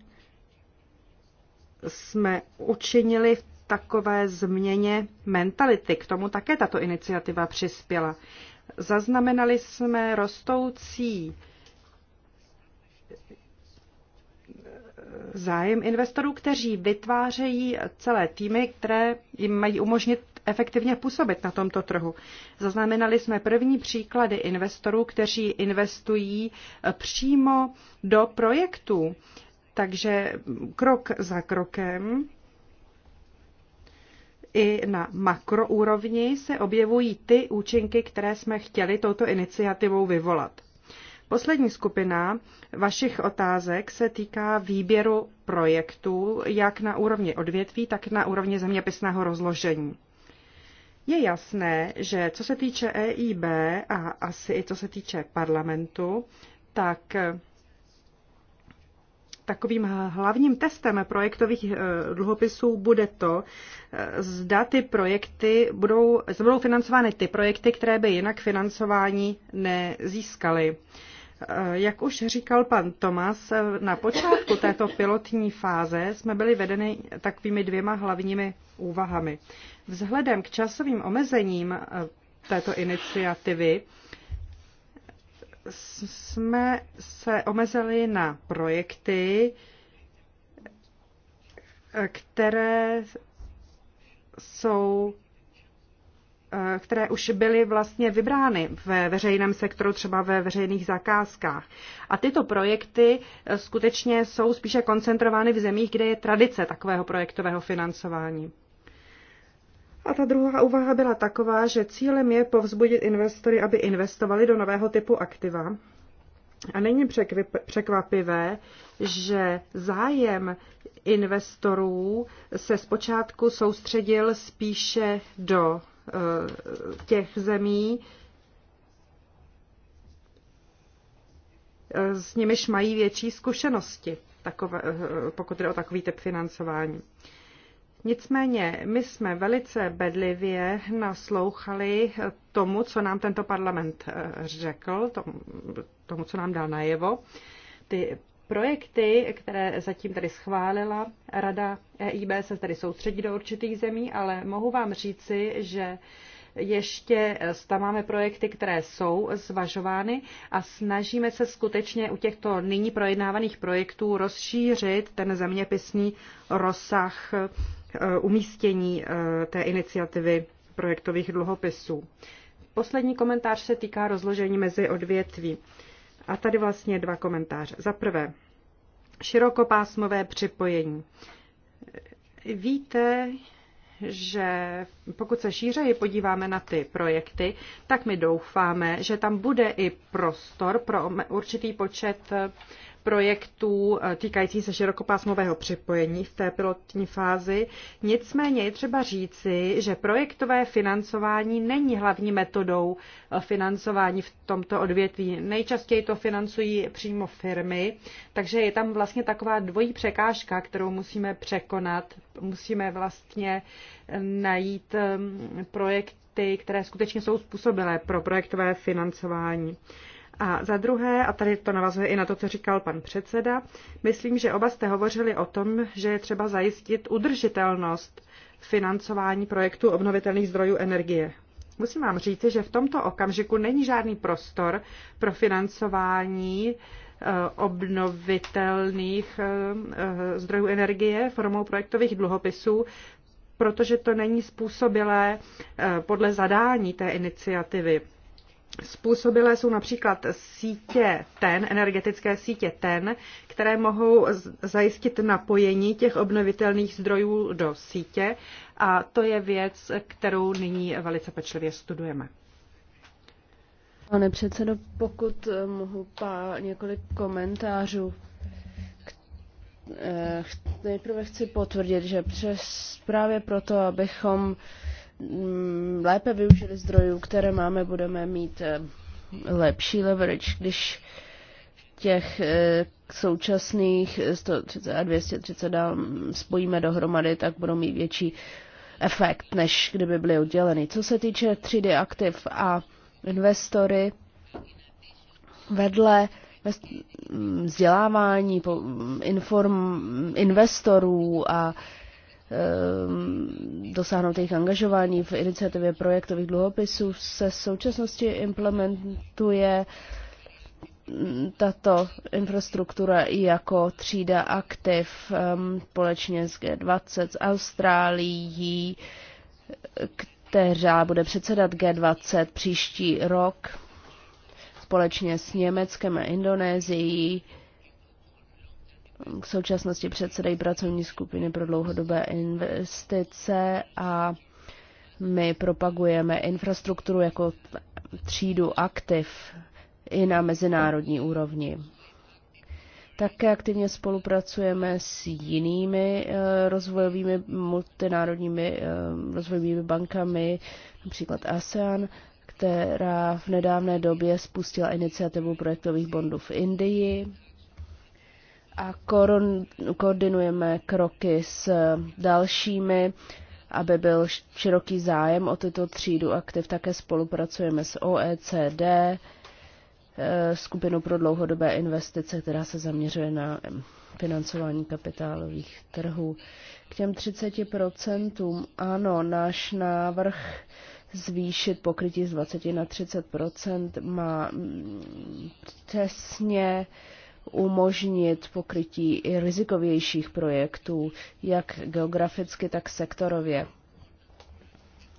jsme učinili v takové změně mentality. K tomu také tato iniciativa přispěla. Zaznamenali jsme rostoucí zájem investorů, kteří vytvářejí celé týmy, které jim mají umožnit efektivně působit na tomto trhu. Zaznamenali jsme první příklady investorů, kteří investují eh, přímo do projektů. Takže krok za krokem i na makroúrovni se objevují ty účinky, které jsme chtěli touto iniciativou vyvolat. Poslední skupina vašich otázek se týká výběru projektů jak na úrovni odvětví, tak na úrovni zeměpisného rozložení. Je jasné, že co se týče EIB a asi i co se týče parlamentu, tak takovým hlavním testem projektových eh, dluhopisů bude to, eh, zda ty projekty budou, zda budou financovány ty projekty, které by jinak financování nezískaly. Eh, jak už říkal pan Tomas, na počátku této pilotní fáze jsme byli vedeni takovými dvěma hlavními úvahami. Vzhledem k časovým omezením této iniciativy jsme se omezili na projekty, které jsou které už byly vlastně vybrány ve veřejném sektoru, třeba ve veřejných zakázkách. A tyto projekty skutečně jsou spíše koncentrovány v zemích, kde je tradice takového projektového financování. A ta druhá úvaha byla taková, že cílem je povzbudit investory, aby investovali do nového typu aktiva. A není překvapivé, že zájem investorů se zpočátku soustředil spíše do eh, těch zemí, eh, s nimiž mají větší zkušenosti, takové, eh, pokud jde o takový typ financování. Nicméně my jsme velice bedlivě naslouchali tomu, co nám tento parlament eh, řekl, tomu, co nám dal najevo. Ty projekty, které zatím tady schválila Rada EIB, se tady soustředí do určitých zemí, ale mohu vám říci, že ještě eh, tam máme projekty, které jsou zvažovány a snažíme se skutečně u těchto nyní projednávaných projektů rozšířit ten zeměpisný rozsah Eh, umístění eh, té iniciativy projektových dluhopisů. Poslední komentář se týká rozložení mezi odvětví. A tady vlastně dva komentáře. Za prvé, širokopásmové připojení. Víte, že pokud se šířeji podíváme na ty projekty, tak my doufáme, že tam bude i prostor pro určitý počet eh, projektů eh, týkající se širokopásmového připojení v té pilotní fázi. Nicméně je třeba říci, že projektové financování není hlavní metodou eh, financování v tomto odvětví. Nejčastěji to financují přímo firmy, takže je tam vlastně taková dvojí překážka, kterou musíme překonat. Musíme vlastně eh, najít projekty, které skutečně jsou způsobilé pro projektové financování. A za druhé, a tady to navazuje i na to, co říkal pan předseda, myslím, že oba jste hovořili o tom, že je třeba zajistit udržitelnost financování projektu obnovitelných zdrojů energie. Musím vám říci, že v tomto okamžiku není žádný prostor pro financování eh, obnovitelných eh, eh, zdrojů energie formou projektových dluhopisů, protože to není způsobilé podle zadání té iniciativy. Způsobilé jsou například sítě TEN, energetické sítě TEN, které mohou zajistit napojení těch obnovitelných zdrojů do sítě a to je věc, kterou nyní velice pečlivě studujeme. Pane předsedo, pokud eh, mohu pár několik komentářů. Eh, nejprve chci potvrdit, že přes, právě proto, abychom Mm, lépe využili zdrojů, které máme, budeme mít eh, lepší leverage, když těch eh, současných 130 a 230 dál spojíme dohromady, tak budou mít větší efekt, než kdyby byly odděleny. Co se týče 3D aktiv a investory, vedle vzdělávání inform, investorů a Ehm, dosáhnout jejich angažování v iniciativě projektových dluhopisů se současnosti implementuje tato infrastruktura i jako třída aktiv ehm, společně s G20 z Austrálií, která bude předsedat G20 příští rok společně s Německem a Indonésií v současnosti předsedají pracovní skupiny pro dlouhodobé investice a my propagujeme infrastrukturu jako třídu aktiv i na mezinárodní úrovni. Také aktivně spolupracujeme s jinými eh, rozvojovými multinárodními eh, rozvojovými bankami, například ASEAN, která v nedávné době spustila iniciativu projektových bondů v Indii a koordinujeme kroky s dalšími, aby byl široký zájem o tyto třídu aktiv. Také spolupracujeme s OECD, eh, skupinu pro dlouhodobé investice, která se zaměřuje na financování kapitálových trhů. K těm 30% ano, náš návrh zvýšit pokrytí z 20 na 30 má mm, přesně umožnit pokrytí i rizikovějších projektů, jak geograficky, tak sektorově.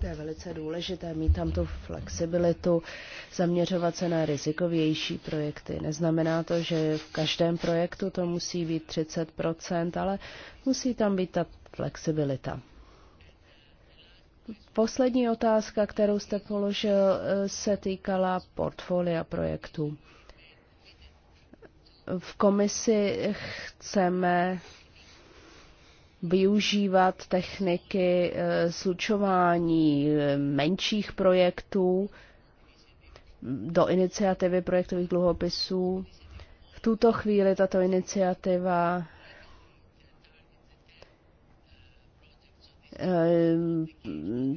To je velice důležité mít tam tu flexibilitu, zaměřovat se na rizikovější projekty. Neznamená to, že v každém projektu to musí být 30 ale musí tam být ta flexibilita. Poslední otázka, kterou jste položil, se týkala portfolia projektů. V komisi chceme využívat techniky eh, slučování eh, menších projektů do iniciativy projektových dluhopisů. V tuto chvíli tato iniciativa eh,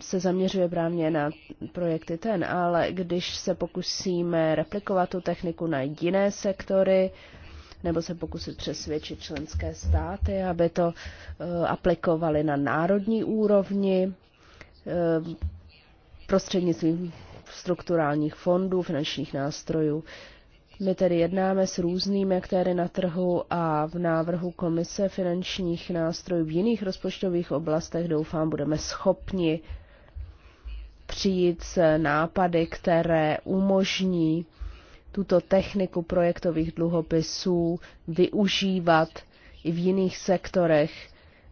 se zaměřuje právě na projekty ten, ale když se pokusíme replikovat tu techniku na jiné sektory, nebo se pokusit přesvědčit členské státy, aby to eh, aplikovali na národní úrovni eh, prostřednictvím strukturálních fondů, finančních nástrojů. My tedy jednáme s různými aktéry na trhu a v návrhu Komise finančních nástrojů v jiných rozpočtových oblastech doufám budeme schopni přijít s nápady, které umožní tuto techniku projektových dluhopisů využívat i v jiných sektorech,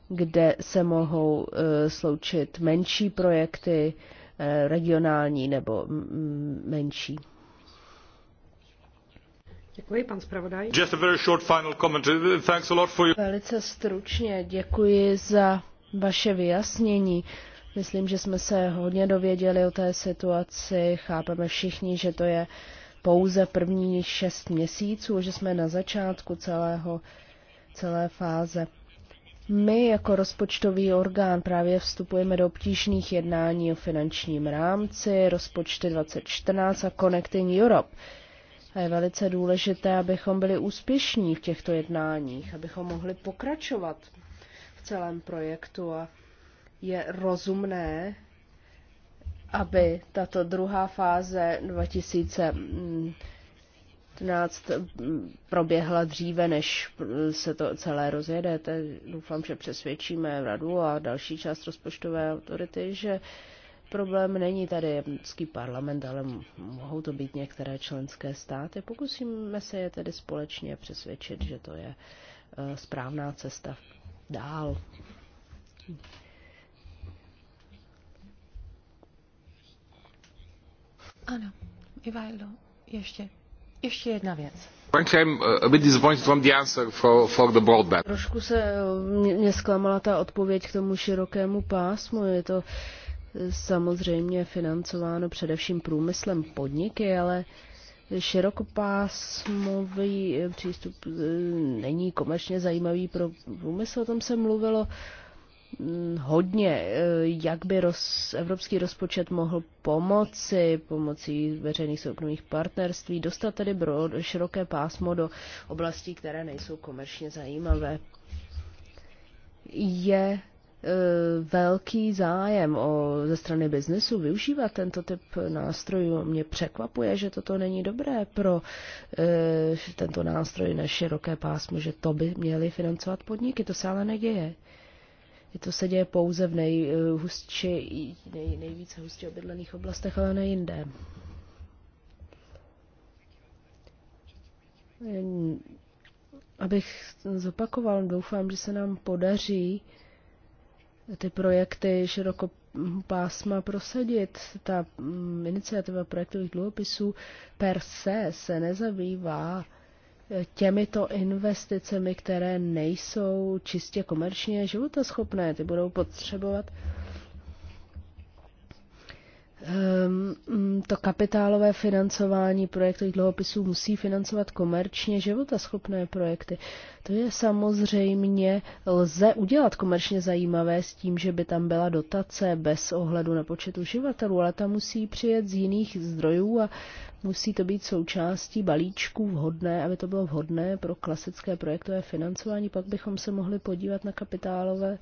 kde se mohou e, sloučit menší projekty, e, regionální nebo menší. Děkuji, pan zpravodaj. Just a very short final comment. Uh, thanks a lot for Velice stručně děkuji za vaše vyjasnění. Myslím, že jsme se hodně dověděli o té situaci, chápeme všichni, že to je uh, pouze první šest měsíců, že jsme na začátku celého, celé fáze. My jako rozpočtový orgán právě vstupujeme do obtížných jednání o finančním rámci, rozpočty 2014 a Connecting Europe. A je velice důležité, abychom byli úspěšní v těchto jednáních, abychom mohli pokračovat v celém projektu a je rozumné aby tato druhá fáze 2013 proběhla dříve, než se to celé rozjede. Doufám, že přesvědčíme radu a další část rozpočtové autority, že problém není tady Evropský parlament, ale mohou to být některé členské státy. Pokusíme se je tedy společně přesvědčit, že to je eh, správná cesta dál. Ano, Ivaldo, ještě, ještě jedna věc. Trošku se eh, mě zklamala ta odpověď k tomu širokému pásmu. Je to eh, samozřejmě financováno především průmyslem podniky, ale širokopásmový eh, přístup není komerčně zajímavý pro průmysl. O tom se mluvilo Mm, hodně, eh, jak by roz, evropský rozpočet mohl pomoci pomocí veřejných soukromých partnerství dostat tedy bro, široké pásmo do oblastí, které nejsou komerčně zajímavé. Je eh, velký zájem o, ze strany biznesu využívat tento typ nástrojů. Mě překvapuje, že toto není dobré pro e, tento nástroj na široké pásmo, že to by měly financovat podniky. To se ale neděje. Je to se děje pouze v nejhustší, eh, nej, nejvíce hustě obydlených oblastech, ale ne jinde. Abych zopakoval, doufám, že se nám podaří ty projekty široko pásma prosadit. Ta mm, iniciativa projektových dluhopisů per se se nezabývá těmito investicemi, které nejsou čistě komerčně životaschopné. Ty budou potřebovat Ehm, mm, to kapitálové financování projektových dluhopisů musí financovat komerčně životaschopné projekty. To je samozřejmě, lze udělat komerčně zajímavé s tím, že by tam byla dotace bez ohledu na počet uživatelů, ale ta musí přijet z jiných zdrojů a musí to být součástí balíčků vhodné, aby to bylo vhodné pro klasické projektové financování. Pak bychom se mohli podívat na kapitálové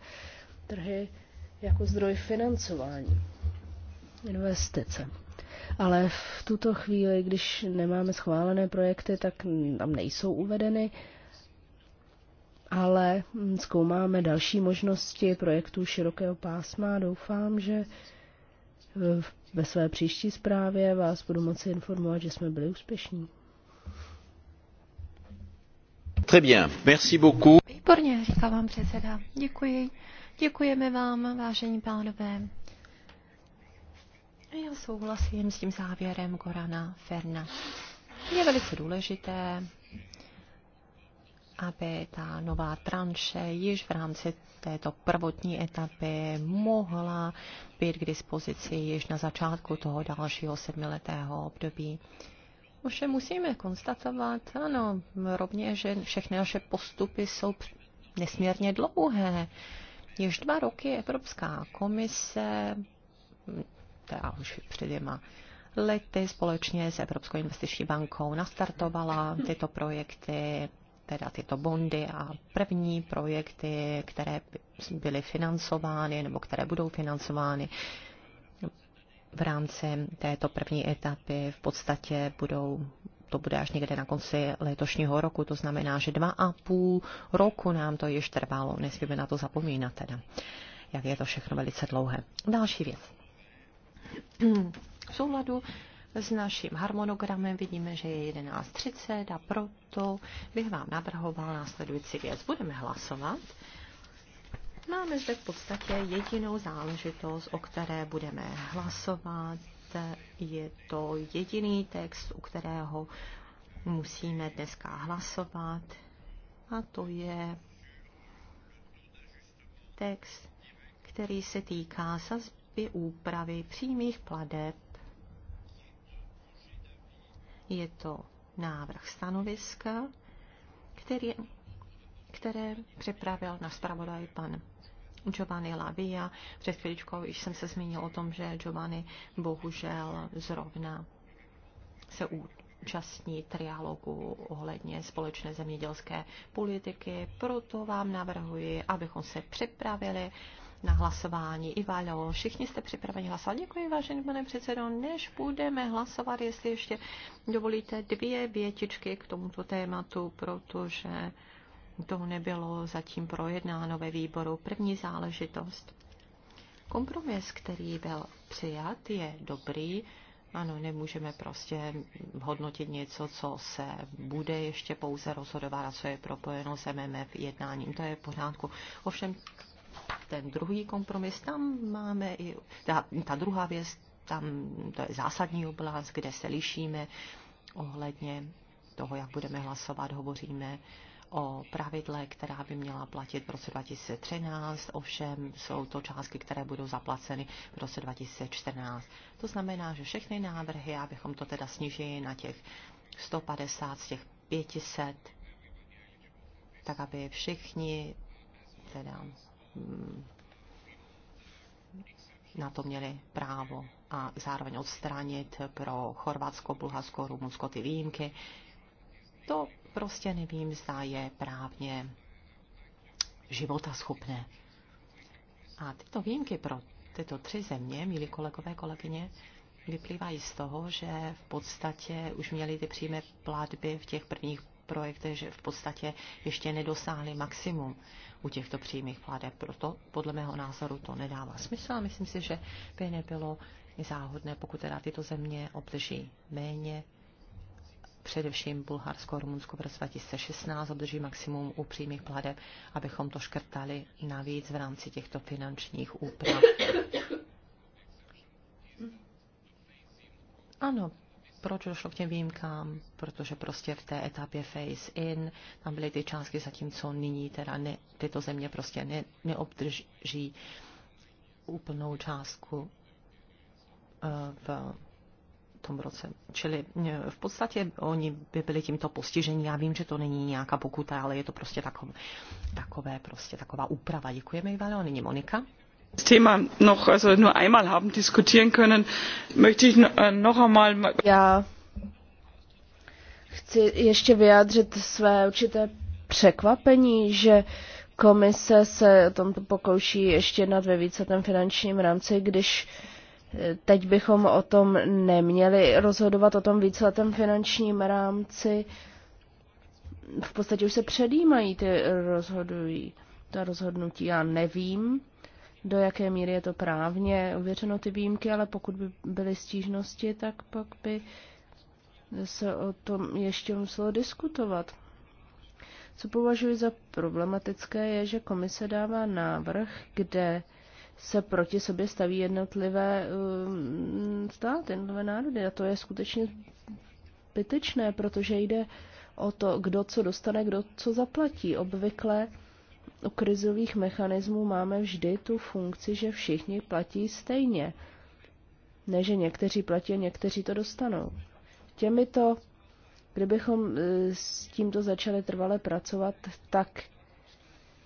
trhy jako zdroj financování investice. Ale v tuto chvíli, když nemáme schválené projekty, tak tam nejsou uvedeny, ale zkoumáme další možnosti projektů širokého pásma. Doufám, že eh, ve své příští zprávě vás budu moci informovat, že jsme byli úspěšní. Très bien, merci beaucoup. Výborně, říká vám předseda. Děkuji. Děkujeme vám, vážení pánové. Já souhlasím s tím závěrem Gorana Ferna. Je velice důležité, aby ta nová tranše již v rámci této prvotní etapy mohla být k dispozici již na začátku toho dalšího sedmiletého období. Ovšem musíme konstatovat, ano, rovněž, že všechny naše postupy jsou nesmírně dlouhé. Již dva roky Evropská komise která už před dvěma lety společně s Evropskou investiční bankou nastartovala tyto projekty, teda tyto bondy a první projekty, které byly financovány nebo které budou financovány v rámci této první etapy v podstatě budou to bude až někde na konci letošního roku, to znamená, že dva a půl roku nám to již trvalo, nesmíme na to zapomínat teda, jak je to všechno velice dlouhé. Další věc. V souladu s naším harmonogramem vidíme, že je 11.30 a proto bych vám navrhoval následující věc. Budeme hlasovat. Máme zde v podstatě jedinou záležitost, o které budeme hlasovat. Je to jediný text, u kterého musíme dneska hlasovat. A to je text, který se týká sazby typy úpravy přímých pladeb. Je to návrh stanoviska, který, které připravil na zpravodaj pan Giovanni Lavia. Před chvíličkou již jsem se zmínil o tom, že Giovanni bohužel zrovna se účastní trialogu ohledně společné zemědělské politiky. Proto vám navrhuji, abychom se připravili na hlasování. Ivalo, všichni jste připraveni hlasovat. Děkuji, vážený pane předsedo. Než budeme hlasovat, jestli ještě dovolíte dvě větičky k tomuto tématu, protože to nebylo zatím projednáno ve výboru. První záležitost. Kompromis, který byl přijat, je dobrý. Ano, nemůžeme prostě hodnotit něco, co se bude ještě pouze rozhodovat a co je propojeno s MMF jednáním. To je v pořádku. Ovšem ten druhý kompromis, tam máme i, ta, ta druhá věc, tam to je zásadní oblast, kde se lišíme ohledně toho, jak budeme hlasovat, hovoříme o pravidle, která by měla platit v roce 2013, ovšem jsou to částky, které budou zaplaceny v roce 2014. To znamená, že všechny návrhy, abychom to teda snížili na těch 150 z těch 500, tak aby všichni teda na to měli právo a zároveň odstranit pro Chorvatsko, Bulharsko, Rumunsko ty výjimky. To prostě nevím, zda je právně života schopné. A tyto výjimky pro tyto tři země, milí kolegové, kolegyně, vyplývají z toho, že v podstatě už měli ty přímé platby v těch prvních projekty, že v podstatě ještě nedosáhly maximum u těchto přímých plateb. Proto podle mého názoru to nedává smysl a myslím si, že by nebylo záhodné, pokud teda tyto země obdrží méně především Bulharsko a Rumunsko v roce 2016 obdrží maximum u přímých pladeb, abychom to škrtali navíc v rámci těchto finančních úprav. (coughs) Ano, proč došlo k těm výjimkám, protože prostě v té etapě phase in tam byly ty částky, zatímco nyní teda ne, tyto země prostě ne, neobdrží úplnou částku eh, v tom roce. Čili eh, v podstatě oni by byli tímto postiženi. Já vím, že to není nějaká pokuta, ale je to prostě takové, takové prostě taková úprava. Děkujeme, Ivano. Nyní Monika das Thema noch nur einmal haben diskutieren können, möchte ich äh, noch einmal. chci ještě vyjádřit své určité překvapení, že komise se o tomto pokouší ještě nad ve více vícetém finančním rámci, když eh, teď bychom o tom neměli rozhodovat, o tom víceletém finančním rámci. V podstatě už se předjímají ty rozhodují, ta rozhodnutí. Já nevím, do jaké míry je to právně ověřeno ty výjimky, ale pokud by byly stížnosti, tak pak by se o tom ještě muselo diskutovat. Co považuji za problematické, je, že komise dává návrh, kde se proti sobě staví jednotlivé um, státy, jednotlivé národy. A to je skutečně zbytečné, protože jde o to, kdo co dostane, kdo co zaplatí. Obvykle u krizových mechanismů máme vždy tu funkci, že všichni platí stejně. Ne, že někteří platí a někteří to dostanou. Těmito, kdybychom e, s tímto začali trvale pracovat, tak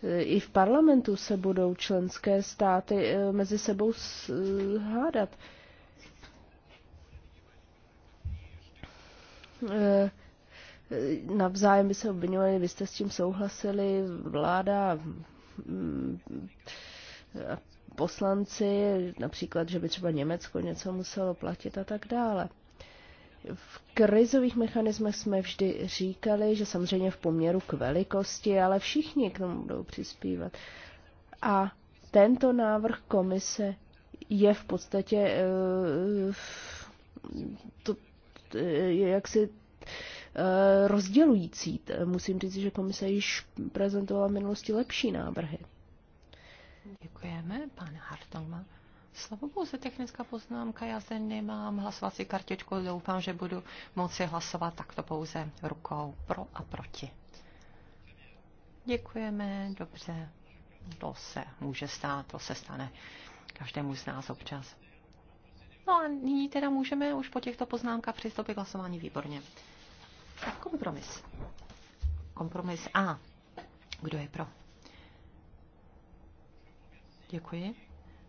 e, i v parlamentu se budou členské státy e, mezi sebou hádat. Eh, navzájem by se obvinovali, vy jste s tím souhlasili, vláda, mm, poslanci, například, že by třeba Německo něco muselo platit a tak dále. V krizových mechanismech jsme vždy říkali, že samozřejmě v poměru k velikosti, ale všichni k tomu budou přispívat. A tento návrh komise je v podstatě eh, to, eh, jak si Eh, rozdělující. Musím říct, že komise již prezentovala v minulosti lepší návrhy. Děkujeme, pane Hartongma. bohu za technická poznámka, já zde nemám hlasovací kartičku, doufám, že budu moci hlasovat takto pouze rukou pro a proti. Děkujeme, dobře, to se může stát, to se stane každému z nás občas. No a nyní teda můžeme už po těchto poznámkách přistoupit k hlasování výborně. Tak kompromis. Kompromis A. Kdo je pro? Děkuji.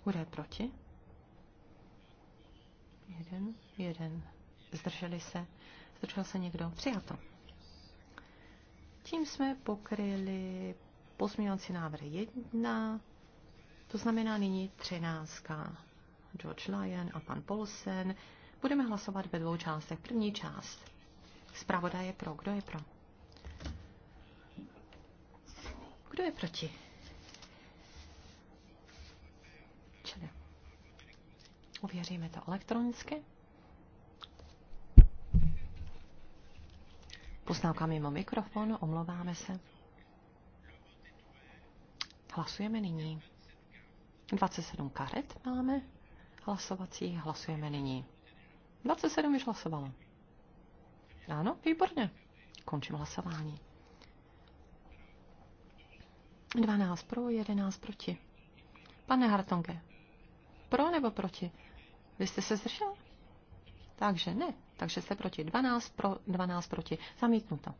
Kdo je proti? Jeden, jeden. Zdrželi se. Zdržel se někdo? Přijato. Tím jsme pokryli pozměňovací návrh 1, to znamená nyní 13. George Lyon a pan Polsen. Budeme hlasovat ve dvou částech. První část. Zpravodaj je pro. Kdo je pro? Kdo je proti? Čili uvěříme to elektronicky. Poznávka mimo mikrofon, omlouváme se. Hlasujeme nyní. 27 karet máme hlasovací, hlasujeme nyní. 27 už hlasovalo. Ano, výborně. Končím hlasování. 12 pro, 11 proti. Pane Hartonge, pro nebo proti? Vy jste se zdržel? Takže ne. Takže se proti 12 pro, 12 proti. Zamítnuto.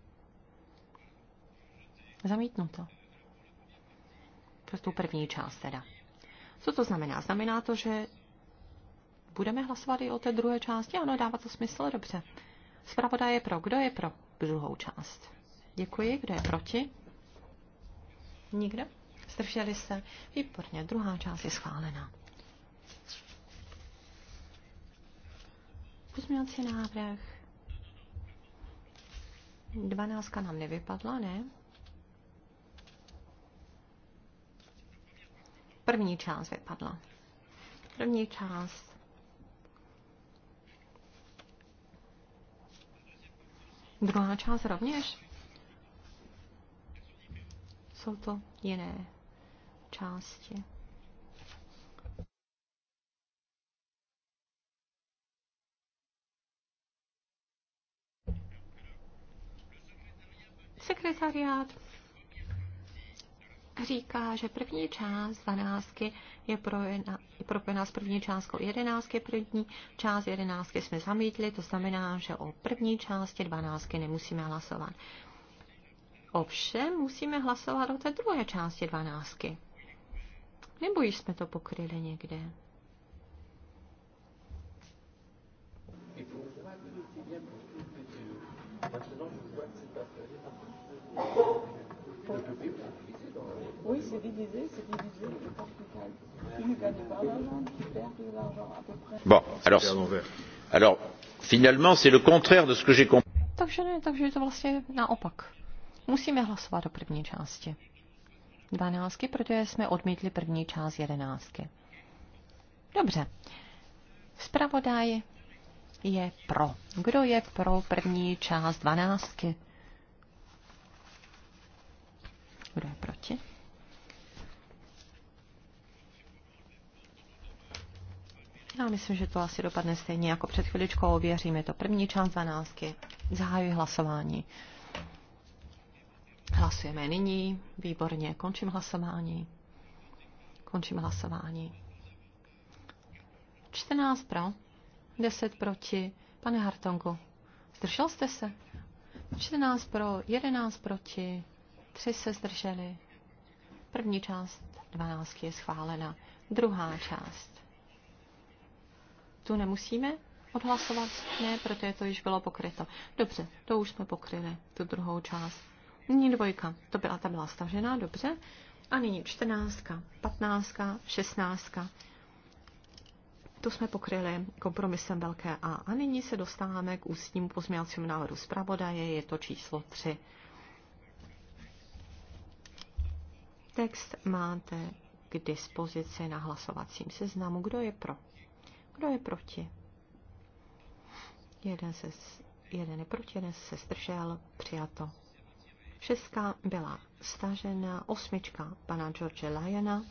Zamítnuto. Pro tu první část teda. Co to znamená? Znamená to, že budeme hlasovat i o té druhé části? Ano, dává to smysl, dobře. Zpravodaje pro. Kdo je pro druhou část? Děkuji. Kdo je proti? Nikdo? Zdrželi se? Výborně. Druhá část je schválená. Pozměňovací návrh. Dvanáctka nám nevypadla, ne? První část vypadla. První část Druhá část rovněž? Jsou to jiné části. Sekretariát říká, že první část dvanáctky je, pro je propojená s první částkou jedenáctky. První část jedenáctky jsme zamítli, to znamená, že o první části dvanáctky nemusíme hlasovat. Ovšem musíme hlasovat o té druhé části dvanáctky. Nebo již jsme to pokryli někde? Maintenant, je vois que c'est pas fait. Oui, c'est divisé, c'est divisé. Le qui ne gagne pas l'argent, qui perd de l'argent à peu près. Bon, alors, alors finalement, c'est le contraire de ce que j'ai compris. Takže ne, takže je to vlastně naopak. Musíme hlasovat o první části. Dvanáctky, protože jsme odmítli první část jedenáctky. Dobře. Zpravodaj je pro. Kdo je pro první část dvanáctky? Kdo je proti? Já myslím, že to asi dopadne stejně jako před chviličkou. Ověříme to. První část dvanáctky. Zahajuji hlasování. Hlasujeme nyní. Výborně. Končím hlasování. Končím hlasování. 14 pro, 10 proti. Pane Hartongu, zdržel jste se? 14 pro, 11 proti, 3 se zdrželi. První část 12 je schválena. Druhá část tu nemusíme odhlasovat? Ne, protože to již bylo pokryto. Dobře, to už jsme pokryli, tu druhou část. Nyní dvojka, to byla, ta byla stažená, dobře. A nyní čtrnáctka, patnáctka, šestnáctka. To jsme pokryli kompromisem velké A. A nyní se dostáváme k ústnímu pozměňovacímu návrhu zpravodaje, je to číslo 3. Text máte k dispozici na hlasovacím seznamu. Kdo je pro? Kdo je proti? Jeden, se, jeden je proti, jeden se stržel, přijato. Šestka byla stažena, osmička pana George Lyona.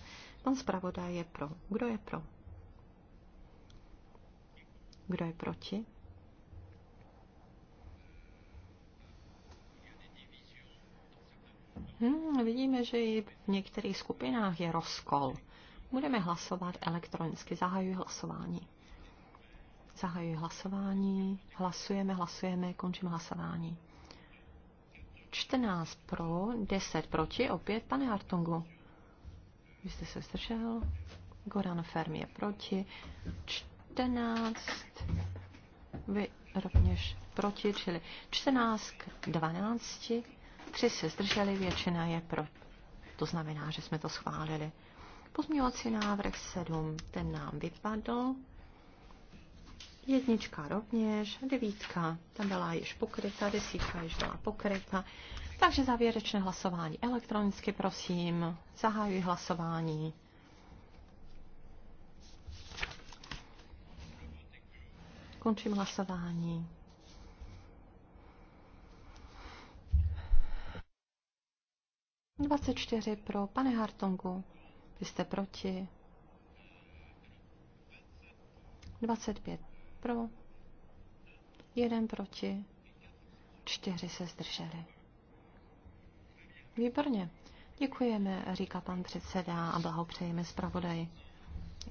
Pan zpravodaj je pro. Kdo je pro? Kdo je proti? Hmm, vidíme, že i v některých skupinách je rozkol Budeme hlasovat elektronicky. Zahajuji hlasování. Zahajuji hlasování. Hlasujeme, hlasujeme, končím hlasování. 14 pro, 10 proti, opět pane Hartungu. Vy jste se zdržel. Goran Fermi je proti. 14. Vy rovněž proti, čili 14 k 12. 3 se zdrželi, většina je pro. To znamená, že jsme to schválili. Pozměňovací návrh 7, ten nám vypadl. Jednička rovněž, devítka, ta byla již pokryta, desítka již byla pokryta. Takže závěrečné hlasování elektronicky, prosím. Zahajuji hlasování. Končím hlasování. Dvacet čtyři pro, pane Hartongu. Vy jste proti. 25 pro. Jeden proti. Čtyři se zdrželi. Výborně. Děkujeme, říká pan předseda a blahopřejeme zpravodaj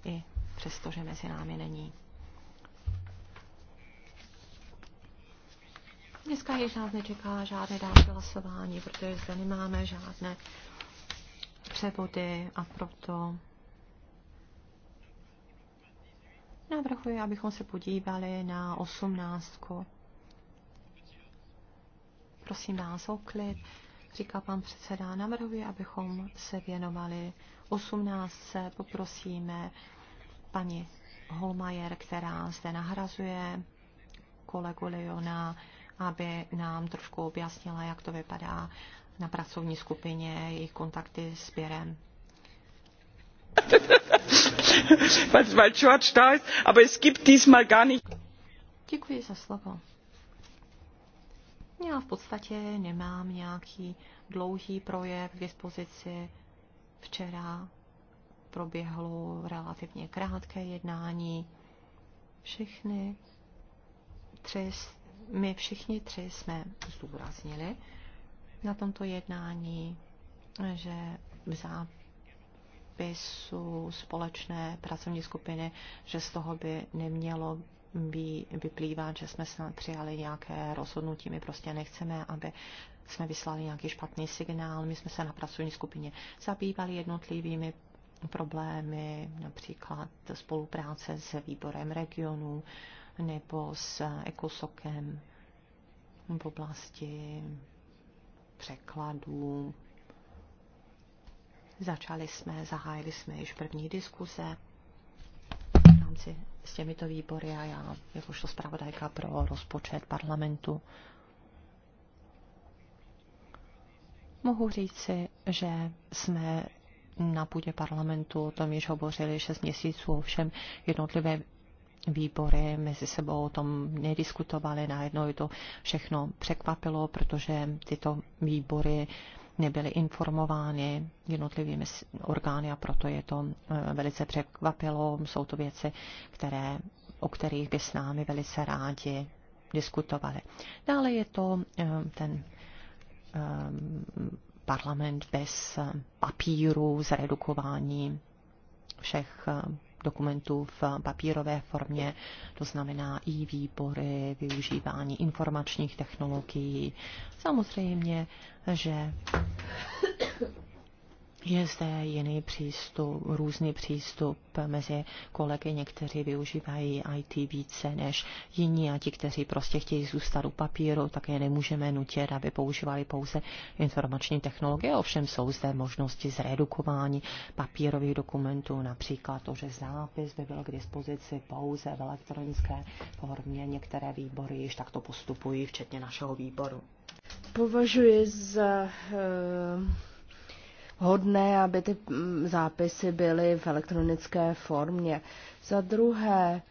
i přestože mezi námi není. Dneska již nás nečeká žádné další hlasování, protože zde nemáme žádné převody a proto navrhuji, abychom se podívali na osmnáctku. Prosím vás o klid, říká pan předseda. Navrhuji, abychom se věnovali osmnáctce. Poprosíme paní Holmajer, která zde nahrazuje kolegu Leona, aby nám trošku objasnila, jak to vypadá na pracovní skupině, jejich kontakty s Pěrem. Děkuji za slovo. Já v podstatě nemám nějaký dlouhý projev k dispozici. Včera proběhlo relativně krátké jednání. Všechny tři, my všichni tři jsme zdůraznili, na tomto jednání, že v zápisu společné pracovní skupiny, že z toho by nemělo by vyplývat, že jsme snad přijali nějaké rozhodnutí. My prostě nechceme, aby jsme vyslali nějaký špatný signál. My jsme se na pracovní skupině zabývali jednotlivými problémy, například spolupráce s výborem regionů nebo s ekosokem v oblasti překladům. Začali jsme, zahájili jsme již první diskuze v rámci s těmito výbory a já, jakožto zpravodajka pro rozpočet parlamentu, mohu říci, že jsme na půdě parlamentu o tom již hovořili 6 měsíců, ovšem jednotlivé výbory mezi sebou o tom nediskutovali, najednou je to všechno překvapilo, protože tyto výbory nebyly informovány jednotlivými orgány a proto je to eh, velice překvapilo. Jsou to věci, které, o kterých by s námi velice rádi diskutovali. Dále je to eh, ten eh, parlament bez papíru, zredukování všech dokumentů v papírové formě, to znamená i výbory, využívání informačních technologií. Samozřejmě, že je zde jiný přístup, různý přístup mezi kolegy. Někteří využívají IT více než jiní a ti, kteří prostě chtějí zůstat u papíru, tak je nemůžeme nutit, aby používali pouze informační technologie. Ovšem jsou zde možnosti zredukování papírových dokumentů, například to, že zápis by byl k dispozici pouze v elektronické formě. Některé výbory již takto postupují, včetně našeho výboru. Považuji za uh hodné, aby ty mm, zápisy byly v elektronické formě. Za druhé,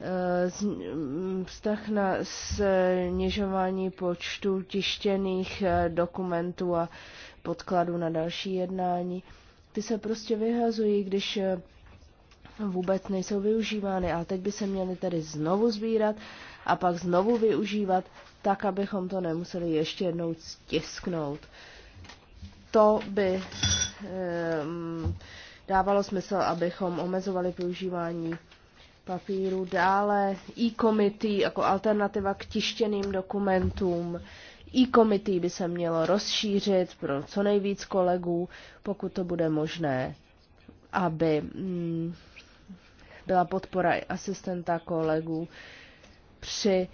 eh, mm, vztah na snižování počtu tištěných eh, dokumentů a podkladů na další jednání. Ty se prostě vyhazují, když eh, vůbec nejsou využívány, A teď by se měly tedy znovu sbírat a pak znovu využívat, tak abychom to nemuseli ještě jednou stisknout. Uh, to by eh, dávalo smysl, abychom omezovali využívání papíru. Dále e-committee jako alternativa k tištěným dokumentům. E-committee by se mělo rozšířit pro co nejvíc kolegů, pokud to bude možné, aby mm, byla podpora asistenta kolegů při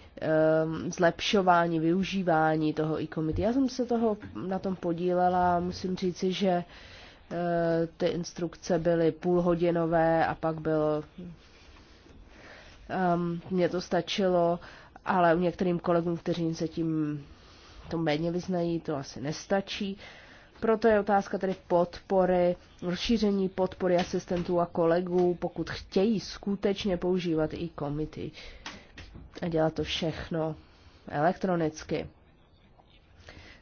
um, zlepšování, využívání toho e-committee. Já jsem se toho na tom podílela a musím říci, že uh, ty instrukce byly půlhodinové a pak bylo... Um, ehm, mně to stačilo, ale u některým kolegům, kteří se tím to méně vyznají, to asi nestačí. Proto je otázka tedy podpory, rozšíření podpory asistentů a kolegů, pokud chtějí skutečně používat i komity a dělat to všechno elektronicky.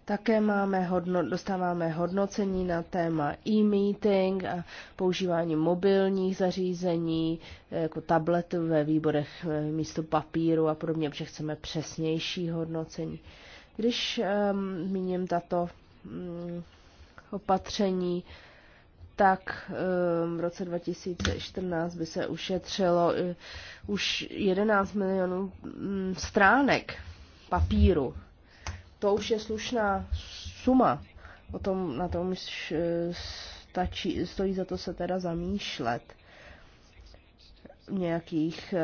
Také máme hodno, dostáváme hodnocení na téma e-meeting a používání mobilních zařízení, eh, jako tablet ve výborech eh, místo papíru a podobně, protože chceme přesnější hodnocení. Když um, míním tato um, opatření, uh, tak ehm, v roce 2014 by se ušetřilo eh, už 11 milionů mm, stránek papíru. To už je slušná suma. O tom, na tom eh, stačí, stojí za to se teda zamýšlet. Nějakých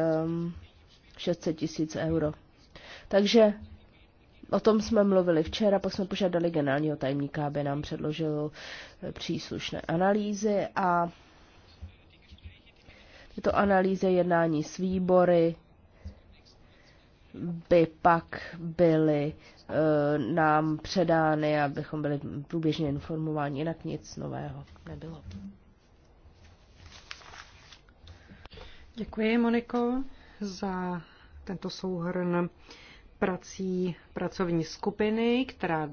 600 ehm, tisíc euro. Takže O tom jsme mluvili včera, pak jsme požádali generálního tajemníka, aby nám předložil eh, příslušné analýzy a tyto analýzy jednání s výbory by pak byly e, nám předány, abychom byli průběžně informováni, jinak nic nového nebylo. Děkuji, Moniko, za tento souhrn prací pracovní skupiny, která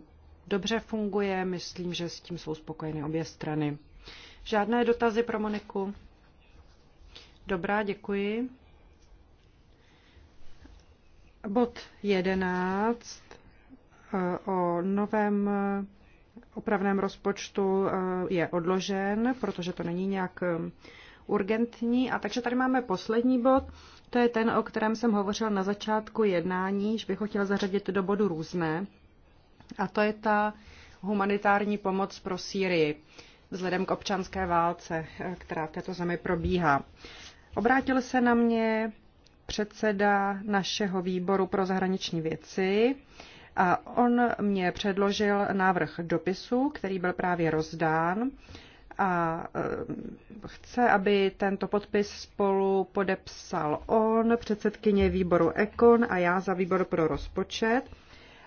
dobře funguje. Myslím, že s tím jsou spokojeny obě strany. Žádné dotazy pro Moniku? Dobrá, děkuji. Bod 11 eh, o novém opravném rozpočtu eh, je odložen, protože to není nějak eh, urgentní. A takže tady máme poslední bod, to je ten, o kterém jsem hovořil na začátku jednání, že bych ho chtěla zařadit do bodu různé. A to je ta humanitární pomoc pro Sýrii vzhledem k občanské válce, která v této zemi probíhá. Obrátil se na mě předseda našeho výboru pro zahraniční věci a on mě předložil návrh dopisu, který byl právě rozdán a eh, chce, aby tento podpis spolu podepsal on, předsedkyně výboru Ekon a já za výbor pro rozpočet.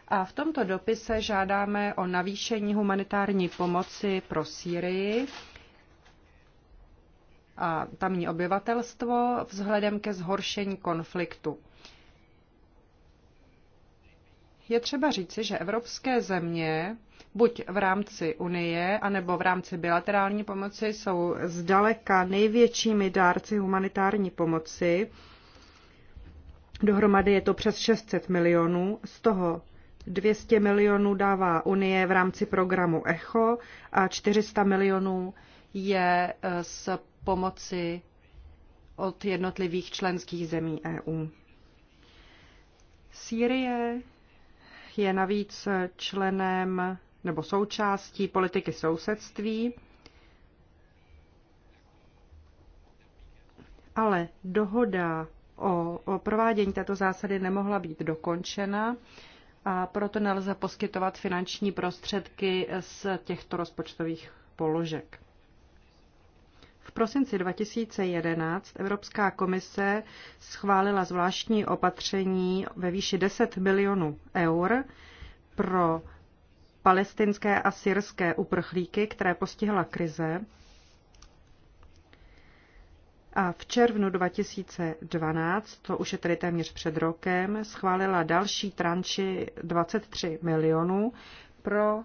A v tomto dopise žádáme o navýšení humanitární pomoci pro Sýrii a tamní obyvatelstvo vzhledem ke zhoršení konfliktu je třeba říci, že evropské země buď v rámci Unie, anebo v rámci bilaterální pomoci jsou zdaleka největšími dárci humanitární pomoci. Dohromady je to přes 600 milionů, z toho 200 milionů dává Unie v rámci programu ECHO a 400 milionů je s eh, pomoci od jednotlivých členských zemí EU. Sýrie je navíc členem nebo součástí politiky sousedství, ale dohoda o, o provádění této zásady nemohla být dokončena a proto nelze poskytovat finanční prostředky z těchto rozpočtových položek prosinci 2011 Evropská komise schválila zvláštní opatření ve výši 10 milionů eur pro palestinské a syrské uprchlíky, které postihla krize. A v červnu 2012, to už je tedy téměř před rokem, schválila další tranči 23 milionů pro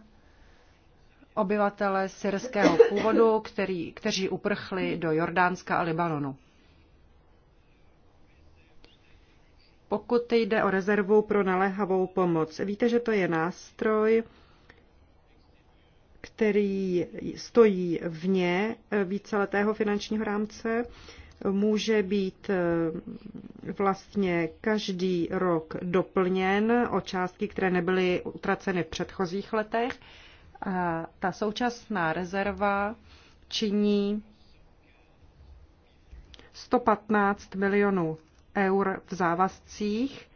obyvatele syrského původu, který, kteří uprchli do Jordánska a Libanonu. Pokud jde o rezervu pro naléhavou pomoc, víte, že to je nástroj, který stojí vně víceletého finančního rámce, může být eh, vlastně každý rok doplněn o částky, které nebyly utraceny v předchozích letech. A ta současná rezerva činí 115 milionů eur v závazcích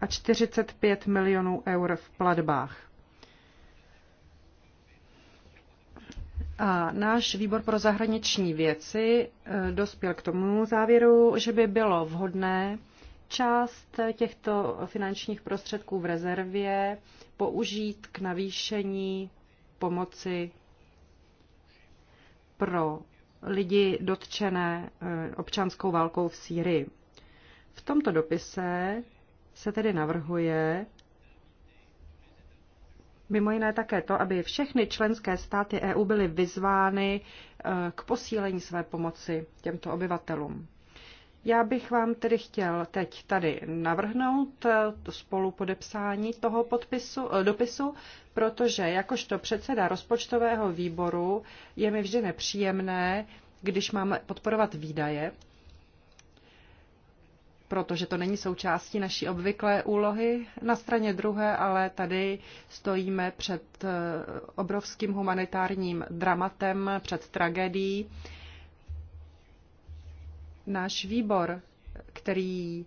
a 45 milionů eur v platbách. A náš výbor pro zahraniční věci eh, dospěl k tomu závěru, že by bylo vhodné část těchto finančních prostředků v rezervě použít k navýšení pomoci pro lidi dotčené eh, občanskou válkou v Sýrii. V tomto dopise se tedy navrhuje mimo jiné také to, aby všechny členské státy EU byly vyzvány eh, k posílení své pomoci těmto obyvatelům. Já bych vám tedy chtěl teď tady navrhnout eh, spolu podepsání toho podpisu, eh, dopisu, protože jakožto předseda rozpočtového výboru je mi vždy nepříjemné, když máme podporovat výdaje, protože to není součástí naší obvyklé úlohy. Na straně druhé ale tady stojíme před eh, obrovským humanitárním dramatem, před tragédií náš výbor, který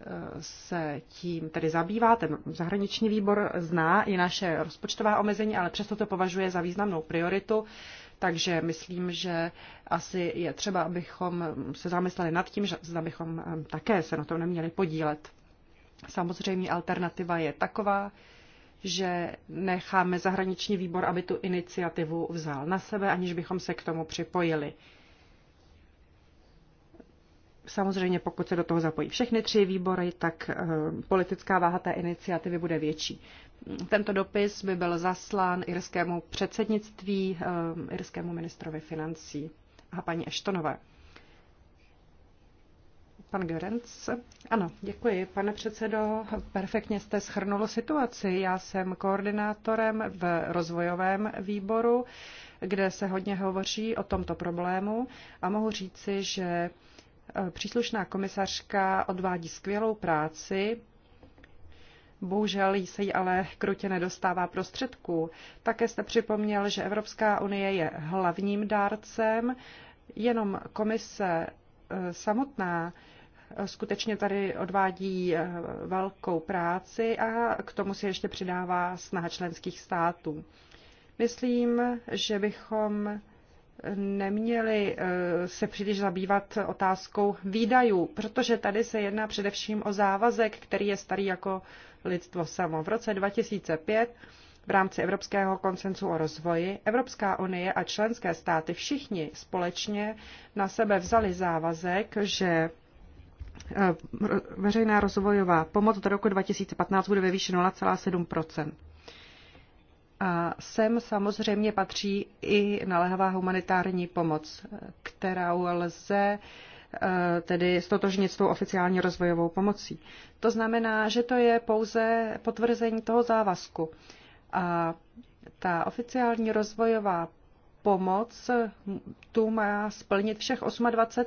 eh, se tím tedy zabývá, ten zahraniční výbor zná i naše rozpočtová omezení, ale přesto to považuje za významnou prioritu, takže myslím, že asi je třeba, abychom se zamysleli nad tím, že bychom eh, také se na tom neměli podílet. Samozřejmě alternativa je taková, že necháme zahraniční výbor, aby tu iniciativu vzal na sebe, aniž bychom se k tomu připojili. Samozřejmě, pokud se do toho zapojí všechny tři výbory, tak eh, politická váha té iniciativy bude větší. Tento dopis by byl zaslán irskému předsednictví, eh, irskému ministrovi financí a paní Eštonové. Pan Görenc. Ano, děkuji. Pane předsedo, perfektně jste schrnul situaci. Já jsem koordinátorem v rozvojovém výboru, kde se hodně hovoří o tomto problému a mohu říci, že eh, příslušná komisařka odvádí skvělou práci, Bohužel se jí ale krutě nedostává prostředků. Také jste připomněl, že Evropská unie je hlavním dárcem, jenom komise eh, samotná skutečně tady odvádí eh, velkou práci a k tomu se ještě přidává snaha členských států. Myslím, že bychom neměli eh, se příliš zabývat otázkou výdajů, protože tady se jedná především o závazek, který je starý jako lidstvo samo. V roce 2005 v rámci Evropského koncensu o rozvoji Evropská unie a členské státy všichni společně na sebe vzali závazek, že Eh, veřejná rozvojová pomoc do roku 2015 bude ve výši 0,7 a sem samozřejmě patří i naléhavá humanitární pomoc, kterou lze eh, tedy stotožnit s tou oficiální rozvojovou pomocí. To znamená, že to je pouze potvrzení toho závazku. A ta oficiální rozvojová pomoc tu má splnit všech 28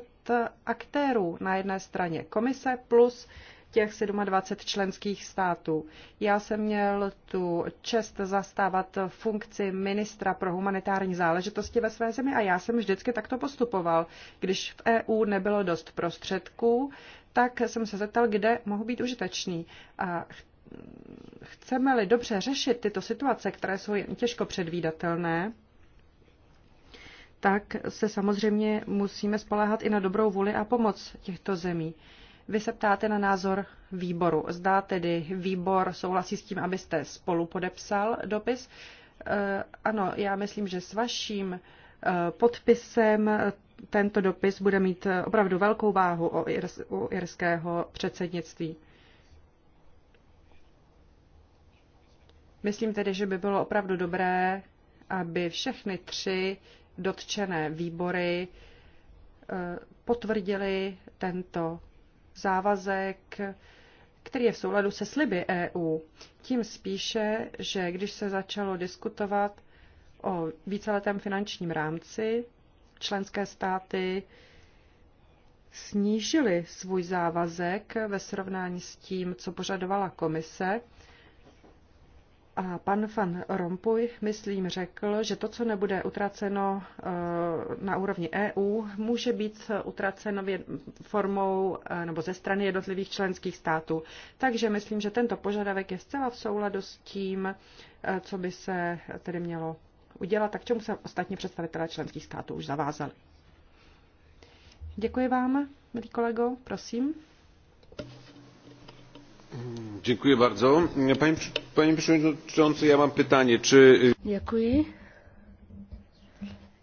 aktérů na jedné straně komise plus těch 27 členských států. Já jsem měl tu čest zastávat funkci ministra pro humanitární záležitosti ve své zemi a já jsem vždycky takto postupoval. Když v EU nebylo dost prostředků, tak jsem se zeptal, kde mohu být užitečný. A chceme-li dobře řešit tyto situace, které jsou těžko předvídatelné, tak se samozřejmě musíme spoléhat i na dobrou vůli a pomoc těchto zemí. Vy se ptáte na názor výboru. Zdá tedy výbor souhlasí s tím, abyste spolu podepsal dopis. Eh, ano, já myslím, že s vaším eh, podpisem eh, tento dopis bude mít opravdu velkou váhu u irského předsednictví. Myslím tedy, že by bylo opravdu dobré, aby všechny tři dotčené výbory eh, potvrdili tento závazek, který je v souladu se sliby EU. Tím spíše, že když se začalo diskutovat o víceletém finančním rámci, členské státy snížily svůj závazek ve srovnání s tím, co požadovala komise a pan Van Rompuy, myslím, řekl, že to, co nebude utraceno eh, na úrovni EU, může být utraceno formou eh, nebo ze strany jednotlivých členských států. Takže myslím, že tento požadavek je zcela v souladu s tím, eh, co by se tedy mělo udělat, tak čemu se ostatní představitelé členských států už zavázali. Děkuji vám, milý kolego, prosím. Děkuji przewodniczący ja mam předsedající, já mám pytanie, czy Děkuji.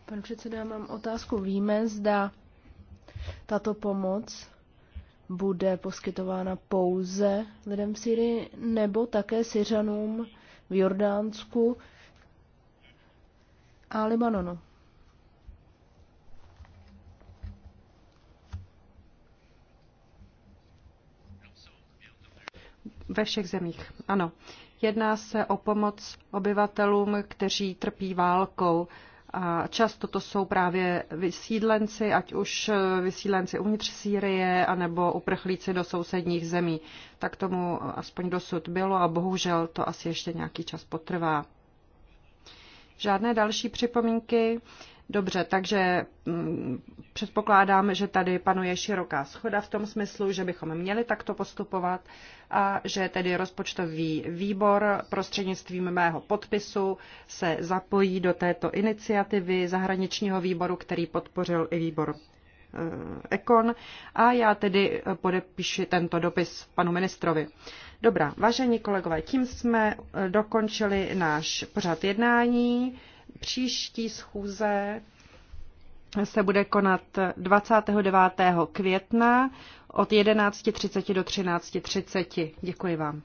Pan předseda, mám otázku. Víme, zda tato pomoc bude poskytována pouze lidem v Syrii nebo také Syřanům v Jordánsku a Libanonu. ve všech zemích. Ano, jedná se o pomoc obyvatelům, kteří trpí válkou. A často to jsou právě vysídlenci, ať už vysídlenci uvnitř Sýrie, anebo uprchlíci do sousedních zemí. Tak tomu aspoň dosud bylo a bohužel to asi ještě nějaký čas potrvá. Žádné další připomínky. Dobře, takže mm, předpokládám, že tady panuje široká schoda v tom smyslu, že bychom měli takto postupovat a že tedy rozpočtový výbor prostřednictvím mého podpisu se zapojí do této iniciativy zahraničního výboru, který podpořil i výbor Ekon a já tedy podepíši tento dopis panu ministrovi. Dobrá, vážení kolegové, tím jsme e, dokončili náš pořad jednání. Příští schůze se bude konat 29. května od 11.30 do 13.30. Děkuji vám.